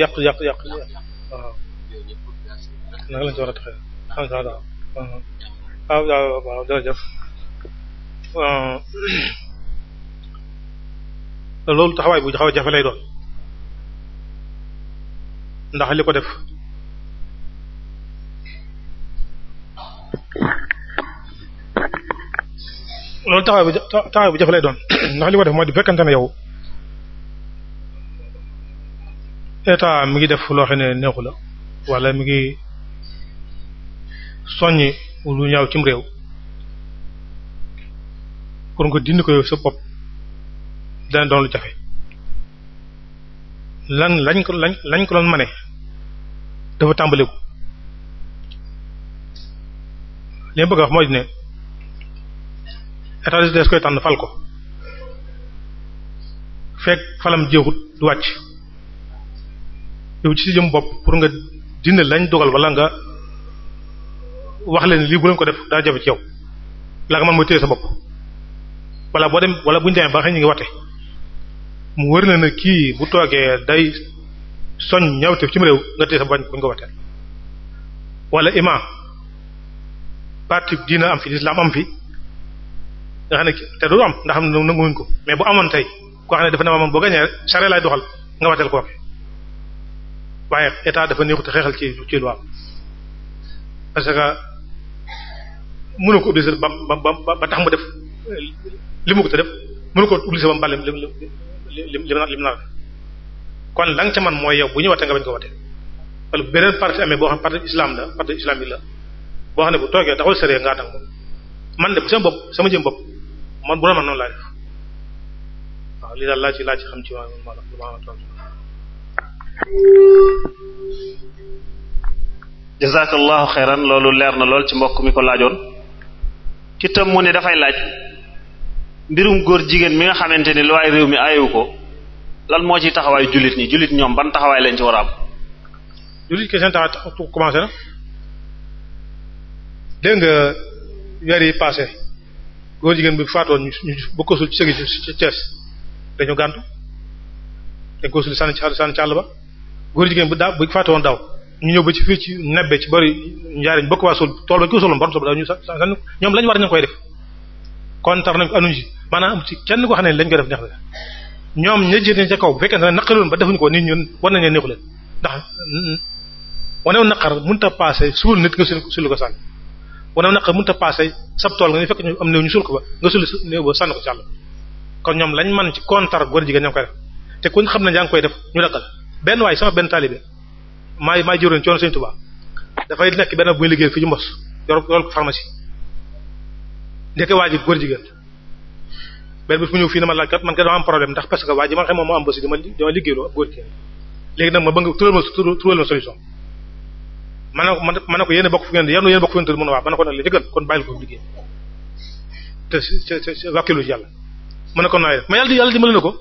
yàq yàq yàq waaw naka lañ ci war a taxee xam nga daal waaw waaw waaw jërëjëf loolu taxawaay bu xaw a jafe lay doon ndax li ko def loolu taxawaay bu taxawaay bu jafe lay doon ndax li ko def mooy di fekkante ne yow état mi ngi def loo xam ne neexu la wala mi ngi soññi lu ñaaw cim réew pour nga dindi ko yow sa dana doon lu jafe lan lañ ko lañ lañ ko doon mane dafa tàmbaliku li ma bëgg a wax état de des koy tànn fal ko fekk falam jeexut du wàcc yow ci si jëm bopp pour nga dindi lañ dogal wala nga wax leen lii bu leen ko def daa jafe ci yow la nga mën mooy téye sa bopp wala boo dem wala bu ñu demee ba xëy ñu ngi wate mu wër na ne kii bu toogee day soñ ñawteef ci mu réew nga téye sa bañ bu ñu ko watee wala imam diina am fi lislaam am fi nga xam ne te du am ndax xam ne nanguwuñ ko mais bu amoon tey koo ne dafa ne maanaam boo gañee rek charette lay doxal nga wateel waaye état dafa neexut xeexal ci ci loi parce mënu ko obliger ba ba ba tax mu def li mu ko te def ko obliger ba mu bàyyi lim lim lim lim na kon la nga ca man mooy yow bu ñu watee nga bañ ko watee beneen parti amee boo xam parti islam la parti islamique la boo xam ne bu toogee taxul sëree ngaa tàng man de sama bopp sama jëm bopp. man bu la man noonu laa waaw lii daal laa ci laaj ci xam ci waa ma ma tontu jazakallahu xeyran loolu leer na lool ci mbokk mi ko laajoon ci tam mu ne dafay laaj mbirum góor jigéen mi nga xamante ni lu waay réew mi ayewu ko lan moo ci taxawaay jullit ñi jullit ñoom ban taxawaay lañ ci war a am jullit ke seen taxaw commencé na dégg nga weer yi góor jigéen bi faatoon ñu ñu ba ko suul ci sëriñ ci Thiès dañu gàntu dañ ko suul sànni ci àll sànni ci àll ba góor jigéen bu daaw bu faatoon daaw ñu ñëw ba ci fii ci nebbe ci bari njaariñ bokk waa suul tool ba ko suuloon borom sob daaw ñu war ñu koy def kontar nañ ko anuñ ci maanaam ci kenn ko xam ne lañ koy def neex na ñoom ña jënd ca kaw bu fekkee ne naqaroon ba defuñu ko nit ñun war nañ leen neexu leen ndax wanew naqar mënut a passé suul nit nga suul ko sànni wana naq mun a paase sab tool nga ñu am néew ñu suul ko ba nga suul néew ba sànni ko ci kon ñoom lañ man ci kontar góor jigéen ñoo koy def te kuñ xam ne yaa ngi koy def ñu daggal benn waay sama benn taalibe maay maay jiróon coono Sëriñ Tuubaa dafay nekk benn bu muy fi ñu mbos yor yor ko mu ñëw fii na ma laaj kat man kat dama am problème ndax parce que waa ji man xam moom moo am bés dama dama liggéeyloo góor jigéen léegi nag ma bëgg tural ma tural ma solution man na man a bokk fu ngeen yéen a bokk fu ngeen tëdd mën a wax man ko nag li ci gën kon bàyyil ko liggéey te wàkkilu ci yàlla mën na ko nooy def mais yàlla di yàlla na ko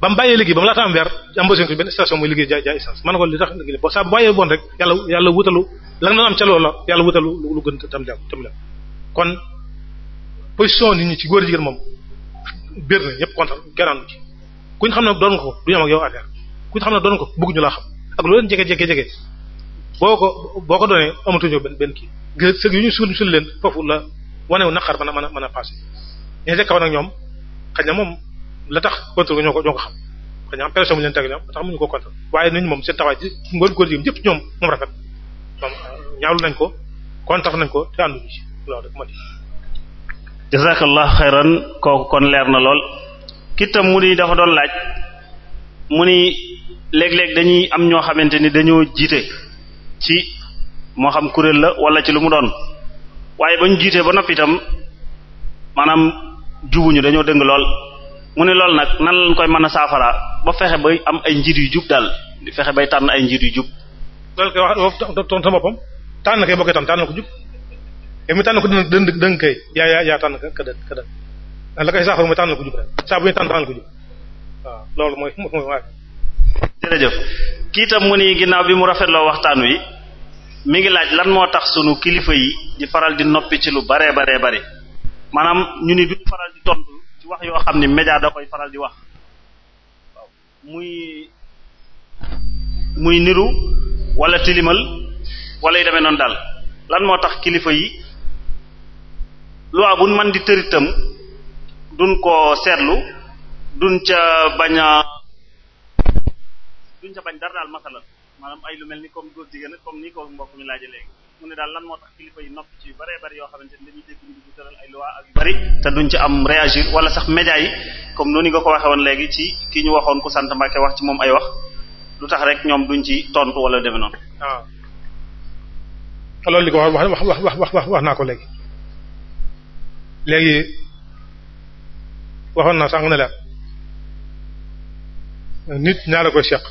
ba mu bàyyee liggéey ba mu laata am weer embauché ko benn station muy liggéey jaay jaay man na ko li tax liggéey boo saa yàlla yàlla wutalu la nga doon am yàlla wutalu lu gën tam lew tam lew kon position nit ci góor jigéen moom biir na ñëpp kontaan gannaaw ci kuñ xam ne doon ko du ñu am ak yow affaire kuñ xam ne doon ko bëgg ñu laa xam ak loolu jege jege jege boo ko boo ko doonee amatuñu benn benn kii sëg yu ñu suul suul leen foofu la wane wu naqar man a man a mën a passé ñi kaw nag ñoom xëy na moom la tax contrôle ñoo ko ñoo ko xam xëy na am pression bu ñoom tax mënuñu ko waaye nañ moom seen taxawaay ci ngóor góor jigéen ñëpp ñoom moom rafet moom euh, ñaawlu nañ ko kontar nañ ko te ànduñu ci loolu rek ma kooku kon leer na lool kitam mu ni dafa doon laaj mu ni léeg-léeg dañuy am ñoo xamante ni dañoo jiite ci moo xam kuréel la wala ci lu mu doon waaye ba ñu jiitee ba noppi itam maanaam ñu dañoo dëng lool mu ne lool nag nan lañ koy mën a saafara ba fexe bay am ay njiit yu jub daal di fexe bay tànn ay njiit yu jub. loolu kay wax doon sa boppam tànn kay boo ko jub et tànn ko dë dë dëng kay yaa yaa yaa tànn ka ka dëng ka dëng la koy ko jub rek saa bu ñuy ko mooy mooy. jërëjëf kii tam mu ni ginnaaw bi mu rafetloo waxtaan wi mi ngi laaj lan moo tax sunu kilifa yi di faral di noppi ci lu baree baree bari maanaam ñu ni duñ faral di tontu ci wax yoo xam ni média da koy faral di wax muy muy niru wala tilimal wala yi demee noonu daal lan moo tax kilifa yi loi buñ man di tëritam duñ ko seetlu duñ ca bañ duñ sa bañ dara daal masala maanaam ay lu mel ni comme góor jigéen comme ni ko mbokk mi laaje léegi mu ne daal lan moo tax kilifa yi nopp ci yu bëree bëri yoo xamante ni dañuy dégg ñu te duñ ci am réagir wala sax média yi comme noonu nga ko waxee woon léegi ci ki ñu waxoon ku sant Mbàkke wax ci moom ay wax lu tax rek ñoom duñ ci tontu wala deme noonu. waaw ah. ah, loolu li ko wax wax wax wax wax naa ko léegi léegi waxoon naa sànq ne la nit ñaara koy seq.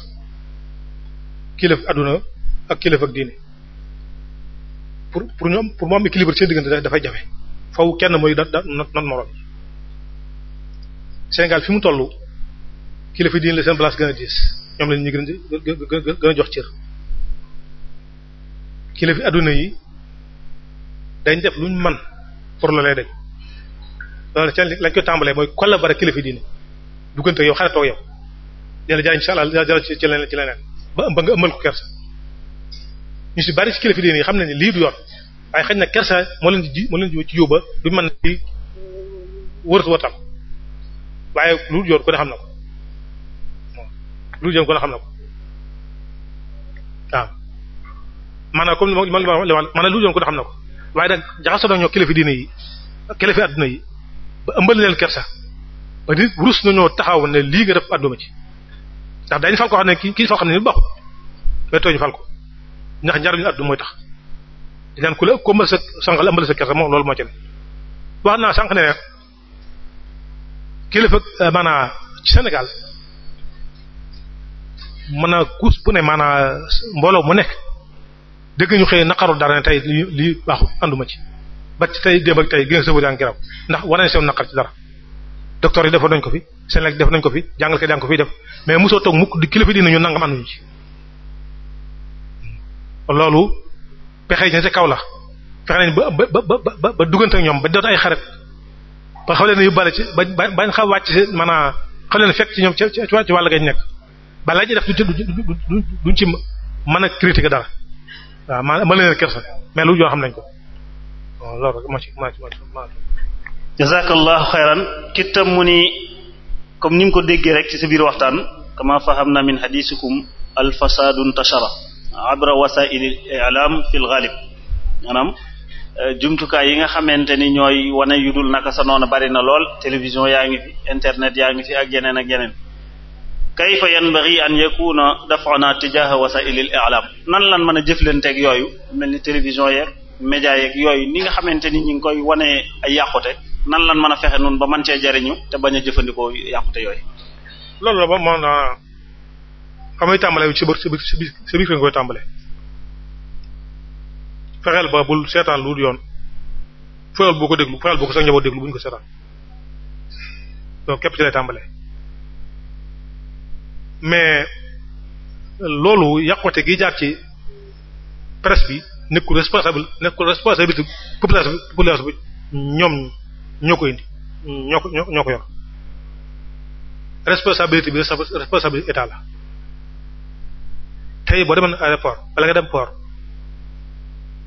kilif adduna ak kilif ak diine pour pour ñoom pour mu am équilibre seen diggante dafay jafe faw kenn mooy da da not moroom Sénégal fi mu toll kilifa diine la seen place gën a diis ñoom la gën a jox cër kilifa adduna yi dañ def luñ man pour loolee dem loolu lañ koy tàmbalee mooy collaborer kilifa diine duggante yow xaritoo yow dina la jariñ sa la jariñ ba ëmb nga ëmbal ko kersa ñu si bari si kilifa diine yi xam nañ ne lii du yoon waaye xëy na kersa moo leen di moo leen ci yóbba du mën di wërtu watam lu yoon ko ne xam na ko lu yoon ko lu yoon ko ne xam na ko waaye nag jaxasoo nañoo kilifa diine yi kilifa adduna yi ba ëmbal leen kersa ba nit rus nañoo taxaw ne lii nga def adduma ci. ndax dañu fal ko xam ne kii kii foo xam ne ni baaxul mais tooñu fal ko ndax njariñu addu mooy tax di ku la ko mën sa sangal amal moom loolu moo ci ne wax naa sànq ne ne kilifa euh, maanaam ci Sénégal mën a kuus bu ne maanaam mbooloo mu nekk dëgg ñu xëy naqaru dara ne tey lii lii baaxul ànduma ci ba ci tey démb ak tey gën a sëfu ndax wane seen naqar ci dara docteur yi defoon nañ ko fi Sénégal def nañ ko fi jàngal ko daan ko def mais mosoo toog mukk di kilifa dina ñu nangam ànduñu ci loolu pexe yi sa kaw la fexe nañ ba ba ba ba duggante ñoom ba doot ay xarit ba xam leen yu bari ci ba bañ xam wàcc si maanaam xam leen fekk ci ñoom ci ci wàll gañ nekk ba la def duñ ci duñ ci mën a critiquer dara waaw ma ma leen kersa mais lu yoo xam nañ ko loolu rek moo kitam mu ni comme ni nga ko déggee rek ci sa biir waxtaan kama fahamna min hadisikum al fasadu ntashara abra wasail i'lam fi l ghalib maanaam euh, jumtukaay yi nga xamante ni ñooy wane yu dul naka sa noonu bari na lool télévision yaa ngi fi internet yaa ngi fi a geneen ak yeneen kayfa yanbaghi an yakuna daf'una tijaha wasail al i'lam nan lan mën a jëflanteeg yooyu mel ni télévision yeeg média yeeg yooyu ni nga xamante ni ñu ngi koy wane ay yàqute nan lan mën a fexe nun ba man cee jariñu te bañ a jëfandikoo yàqute yooyu loolu la ba man xam ngay tàmbale ci bër ci biir ci biir nga koy tàmbale fexeel ba bul seetaan lu yoon fexeel boo ko déglu fexeel boo ko sax njaboot déglu bu ñu ko seetaan donc képp lay tàmbale mais loolu yàqute gi jaar ci presse bi nekkul responsable nekkul responsabilité population bi population bi ñoom ñoo ko indi ñoo ko ñoo ko yor responsabilité bi responsabilité état la tey boo demoon aéroport wala nga dem port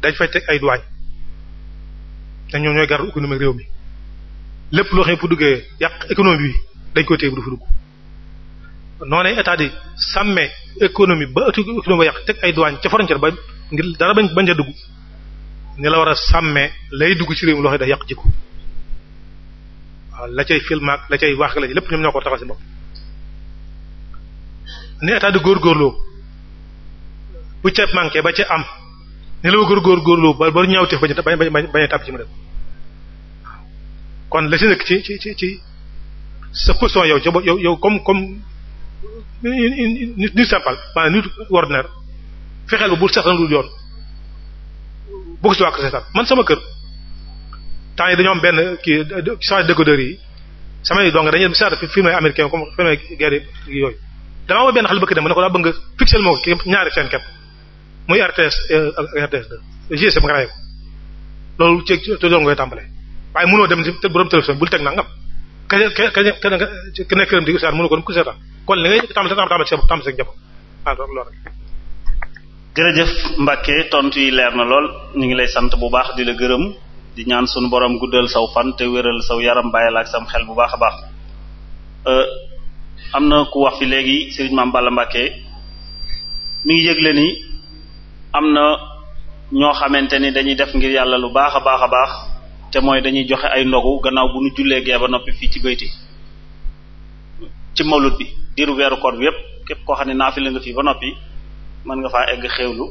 dañ fay teg ay douane te ñoom ñooy garde économique réew mi lépp loo xam ne pour duggee yàq économie bi dañ koy téye bu du fa dugg noonee état di sàmmee économie ba économie ba yàq teg ay douane ca frontière ba ngir dara bañ bañ a dugg ni la war a sàmmee lay dugg ci réew mi loo xam ne day yàq jikko la cay film ak la cay wax la lépp ñoom ñoo ko taxal ci bopp ni état di góorgóorloo bu ca manqué ba ca am ni la wa góor góorgóorloo ba ba ñaaw teef bañ bañ a tàbb ci mu dem kon la ci nekk ci ci ci ci sa position yow ca yow yow comme comme nit nit simple maanaam nit ordinaire fexeel ba bu sax na dul yoon boo ko ci wàkk seetaan man sama kër tam yi dañoo benn kii change décodeur yi samay dong dañuy dem si film américain comme film guerre yooyu damaa woo benn xale bëgg dem ne ko daa bëgg nga pixel moo ko ñaari seen kepp muy RTS eh, ak RTS 2 GSM nga raay ko loolu ci ci loolu ngay tàmbalee waaye mënoo dem ci borom télévision bul teg nangam ka ka ka ka nekk këram di seetaan mënoo ko dem ku seetaan kon li ngay tàmbali tàmbali sa tàmbali sa njaboot ah leer na lool ñu ngi lay sant bu baax di la gërëm. di ñaan sunu borom guddal saw fan te wéral saw yaram bàyyi la ak sam xel bu baax a baax euh, am na ku wax fi léegi Serigne Mame Balla Mbacké mi ngi yëgle ni am na ñoo xamante ni dañuy def ngir yàlla lu baax a baax a baax te mooy dañuy joxe ay ndogu gannaaw bu nu jullee gee ba noppi fii ci bayti ci mawlud bi diiru weeru koor bi yépp képp koo xam ne naa fi la nga fii ba noppi mën nga faa egg xéewlu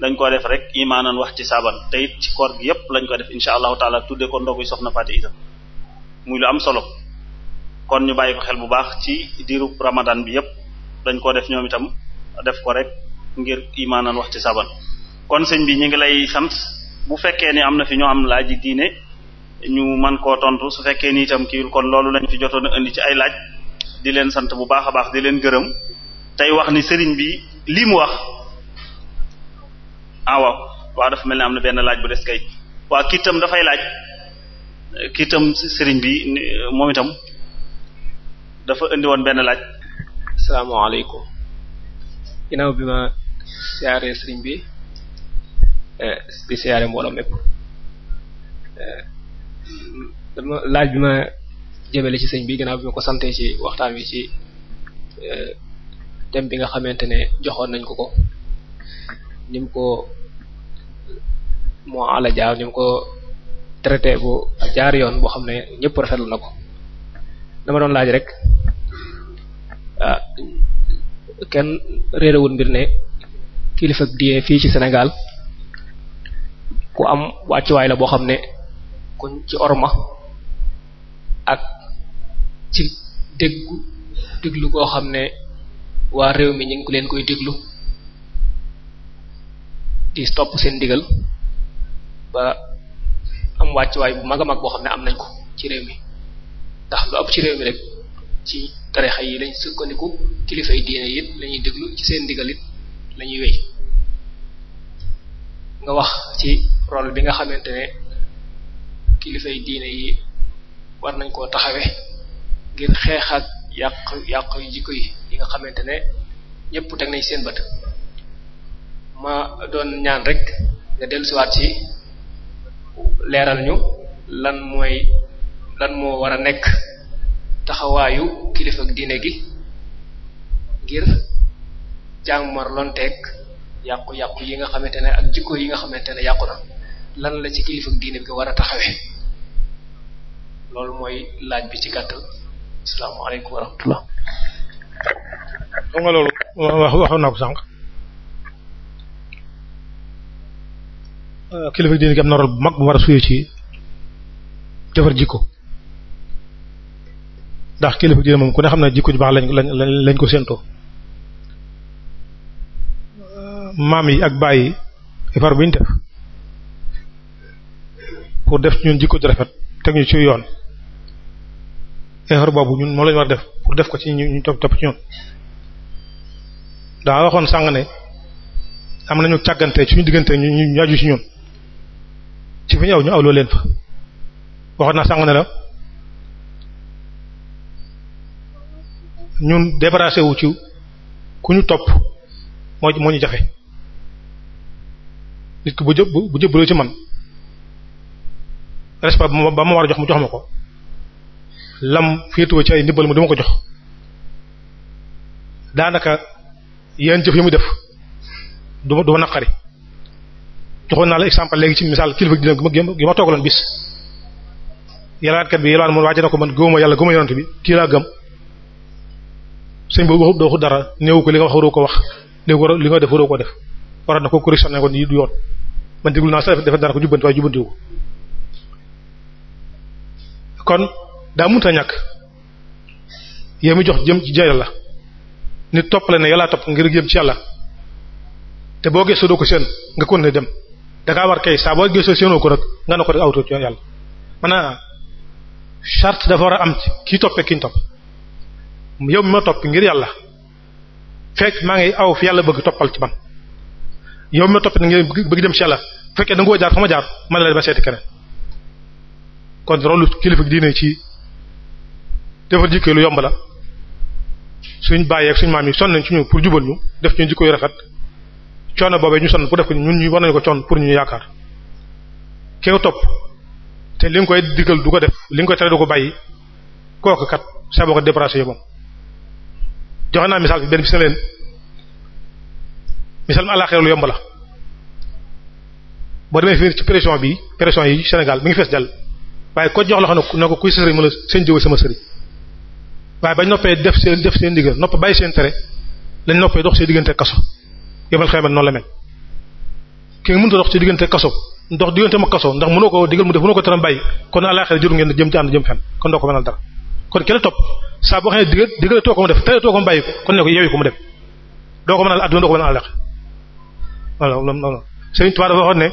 dañ ko def rek imaanan wax ci saaban te it ci koor gi yépp lañ ko def insha allahu taala tudde ko ndoguy soxna Faati Isa muy lu am solo kon ñu bàyyi ko xel bu baax ci diiru ramadan bi yépp dañ ko def ñoom itam def ko rek ngir imaanan wax ci saaban kon sëñ bi ñu ngi lay sant bu fekkee ni am na fi ñoo am laaj yi diine ñu man koo tontu su fekkee ni itam kii kon loolu lañu fi jotoon a indi ci ay laaj di leen sant bu baax a baax di leen gërëm tey wax ni sëriñ bi lii wax ah waaw waa dafa mel ne am na benn laaj bu des kay waa kii itam dafay laaj kii itam sëriñ bi moom itam dafa indi woon benn laaj. asalaamaaleykum. ginnaaw bi ma siyaaree sëriñ bi eh, di siyaaree mbooloo mépp eh, laaj bi ma jëmale ci sëñ bi ginnaaw bi ma ko sante ci waxtaan wi ci eh, thème bi nga xamante ne joxoon nañ ko ko ni ko moo ala jaaw ni mu ko traité bu jaar yoon boo xam ne ñëpp rafetlu na ko dama doon laaj rek ah kenn réerewul mbir ne kilifa diine fii ci Sénégal ku am wàccuwaay la boo xam ne kuñ ci orma ak ci déggu déglu koo xam ne waa réew mi ñu ngi leen koy déglu di topp seen ndigal ba am wàccuwaay bu mag a mag boo xam ne am nañ ko ci réew mi ndax lu ëpp ci réew mi rek ci tarixa yi lañ sukkandiku kilifa yi diine it la déglu ci seen ndigal it la ñuy wéy nga wax ci rôle bi nga xamante ne kilifa yi diine yi war nañ koo taxawe ngir xeex ak yàq yàq yu jikko yi yi nga xamante ne ñëpp teg nañ seen bët ma doon ñaan rek nga dellusiwaat ci leeral ñu lan mooy lan moo war a nekk taxawaayu kilifa ak diine gi ngir jàmmar lonteeg yàqu-yàqu yi nga xamante ne ak jikko yi nga xamante ne yàqu na lan la ci kilifa ak diine bi war a taxawee loolu mooy laaj bi ci gàttal asalaamaaleykum wa rahmatullah. xam nga loolu wax waxoon naa ko sànq. Euh, kilifa diine gi am na rôle bu mag bu war a suyee ci defar jikko ndax kilifa diine moom ku ne xam ne jikko ju baax lañ lañ lañ ko séentoo euh, maam yi ak baay yi effort bu ñu def pour def ñun jikko ju rafet teg ñu ci yoon effort boobu ñun moo lañu war def pour def ko ci ñu ñu topp topp ci ñun daa waxoon sàng ne am nañu càggante suñu diggante ñu ñu aju ci ñun ci fi ñëw ñu awloo leen fa waxoon naa sànq ne la ñun débarrassé wu ci ku ñu topp moo moo ñu jafe nit ki bu jë bu jëbbaloo ci man respect ba ma war a jox mu jox ma ko lam féetoo ci ay ndimbal mu dama ko jox daanaka yenn jëf yi mu def du ma du ma naqari joxoon naa la léegi ci misaal kilifa dina gi ma toogaloon bis bi yalwaan ko man gëmuma yàlla gëmuma yonent bi kii laa gëm dara néew ko li nga wax ko wax néew ko li nga def ko nii du yoon man déglu naa sa ko jubbanti waaye jubbantiwu ko kon daa munta ñàkk yow mi jox jëm ci jël la nit toppale ne yàllaa topp ngir jëm ci yàlla te boo gëstoo doo ko seen nga kon ne dem dangaa war kay saa boo gisoo séenoo ko rek nga ne ko rek awtoo ci yàlla maanaam charte dafa war a am ci kii toppee ki ñu topp yow mi ma topp ngir yàlla fekk maa ngi aw fi yàlla bëgg toppal ci man yow mi ma topp ngir bëgg dem ci yàlla bu fekkee da nga koo jaar fa ma jaar man la ba seeti keneen kon rolu kilifa diine ci defar jikko lu yomb la suñ bàyyeeg suñ maam yi sonn nañ ci ñu pour jubal ñu def ñu jikko yu rafet. coono boobee ñu son pour def ko ñun ñu war nañu ko coon pour ñu yaakaar kew topp te li nga koy digal du ko def li nga koy tere du ko bàyyi kooku kat saa boo ko dépassé yow joxe naa misaal bi benn bis na leen misaal mi àllaaxira yomb la boo demee fii ci pression bi pression yi Sénégal mi ngi fees dal waaye ko jox loxo ne ko kuy sëriñ ma la seen jëw sama sëriñ waaye ba noppee def seen def seen digal nopp bàyyi seen tere lañ noppee dox seen diggante kaso. yebal xeebal noonu la mel ki nga mënta dox ci diggante kaso dox diggante ma kaso ndax mënoo ko digal mu def mënoo ko teram bàyyi kon àlaxira jur ngeen jëm ci ànd jëm fen kon doo ko mënal dara kon ki la topp saa boo xam ne digal digal too ko mu def tere too ko mu bàyyi ko kon ne ko yeewi ko mu dem doo ko mënal àdduna doo ko mënal àlaxira voilà non Sëriñ Tuubaa dafa waxoon ne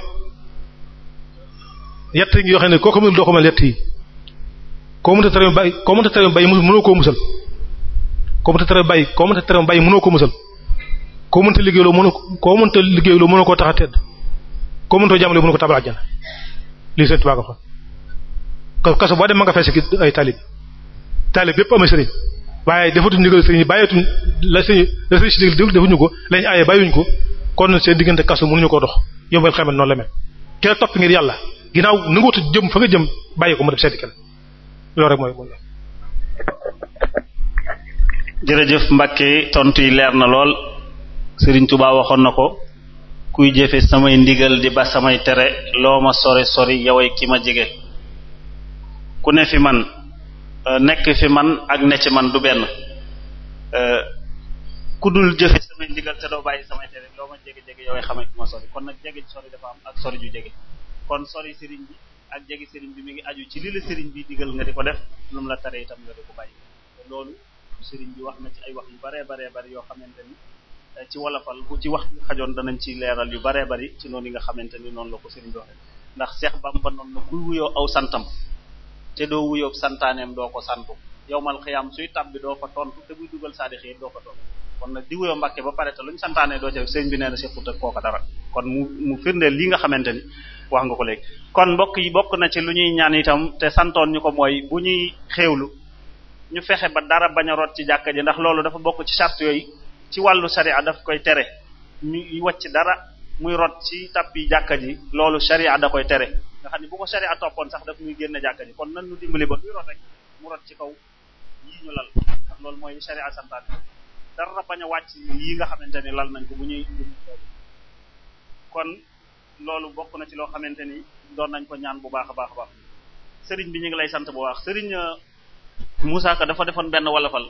yett yi yoo xam ne koo ko mënul doo ko mënal yett yi koo mënta tere bàyyi koo mënta tere bàyyi mënoo koo musal koo mënta tere bàyyi koo mënta tere bàyyi mënoo koo musal koo mënta liggéey loo mënu koo mënta liggéey loo mënu koo tax a tedd koo mënta jàmmale mënu ko tabal àjjana lii sëñ Tuubaa ko fa kaso boo dem ma nga fay si ay taalib taalib yépp amee sëriñ waaye defatu ndigal sëriñ bàyyeetuñ la sëriñ la sëriñ si digal defuñu ko lañ aaye bàyyiwuñ ko kon seen diggante kaso mënuñu koo dox yombal xamal noonu la mel kenn topp ngir yàlla ginnaaw nangu wut jëm fa nga jëm bàyyi ko mu def seeti kenn loolu rek mooy mooy jërëjëf Mbacke tontu yi leer na lool sëriñ tu baa waxoon na ko kuy jëfe samay ndigal di ba samay tere loo ma sori sori yaway ki ma jege ku ne fi man euh, nekk fi man ak ne ci man du benn euh, ku dul jëfe samay ndigal te doo bàyyi samay tere loo ma jege jege yaway xamee ki ma sori kon nag jege sori dafa am ak sori ju kon sori sëriñ bi ak jege sëriñ bi mu ngi aju ci li la sëriñ bi digal nga di ko def lu la taree itam nga loolu sëriñ bi wax na ci ay wax yu baree baree bari yoo xamante ni ci wolofal ku ci wax xajoon danañ ci leeral yu baree bari ci noonu yi nga xamante ni noonu la ko sëriñ doo waxee ndax Seex Bamba noonu la kuy wuyoo aw santam te doo wuyo santaaneem doo ko santu yowmal xiyaam suy tab bi doo ko tontu te buy dugal saadi xëy kon nag di wuyoo Mbàkke ba pare te luñ santaane doo ci rek sëriñ bi nee na sequt ak kooka dara kon mu mu firndeel li nga xamante ni wax nga ko léegi. kon mbokk yi bokk na ci lu ñuy ñaan itam te santoon ñu ko mooy bu ñuy xewlu ñu fexe ba dara bañ a rot ci jàkka ji ndax loolu dafa bokk ci charte yooyu ci wàllu sharia daf koy tere ñu wàcc dara muy rot ci tappi jàkka ji loolu sharia da koy tere nga xam ne bu ko sharia toppoon sax daf muy génn jàkka ji kon dimbali ba muy rot rek mu rot loolu mooy sharia santaane dara bañ a wàcc yi nga xamante ni lal nañ ko bu ñuy kon loolu bokk na ci loo xamante ni doon nañ ko ñaan bu baax a baax baax sëriñ bi ñu ngi lay sant bu baax sëriñ euh, Moussa Ka dafa defoon benn walafal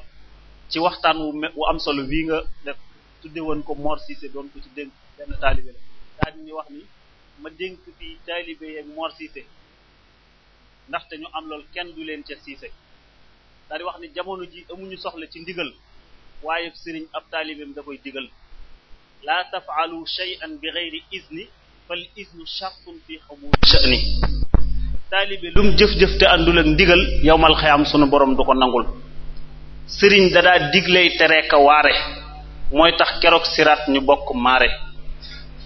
ci waxtaan wu wu am solo wii nga def tudde woon ko Mor Cissé doon ko ci dénk benn taalibe la daal di wax ni ma dénk fii taalibe yeeg Mor Cissé ndaxte ñu am loolu kenn du leen ca Cissé daal wax ni jamono ji amuñu soxla ci ndigal waaye sëriñ ab taalibeem da koy digal laa tafaalu shay'an bi geyri izni fal iznu shartun fi xamuli sha'ni taalibe lu mu jëf-jëf te àndul ak ndigal yowmal xayaam sunu borom du ko nangul sëriñ dadaa digley tere ka waare mooy tax keroog siraat ñu bokk maare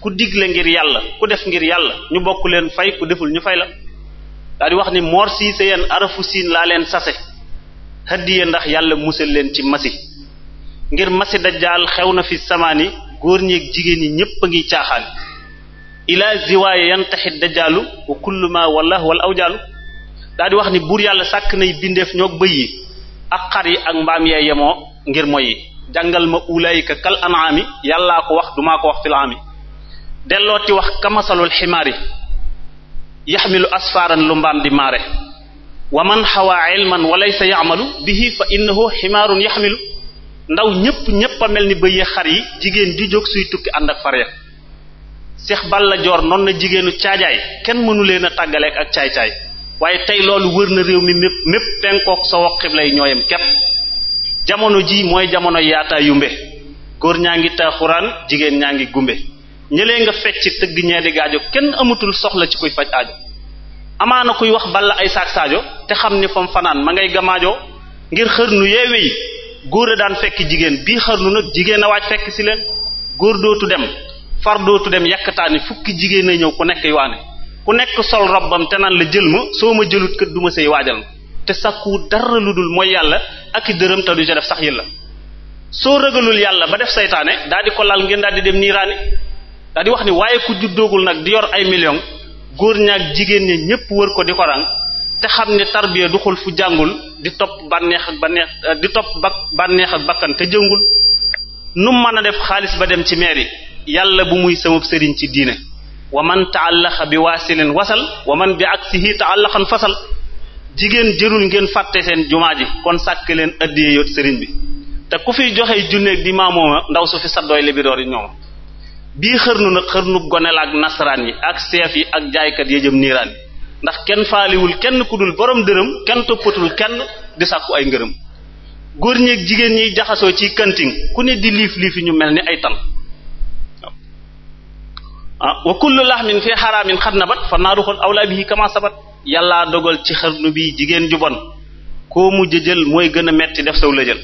ku digle ngir yàlla ku def ngir yàlla ñu bokk leen fay ku deful ñu fay la daa di wax ni moor siise yeen arafu siin laa leen sase hadiya ndax yàlla musal leen ci masi ngir masi dajjaal xew na fi samaani góor ñeeg jigéen ñi ñépp a ngi caaxaan ilaa ziwaaye yan taxit dajjaalu wa kullu ma walla aw awjaalu daa di wax ni buur yàlla sàkk nay bindeef ñoog bëy yi ak xar yi ak mbaam yee yemoo ngir moy yi jàngal ma ulayika kal an'ami yàllaa ko wax dumaa ko wax fil ami dellooti wax kamasalul ximaari yaxmilu asfaaran lu mbaam di maare wa man xawaa man wa laysa ya'malu bihi fa innahu ximaarun yaxmilu ndaw ñépp ñépp mel ni bëyee xar yi jigéen di jóg suy tukki ànd ak farya Seex Balla Joor noon na jigéenu caajaay kenn mënu leen a tàggaleek ak caay-caay waaye tey loolu wër na réew mi mépp mépp penkook sa wax xiblay ñooyam képp jamono ji mooy jamono yaataa yumbe góor ñaa ngi taaxuraan jigéen ñaa ngi gumbe ñëlee nga fecc tëgg ñee di gaajo kenn amatul soxla ci kuy faj amaana kuy wax balla ay saak saajo te xam ni fam fanaan ma ngay gamaajo ngir xërnu yeewe yi góor a daan fekk jigéen bii xërnu nag jigéen a waaj fekk ci leen góor dootu dem far dootu dem yàkkataani fukki jigéen a ñëw ku nekk yu ku nekk sol robbam te naan la jël ma soo ma jëlut kër du ma sëy waajal te te sakku dara lu dul mooy yàlla ak i dërëm te du ca def sax yëlla soo ragalul yàlla ba def seytaane daa di ko lal ngeen daal di dem niiraani daa di wax ni waaye ku juddoogul nag di yor ay million góor ñaak jigéen ña ñépp wër ko di ko rang te xam ne tarbiya duxul fu jàngul di topp bànneex ak bànneex eh, di topp ba bànneex ak bakkan te jëngul nu mën a def xaalis ba dem ci meer yi yàlla bu muy sama sëriñ ci diine wa man taallaxa bi leen wasal wa man bi aksihi taallaxan fasal jigéen jërul ngeen fàtte seen jumaa ji kon sàkk leen addiyee yoot sëriñ bi te ku fiy joxe junneeg di maamooma ndaw su fi saddooy libidoor yi ñoom bii xërnu nag xërnub gonel ak nasaraan yi ak seef yi ak jaaykat yi jëm niiraan yi ndax kenn faaliwul kenn ku dul borom dërëm kenn toppatul kenn di sàkku ay ngërëm góor ñeeg jigéen ñiy jaxasoo ci kanting ku ne di liif liif yi ñu mel ni ay tan ah wa kullu lahmin fi xaraamin xat na bat fa naaru xon awlaa bihi kama sabat yàllaa dogal ci xarnu bi jigéen ju bon koo mujj jël mooy gën a metti def saw la jël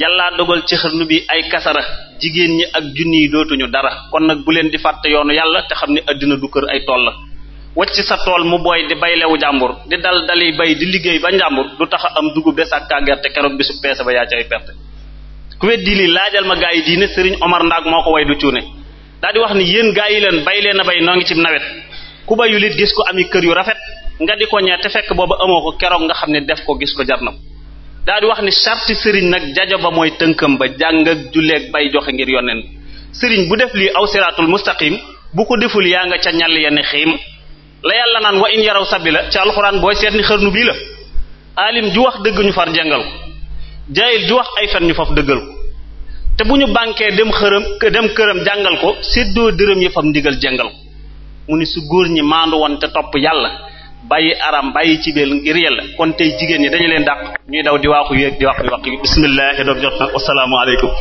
yàllaa dogal ci xarnu bi ay kasara jigéen ñi ak junni yi dootuñu dara kon nag bu leen di fàtte yoon yàlla te xam ni àddina du kër ay tool la wacc sa tool mu booy di bay lewu jàmbur di dal dali bay di liggéey ba njàmbur du tax a am dugub de sàkkaa gerte keroog su peese ba yaa ci ay perte k weddi lii laajal ma gaa yi diine Serigne Omar Ndaak moo ko daal di wax ni yéen gaa yi leen bay leen a bay noo ngi ci nawet ku bayul it gis ko ami kër yu rafet nga di ko ñee te fekk booba amoo ko keroog nga xam ne def ko gis ko jar na daal di wax ni sarti sëriñ nag jajo ba mooy tënkam ba jàng ak julleeg bay joxe ngir yoneen sëriñ bu def lii aw siraatul mustaqim bu ko deful yaa nga ca ñal ya ne xiim la yàlla naan wa in yaraw sabila ci alxuraan booy seet ni xërnu bii la alim ju wax dëgg ñu far jàngal ko jaayil ju wax ay fen ñu faf dëggal te bu ñu bànkee dem xëram dem këram jàngal ko séddoo dërëm yi fam ndigal jàngal ko mu ni su góor ñi maandu woon te topp yàlla bàyyi araam bàyyi ci beel ngir yàlla kon tey jigéen ñi dañu leen dàq ñuy daw di waaxu yéeg di wax yi wax yi bismillah jot nag wasalaamu aleykum